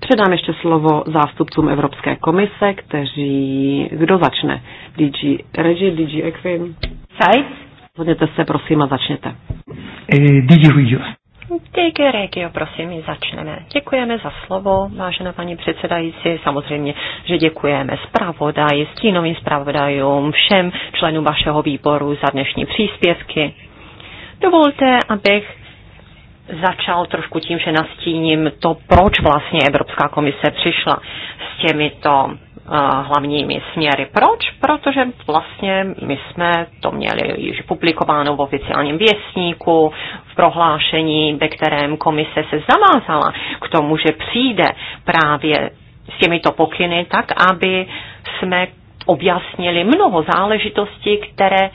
předám ještě slovo zástupcům Evropské komise, kteří, kdo začne? DG Regi, DG Equin. Sajt. Podněte se, prosím, a začněte. E, DG Regio. DG Regio, prosím, my začneme. Děkujeme za slovo, vážená paní předsedající. Samozřejmě, že děkujeme zpravodaji, stínovým zpravodajům, všem členům vašeho výboru za dnešní příspěvky. Dovolte, abych začal trošku tím, že nastíním to, proč vlastně Evropská komise přišla s těmito hlavními směry. Proč? Protože vlastně my jsme to měli již publikováno v oficiálním věstníku, v prohlášení, ve kterém komise se zavázala k tomu, že přijde právě s těmito pokyny, tak aby jsme objasnili mnoho záležitostí, které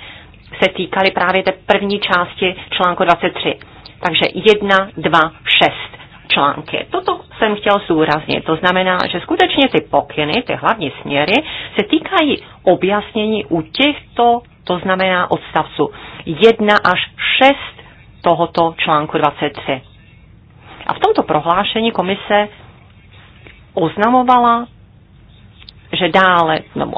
se týkaly právě té první části článku 23. Takže 1, 2, 6 články. Toto jsem chtěl zúraznit. To znamená, že skutečně ty pokyny, ty hlavní směry, se týkají objasnění u těchto, to znamená odstavců 1 až 6 tohoto článku 23. A v tomto prohlášení komise oznamovala že dále, nebo,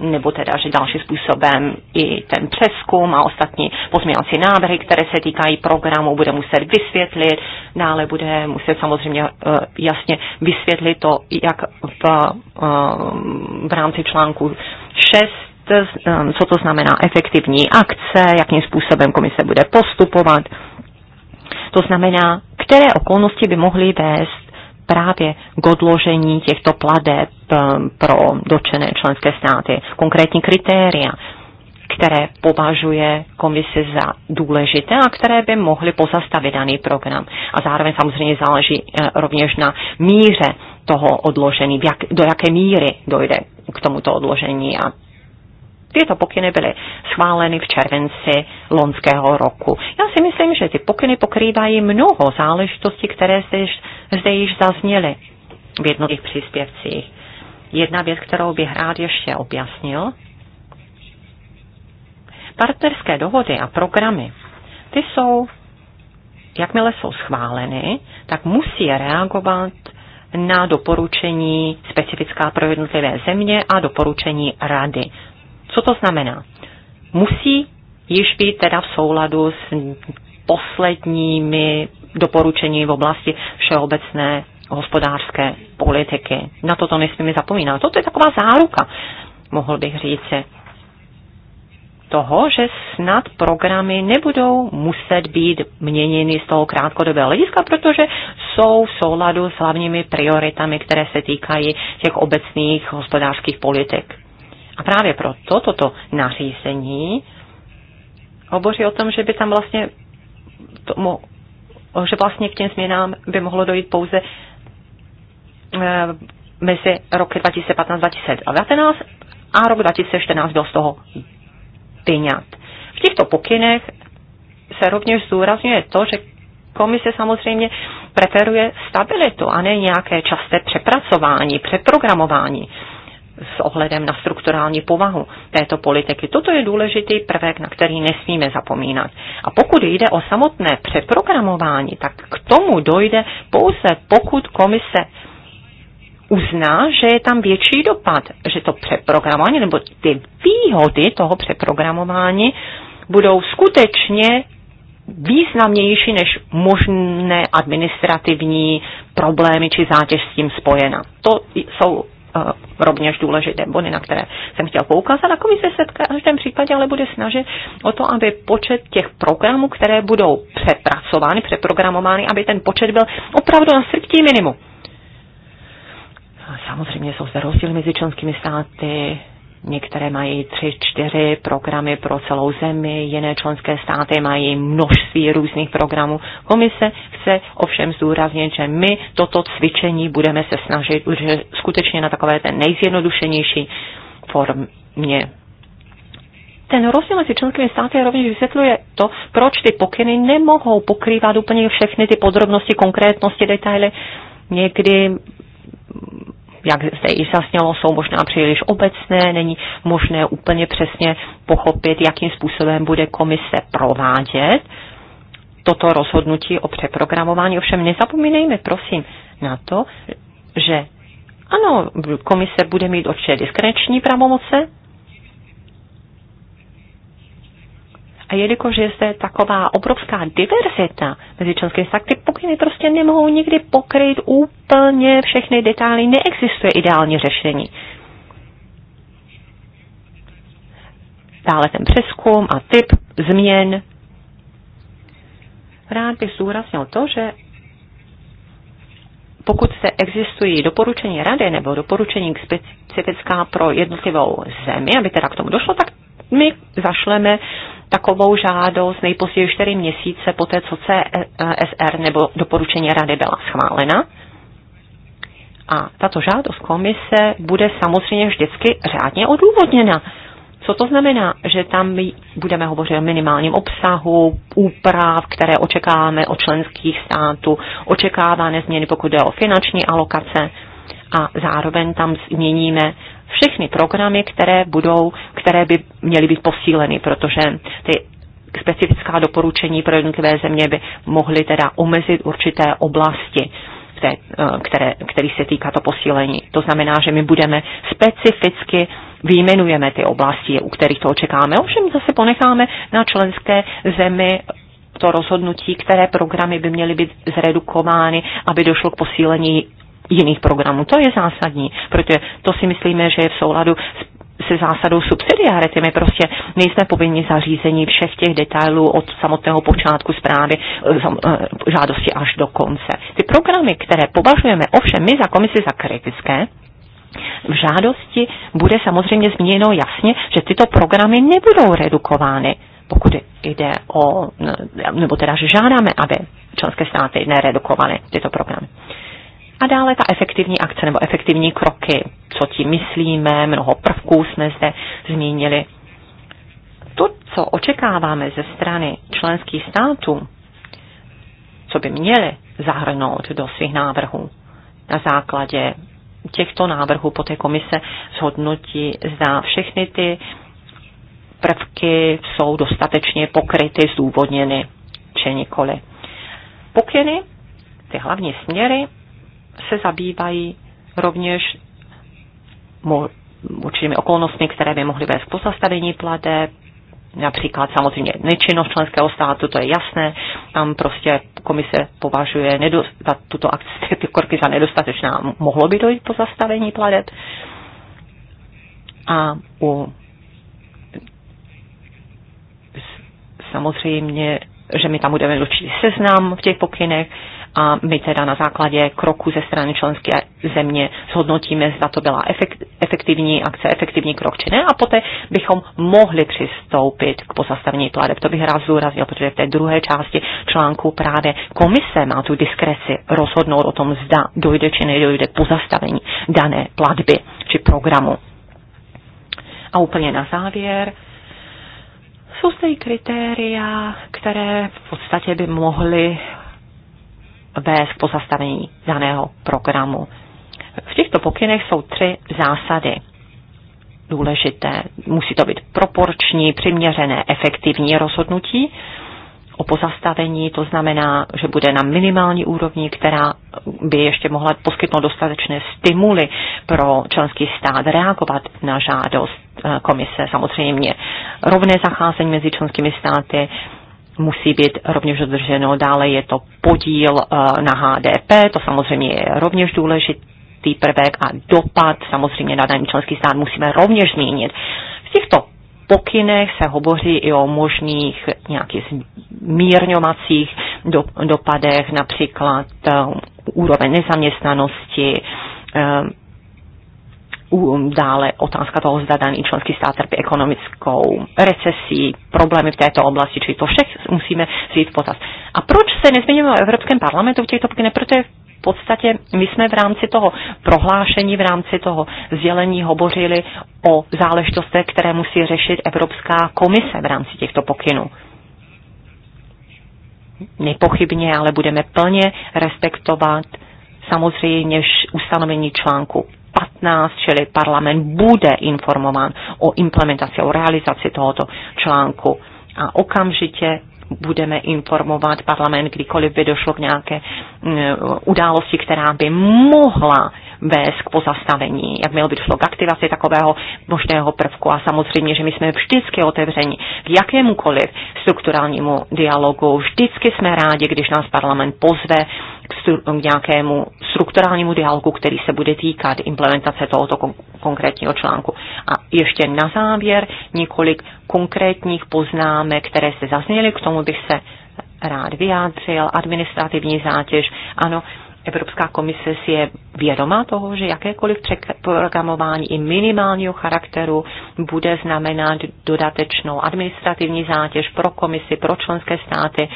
nebo teda, že další způsobem i ten přeskum a ostatní pozměňovací návrhy, které se týkají programu, bude muset vysvětlit, dále bude muset samozřejmě eh, jasně vysvětlit to, jak v, eh, v rámci článku 6 eh, co to znamená efektivní akce, jakým způsobem komise bude postupovat. To znamená, které okolnosti by mohly vést právě k odložení těchto pladeb ehm, pro dočené členské státy. Konkrétní kritéria, které považuje komise za důležité a které by mohly pozastavit daný program. A zároveň samozřejmě záleží eh, rovněž na míře toho odložení, jak, do jaké míry dojde k tomuto odložení a Tyto pokyny byly schváleny v červenci lonského roku. Já si myslím, že ty pokyny pokrývají mnoho záležitostí, které zde, již, zde již zazněly v jednotlivých příspěvcích. Jedna věc, kterou bych rád ještě objasnil, partnerské dohody a programy, ty jsou, jakmile jsou schváleny, tak musí reagovat na doporučení specifická pro jednotlivé země a doporučení rady. Co to znamená? Musí již být teda v souladu s posledními doporučení v oblasti všeobecné hospodářské politiky. Na to to nesmíme zapomínat. Toto je taková záruka, mohl bych říci, toho, že snad programy nebudou muset být měněny z toho krátkodobého hlediska, protože jsou v souladu s hlavními prioritami, které se týkají těch obecných hospodářských politik. A právě proto toto nařízení hovoří o tom, že by tam vlastně tomu, že vlastně k těm změnám by mohlo dojít pouze eh, mezi roky 2015-2019 a rok 2014 byl z toho vyňat. V těchto pokynech se rovněž zdůrazňuje to, že komise samozřejmě preferuje stabilitu a ne nějaké časté přepracování, přeprogramování s ohledem na strukturální povahu této politiky. Toto je důležitý prvek, na který nesmíme zapomínat. A pokud jde o samotné přeprogramování, tak k tomu dojde pouze pokud komise uzná, že je tam větší dopad, že to přeprogramování nebo ty výhody toho přeprogramování budou skutečně významnější než možné administrativní problémy či zátěž s tím spojena. To jsou Eh, rovněž důležité body, na které jsem chtěl poukázat. A komise se v každém případě ale bude snažit o to, aby počet těch programů, které budou přepracovány, přeprogramovány, aby ten počet byl opravdu na srktí minimum. Samozřejmě jsou zde rozdíly mezi členskými státy, Některé mají tři, čtyři programy pro celou zemi, jiné členské státy mají množství různých programů. Komise chce ovšem zdůraznit, že my toto cvičení budeme se snažit že skutečně na takové té nejzjednodušenější formě. Ten rozdíl mezi členskými státy rovněž vysvětluje to, proč ty pokyny nemohou pokrývat úplně všechny ty podrobnosti, konkrétnosti, detaily. Někdy jak zde již zasnělo, jsou možná příliš obecné, není možné úplně přesně pochopit, jakým způsobem bude komise provádět toto rozhodnutí o přeprogramování. Ovšem nezapomínejme, prosím, na to, že ano, komise bude mít určitě diskreční pravomoce, A jelikož je zde taková obrovská diverzita mezi členskými státy, pokyny prostě nemohou nikdy pokryt úplně všechny detaily, neexistuje ideální řešení. Dále ten přeskum a typ změn. Rád bych zúraznil to, že pokud se existují doporučení rady nebo doporučení specifická pro jednotlivou zemi, aby teda k tomu došlo, tak my zašleme takovou žádost nejpozději 4 měsíce po té, co CSR nebo doporučení rady byla schválena. A tato žádost komise bude samozřejmě vždycky řádně odůvodněna. Co to znamená? Že tam my budeme hovořit o minimálním obsahu, úprav, které očekáváme od členských států, očekávané změny, pokud jde o finanční alokace a zároveň tam změníme všechny programy, které budou, které by měly být posíleny, protože ty specifická doporučení pro jednotlivé země by mohly teda omezit určité oblasti, které, eh, které, který se týká to posílení. To znamená, že my budeme specificky vyjmenujeme ty oblasti, u kterých to očekáme. Ovšem zase ponecháme na členské zemi to rozhodnutí, které programy by měly být zredukovány, aby došlo k posílení jiných programů. To je zásadní, protože to si myslíme, že je v souladu s se zásadou subsidiarity. My prostě nejsme povinni zařízení všech těch detailů od samotného počátku zprávy eh, eh, žádosti až do konce. Ty programy, které považujeme ovšem my za komisi za kritické, v žádosti bude samozřejmě zmíněno jasně, že tyto programy nebudou redukovány, pokud jde o, nebo teda, že žádáme, aby členské státy neredukovaly tyto programy. Uh, a dále ta efektivní akce nebo efektivní kroky, co tím myslíme, mnoho prvků jsme zde zmínili. To, co očekáváme ze strany členských států, co by měli zahrnout do svých návrhů na základě těchto návrhů té komise zhodnotí, zda všechny ty prvky jsou dostatečně pokryty, zdůvodněny či nikoli. Pokyny, ty hlavní směry, se zabývají rovněž určitými okolnostmi, které by mohly vést k pozastavení plade, například samozřejmě nečinnost členského státu, to je jasné, tam prostě komise považuje nedostat, tuto akci, ty korky za nedostatečná, mohlo by dojít po zastavení pladeb. A u samozřejmě, že my tam budeme určitý seznam v těch pokynech, a my teda na základě kroku ze strany členské země zhodnotíme, zda to byla efektivní akce, efektivní krok či ne a poté bychom mohli přistoupit k pozastavení pladeb. To bych rád zúraznil, protože v té druhé části článku právě komise má tu diskreci rozhodnout o tom, zda dojde či nedojde pozastavení dané platby či programu. A úplně na závěr, jsou zde i kritéria, které v podstatě by mohly vést k pozastavení daného programu. V těchto pokynech jsou tři zásady důležité. Musí to být proporční, přiměřené, efektivní rozhodnutí o pozastavení, to znamená, že bude na minimální úrovni, která by ještě mohla poskytnout dostatečné stimuly pro členský stát reagovat na žádost eh, komise. Samozřejmě rovné zacházení mezi členskými státy, musí být rovněž dodrženo. Dále je to podíl eh, na HDP, to samozřejmě je rovněž důležitý prvek a dopad samozřejmě na daný členský stát musíme rovněž zmínit. V těchto pokynech se hovoří i o možných nějakých mírňovacích do, dopadech, například uh, úroveň nezaměstnanosti, uh, dále otázka toho, zda daný členský stát trpí ekonomickou recesí, problémy v této oblasti, čili to všech musíme vzít v potaz. A proč se nezměníme o Evropském parlamentu v těchto pokynech? Protože v podstatě my jsme v rámci toho prohlášení, v rámci toho sdělení hovořili o záležitostech, které musí řešit Evropská komise v rámci těchto pokynů. Nepochybně ale budeme plně respektovat samozřejmě ustanovení článku 15, čili parlament bude informován o implementaci, o realizaci tohoto článku. A okamžitě budeme informovat parlament, kdykoliv by došlo k nějaké Eh, události, která by mohla vést k pozastavení, jak mělo by došlo k aktivaci takového možného prvku. A samozřejmě, že my jsme vždycky otevřeni k jakémukoliv strukturálnímu dialogu. Vždycky jsme rádi, když nás parlament pozve k, stru, k nějakému strukturálnímu dialogu, který se bude týkat implementace tohoto kon- konkrétního článku. A ještě na závěr několik konkrétních poznámek, které se zazněly, k tomu bych se rád vyjádřil, administrativní zátěž. Ano, Evropská komise si je vědomá toho, že jakékoliv programování i minimálního charakteru bude znamenat dodatečnou administrativní zátěž pro komisi, pro členské státy.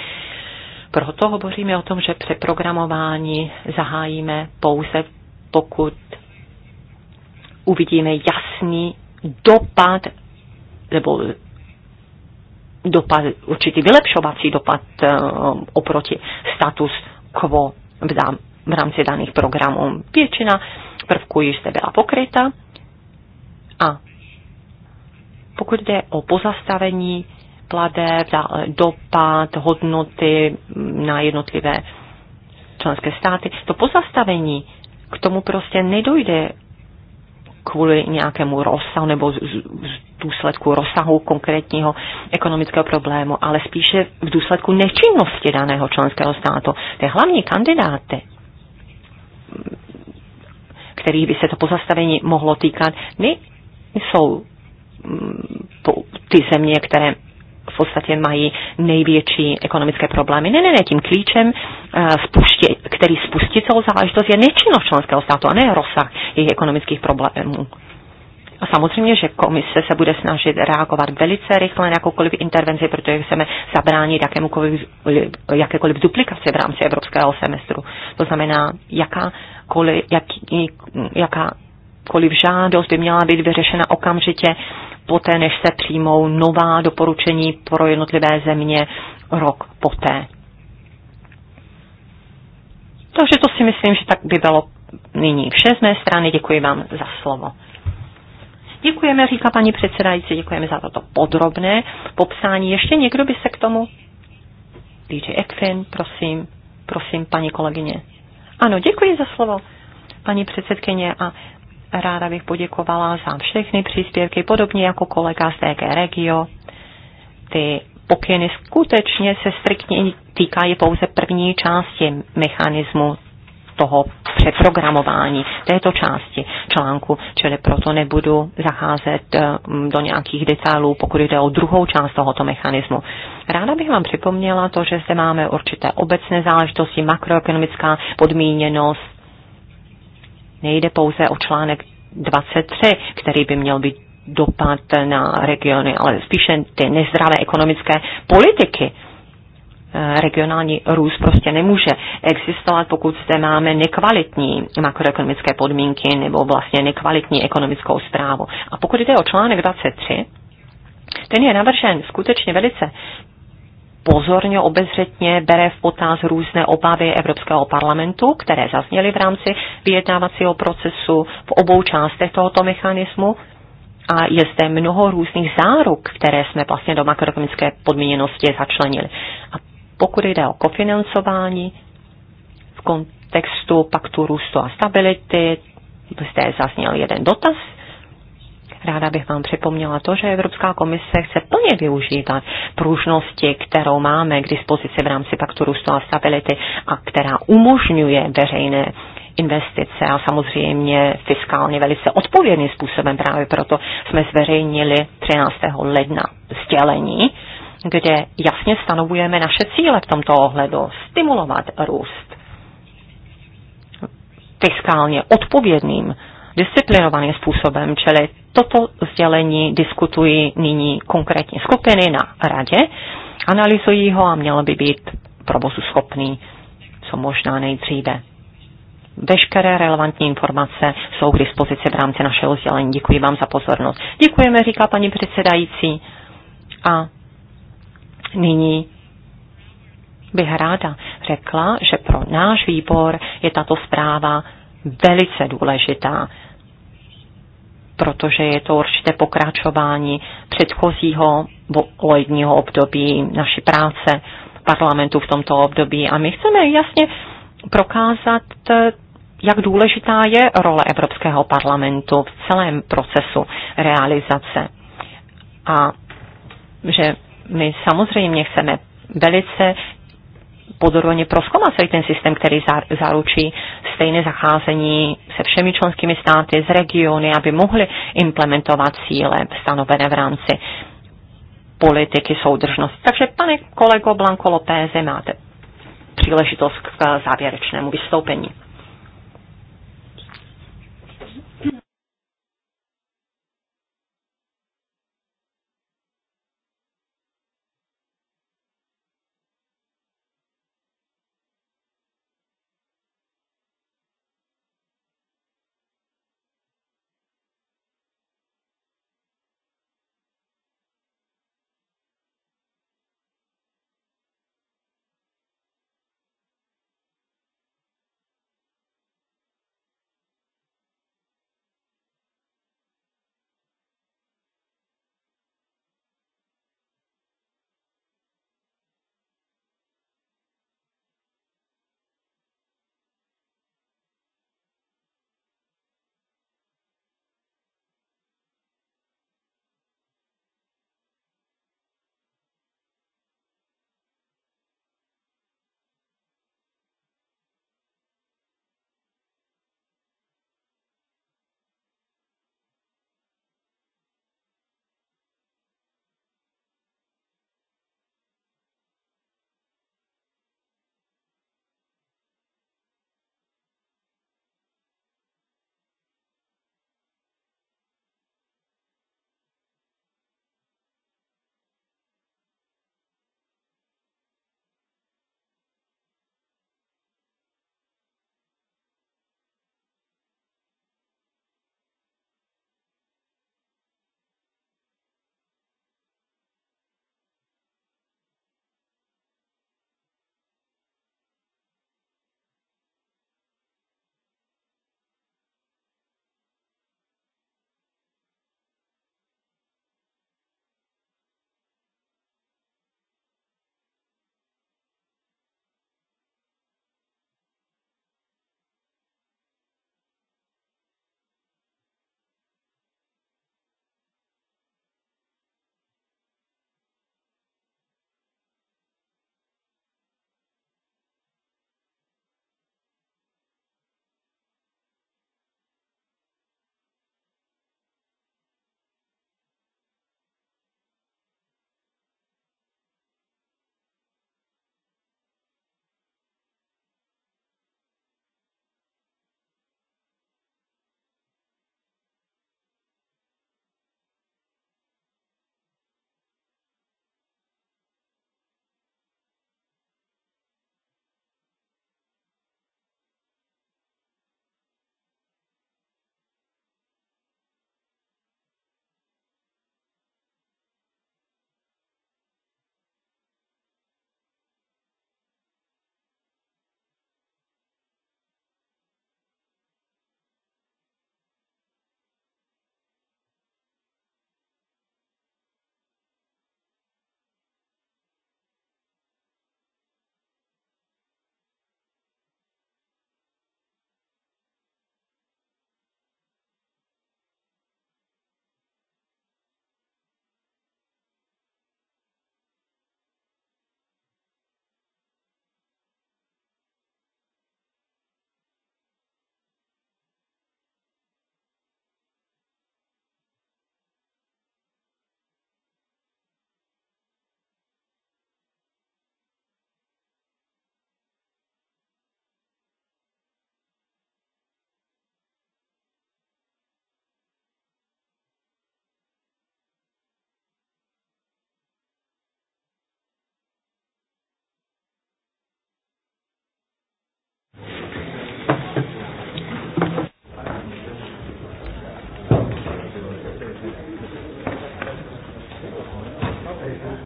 Proto hovoříme o tom, že přeprogramování zahájíme pouze pokud uvidíme jasný dopad nebo dopad, určitý vylepšovací dopad eh, oproti status quo v rámci daných programů. Většina prvků již zde byla pokryta a pokud jde o pozastavení plateb, dopad, hodnoty mm, na jednotlivé členské státy, to pozastavení k tomu prostě nedojde kvůli nějakému rozsahu nebo z, z důsledku rozsahu konkrétního ekonomického problému, ale spíše v důsledku nečinnosti daného členského státu. Ty hlavní kandidáty kterých by se to pozastavení mohlo týkat, nejsou mm, ty země, které v podstatě mají největší ekonomické problémy. Ne, ne, ne, tím klíčem, eh, který spustí celou záležitost, je nečinnost členského státu a ne rozsah jejich ekonomických problémů. A samozřejmě, že komise se bude snažit reagovat velice rychle na jakoukoliv intervenci, protože chceme zabránit jakékoliv duplikaci v rámci evropského semestru. To znamená, jakákoliv, jak, jakákoliv žádost by měla být vyřešena okamžitě poté, než se přijmou nová doporučení pro jednotlivé země rok poté. Takže to si myslím, že tak by bylo nyní vše z mé strany. Děkuji vám za slovo. Děkujeme, říká paní předsedající, děkujeme za toto podrobné popsání. Ještě někdo by se k tomu? DJ Ekfin, prosím, prosím, paní kolegyně. Ano, děkuji za slovo, paní předsedkyně, a Ráda bych poděkovala za všechny příspěvky, podobně jako kolega z DG Regio. Ty pokyny skutečně se striktně týkají pouze první části mechanismu toho přeprogramování této části článku, čili proto nebudu zacházet eh, do nějakých detailů, pokud jde o druhou část tohoto mechanismu. Ráda bych vám připomněla to, že zde máme určité obecné záležitosti, makroekonomická podmíněnost, Nejde pouze o článek 23, který by měl být dopad na regiony, ale spíše ty nezdravé ekonomické politiky. Eh, regionální růst prostě nemůže existovat, pokud zde máme nekvalitní makroekonomické podmínky nebo vlastně nekvalitní ekonomickou zprávu. A pokud jde o článek 23, ten je navržen skutečně velice pozorně, obezřetně bere v potaz různé obavy Evropského parlamentu, které zazněly v rámci vyjednávacího procesu v obou částech tohoto mechanismu. A je zde mnoho různých záruk, které jsme vlastně do makroekonomické podmíněnosti začlenili. A pokud jde o kofinancování v kontextu paktu růstu a stability, zde zazněl jeden dotaz Ráda bych vám připomněla to, že Evropská komise chce plně využívat pružnosti, kterou máme k dispozici v rámci Paktu růstu a stability a která umožňuje veřejné investice a samozřejmě fiskálně velice odpovědným způsobem. Právě proto jsme zveřejnili 13. ledna sdělení, kde jasně stanovujeme naše cíle v tomto ohledu. Stimulovat růst fiskálně odpovědným disciplinovaným způsobem, čili toto sdělení diskutují nyní konkrétní skupiny na radě, analyzují ho a mělo by být provozu schopný co možná nejdříve. Veškeré relevantní informace jsou k dispozici v rámci našeho sdělení. Děkuji vám za pozornost. Děkujeme, říká paní předsedající. A nyní bych ráda řekla, že pro náš výbor je tato zpráva velice důležitá protože je to určité pokračování předchozího volebního období naší práce parlamentu v tomto období. A my chceme jasně prokázat, jak důležitá je role Evropského parlamentu v celém procesu realizace. A že my samozřejmě chceme velice podrobně proskoumat celý ten systém, který zaručí stejné zacházení se všemi členskými státy, z regiony, aby mohli implementovat cíle stanovené v rámci politiky soudržnosti. Takže, pane kolego Blanco Lopéze, máte příležitost k závěrečnému vystoupení.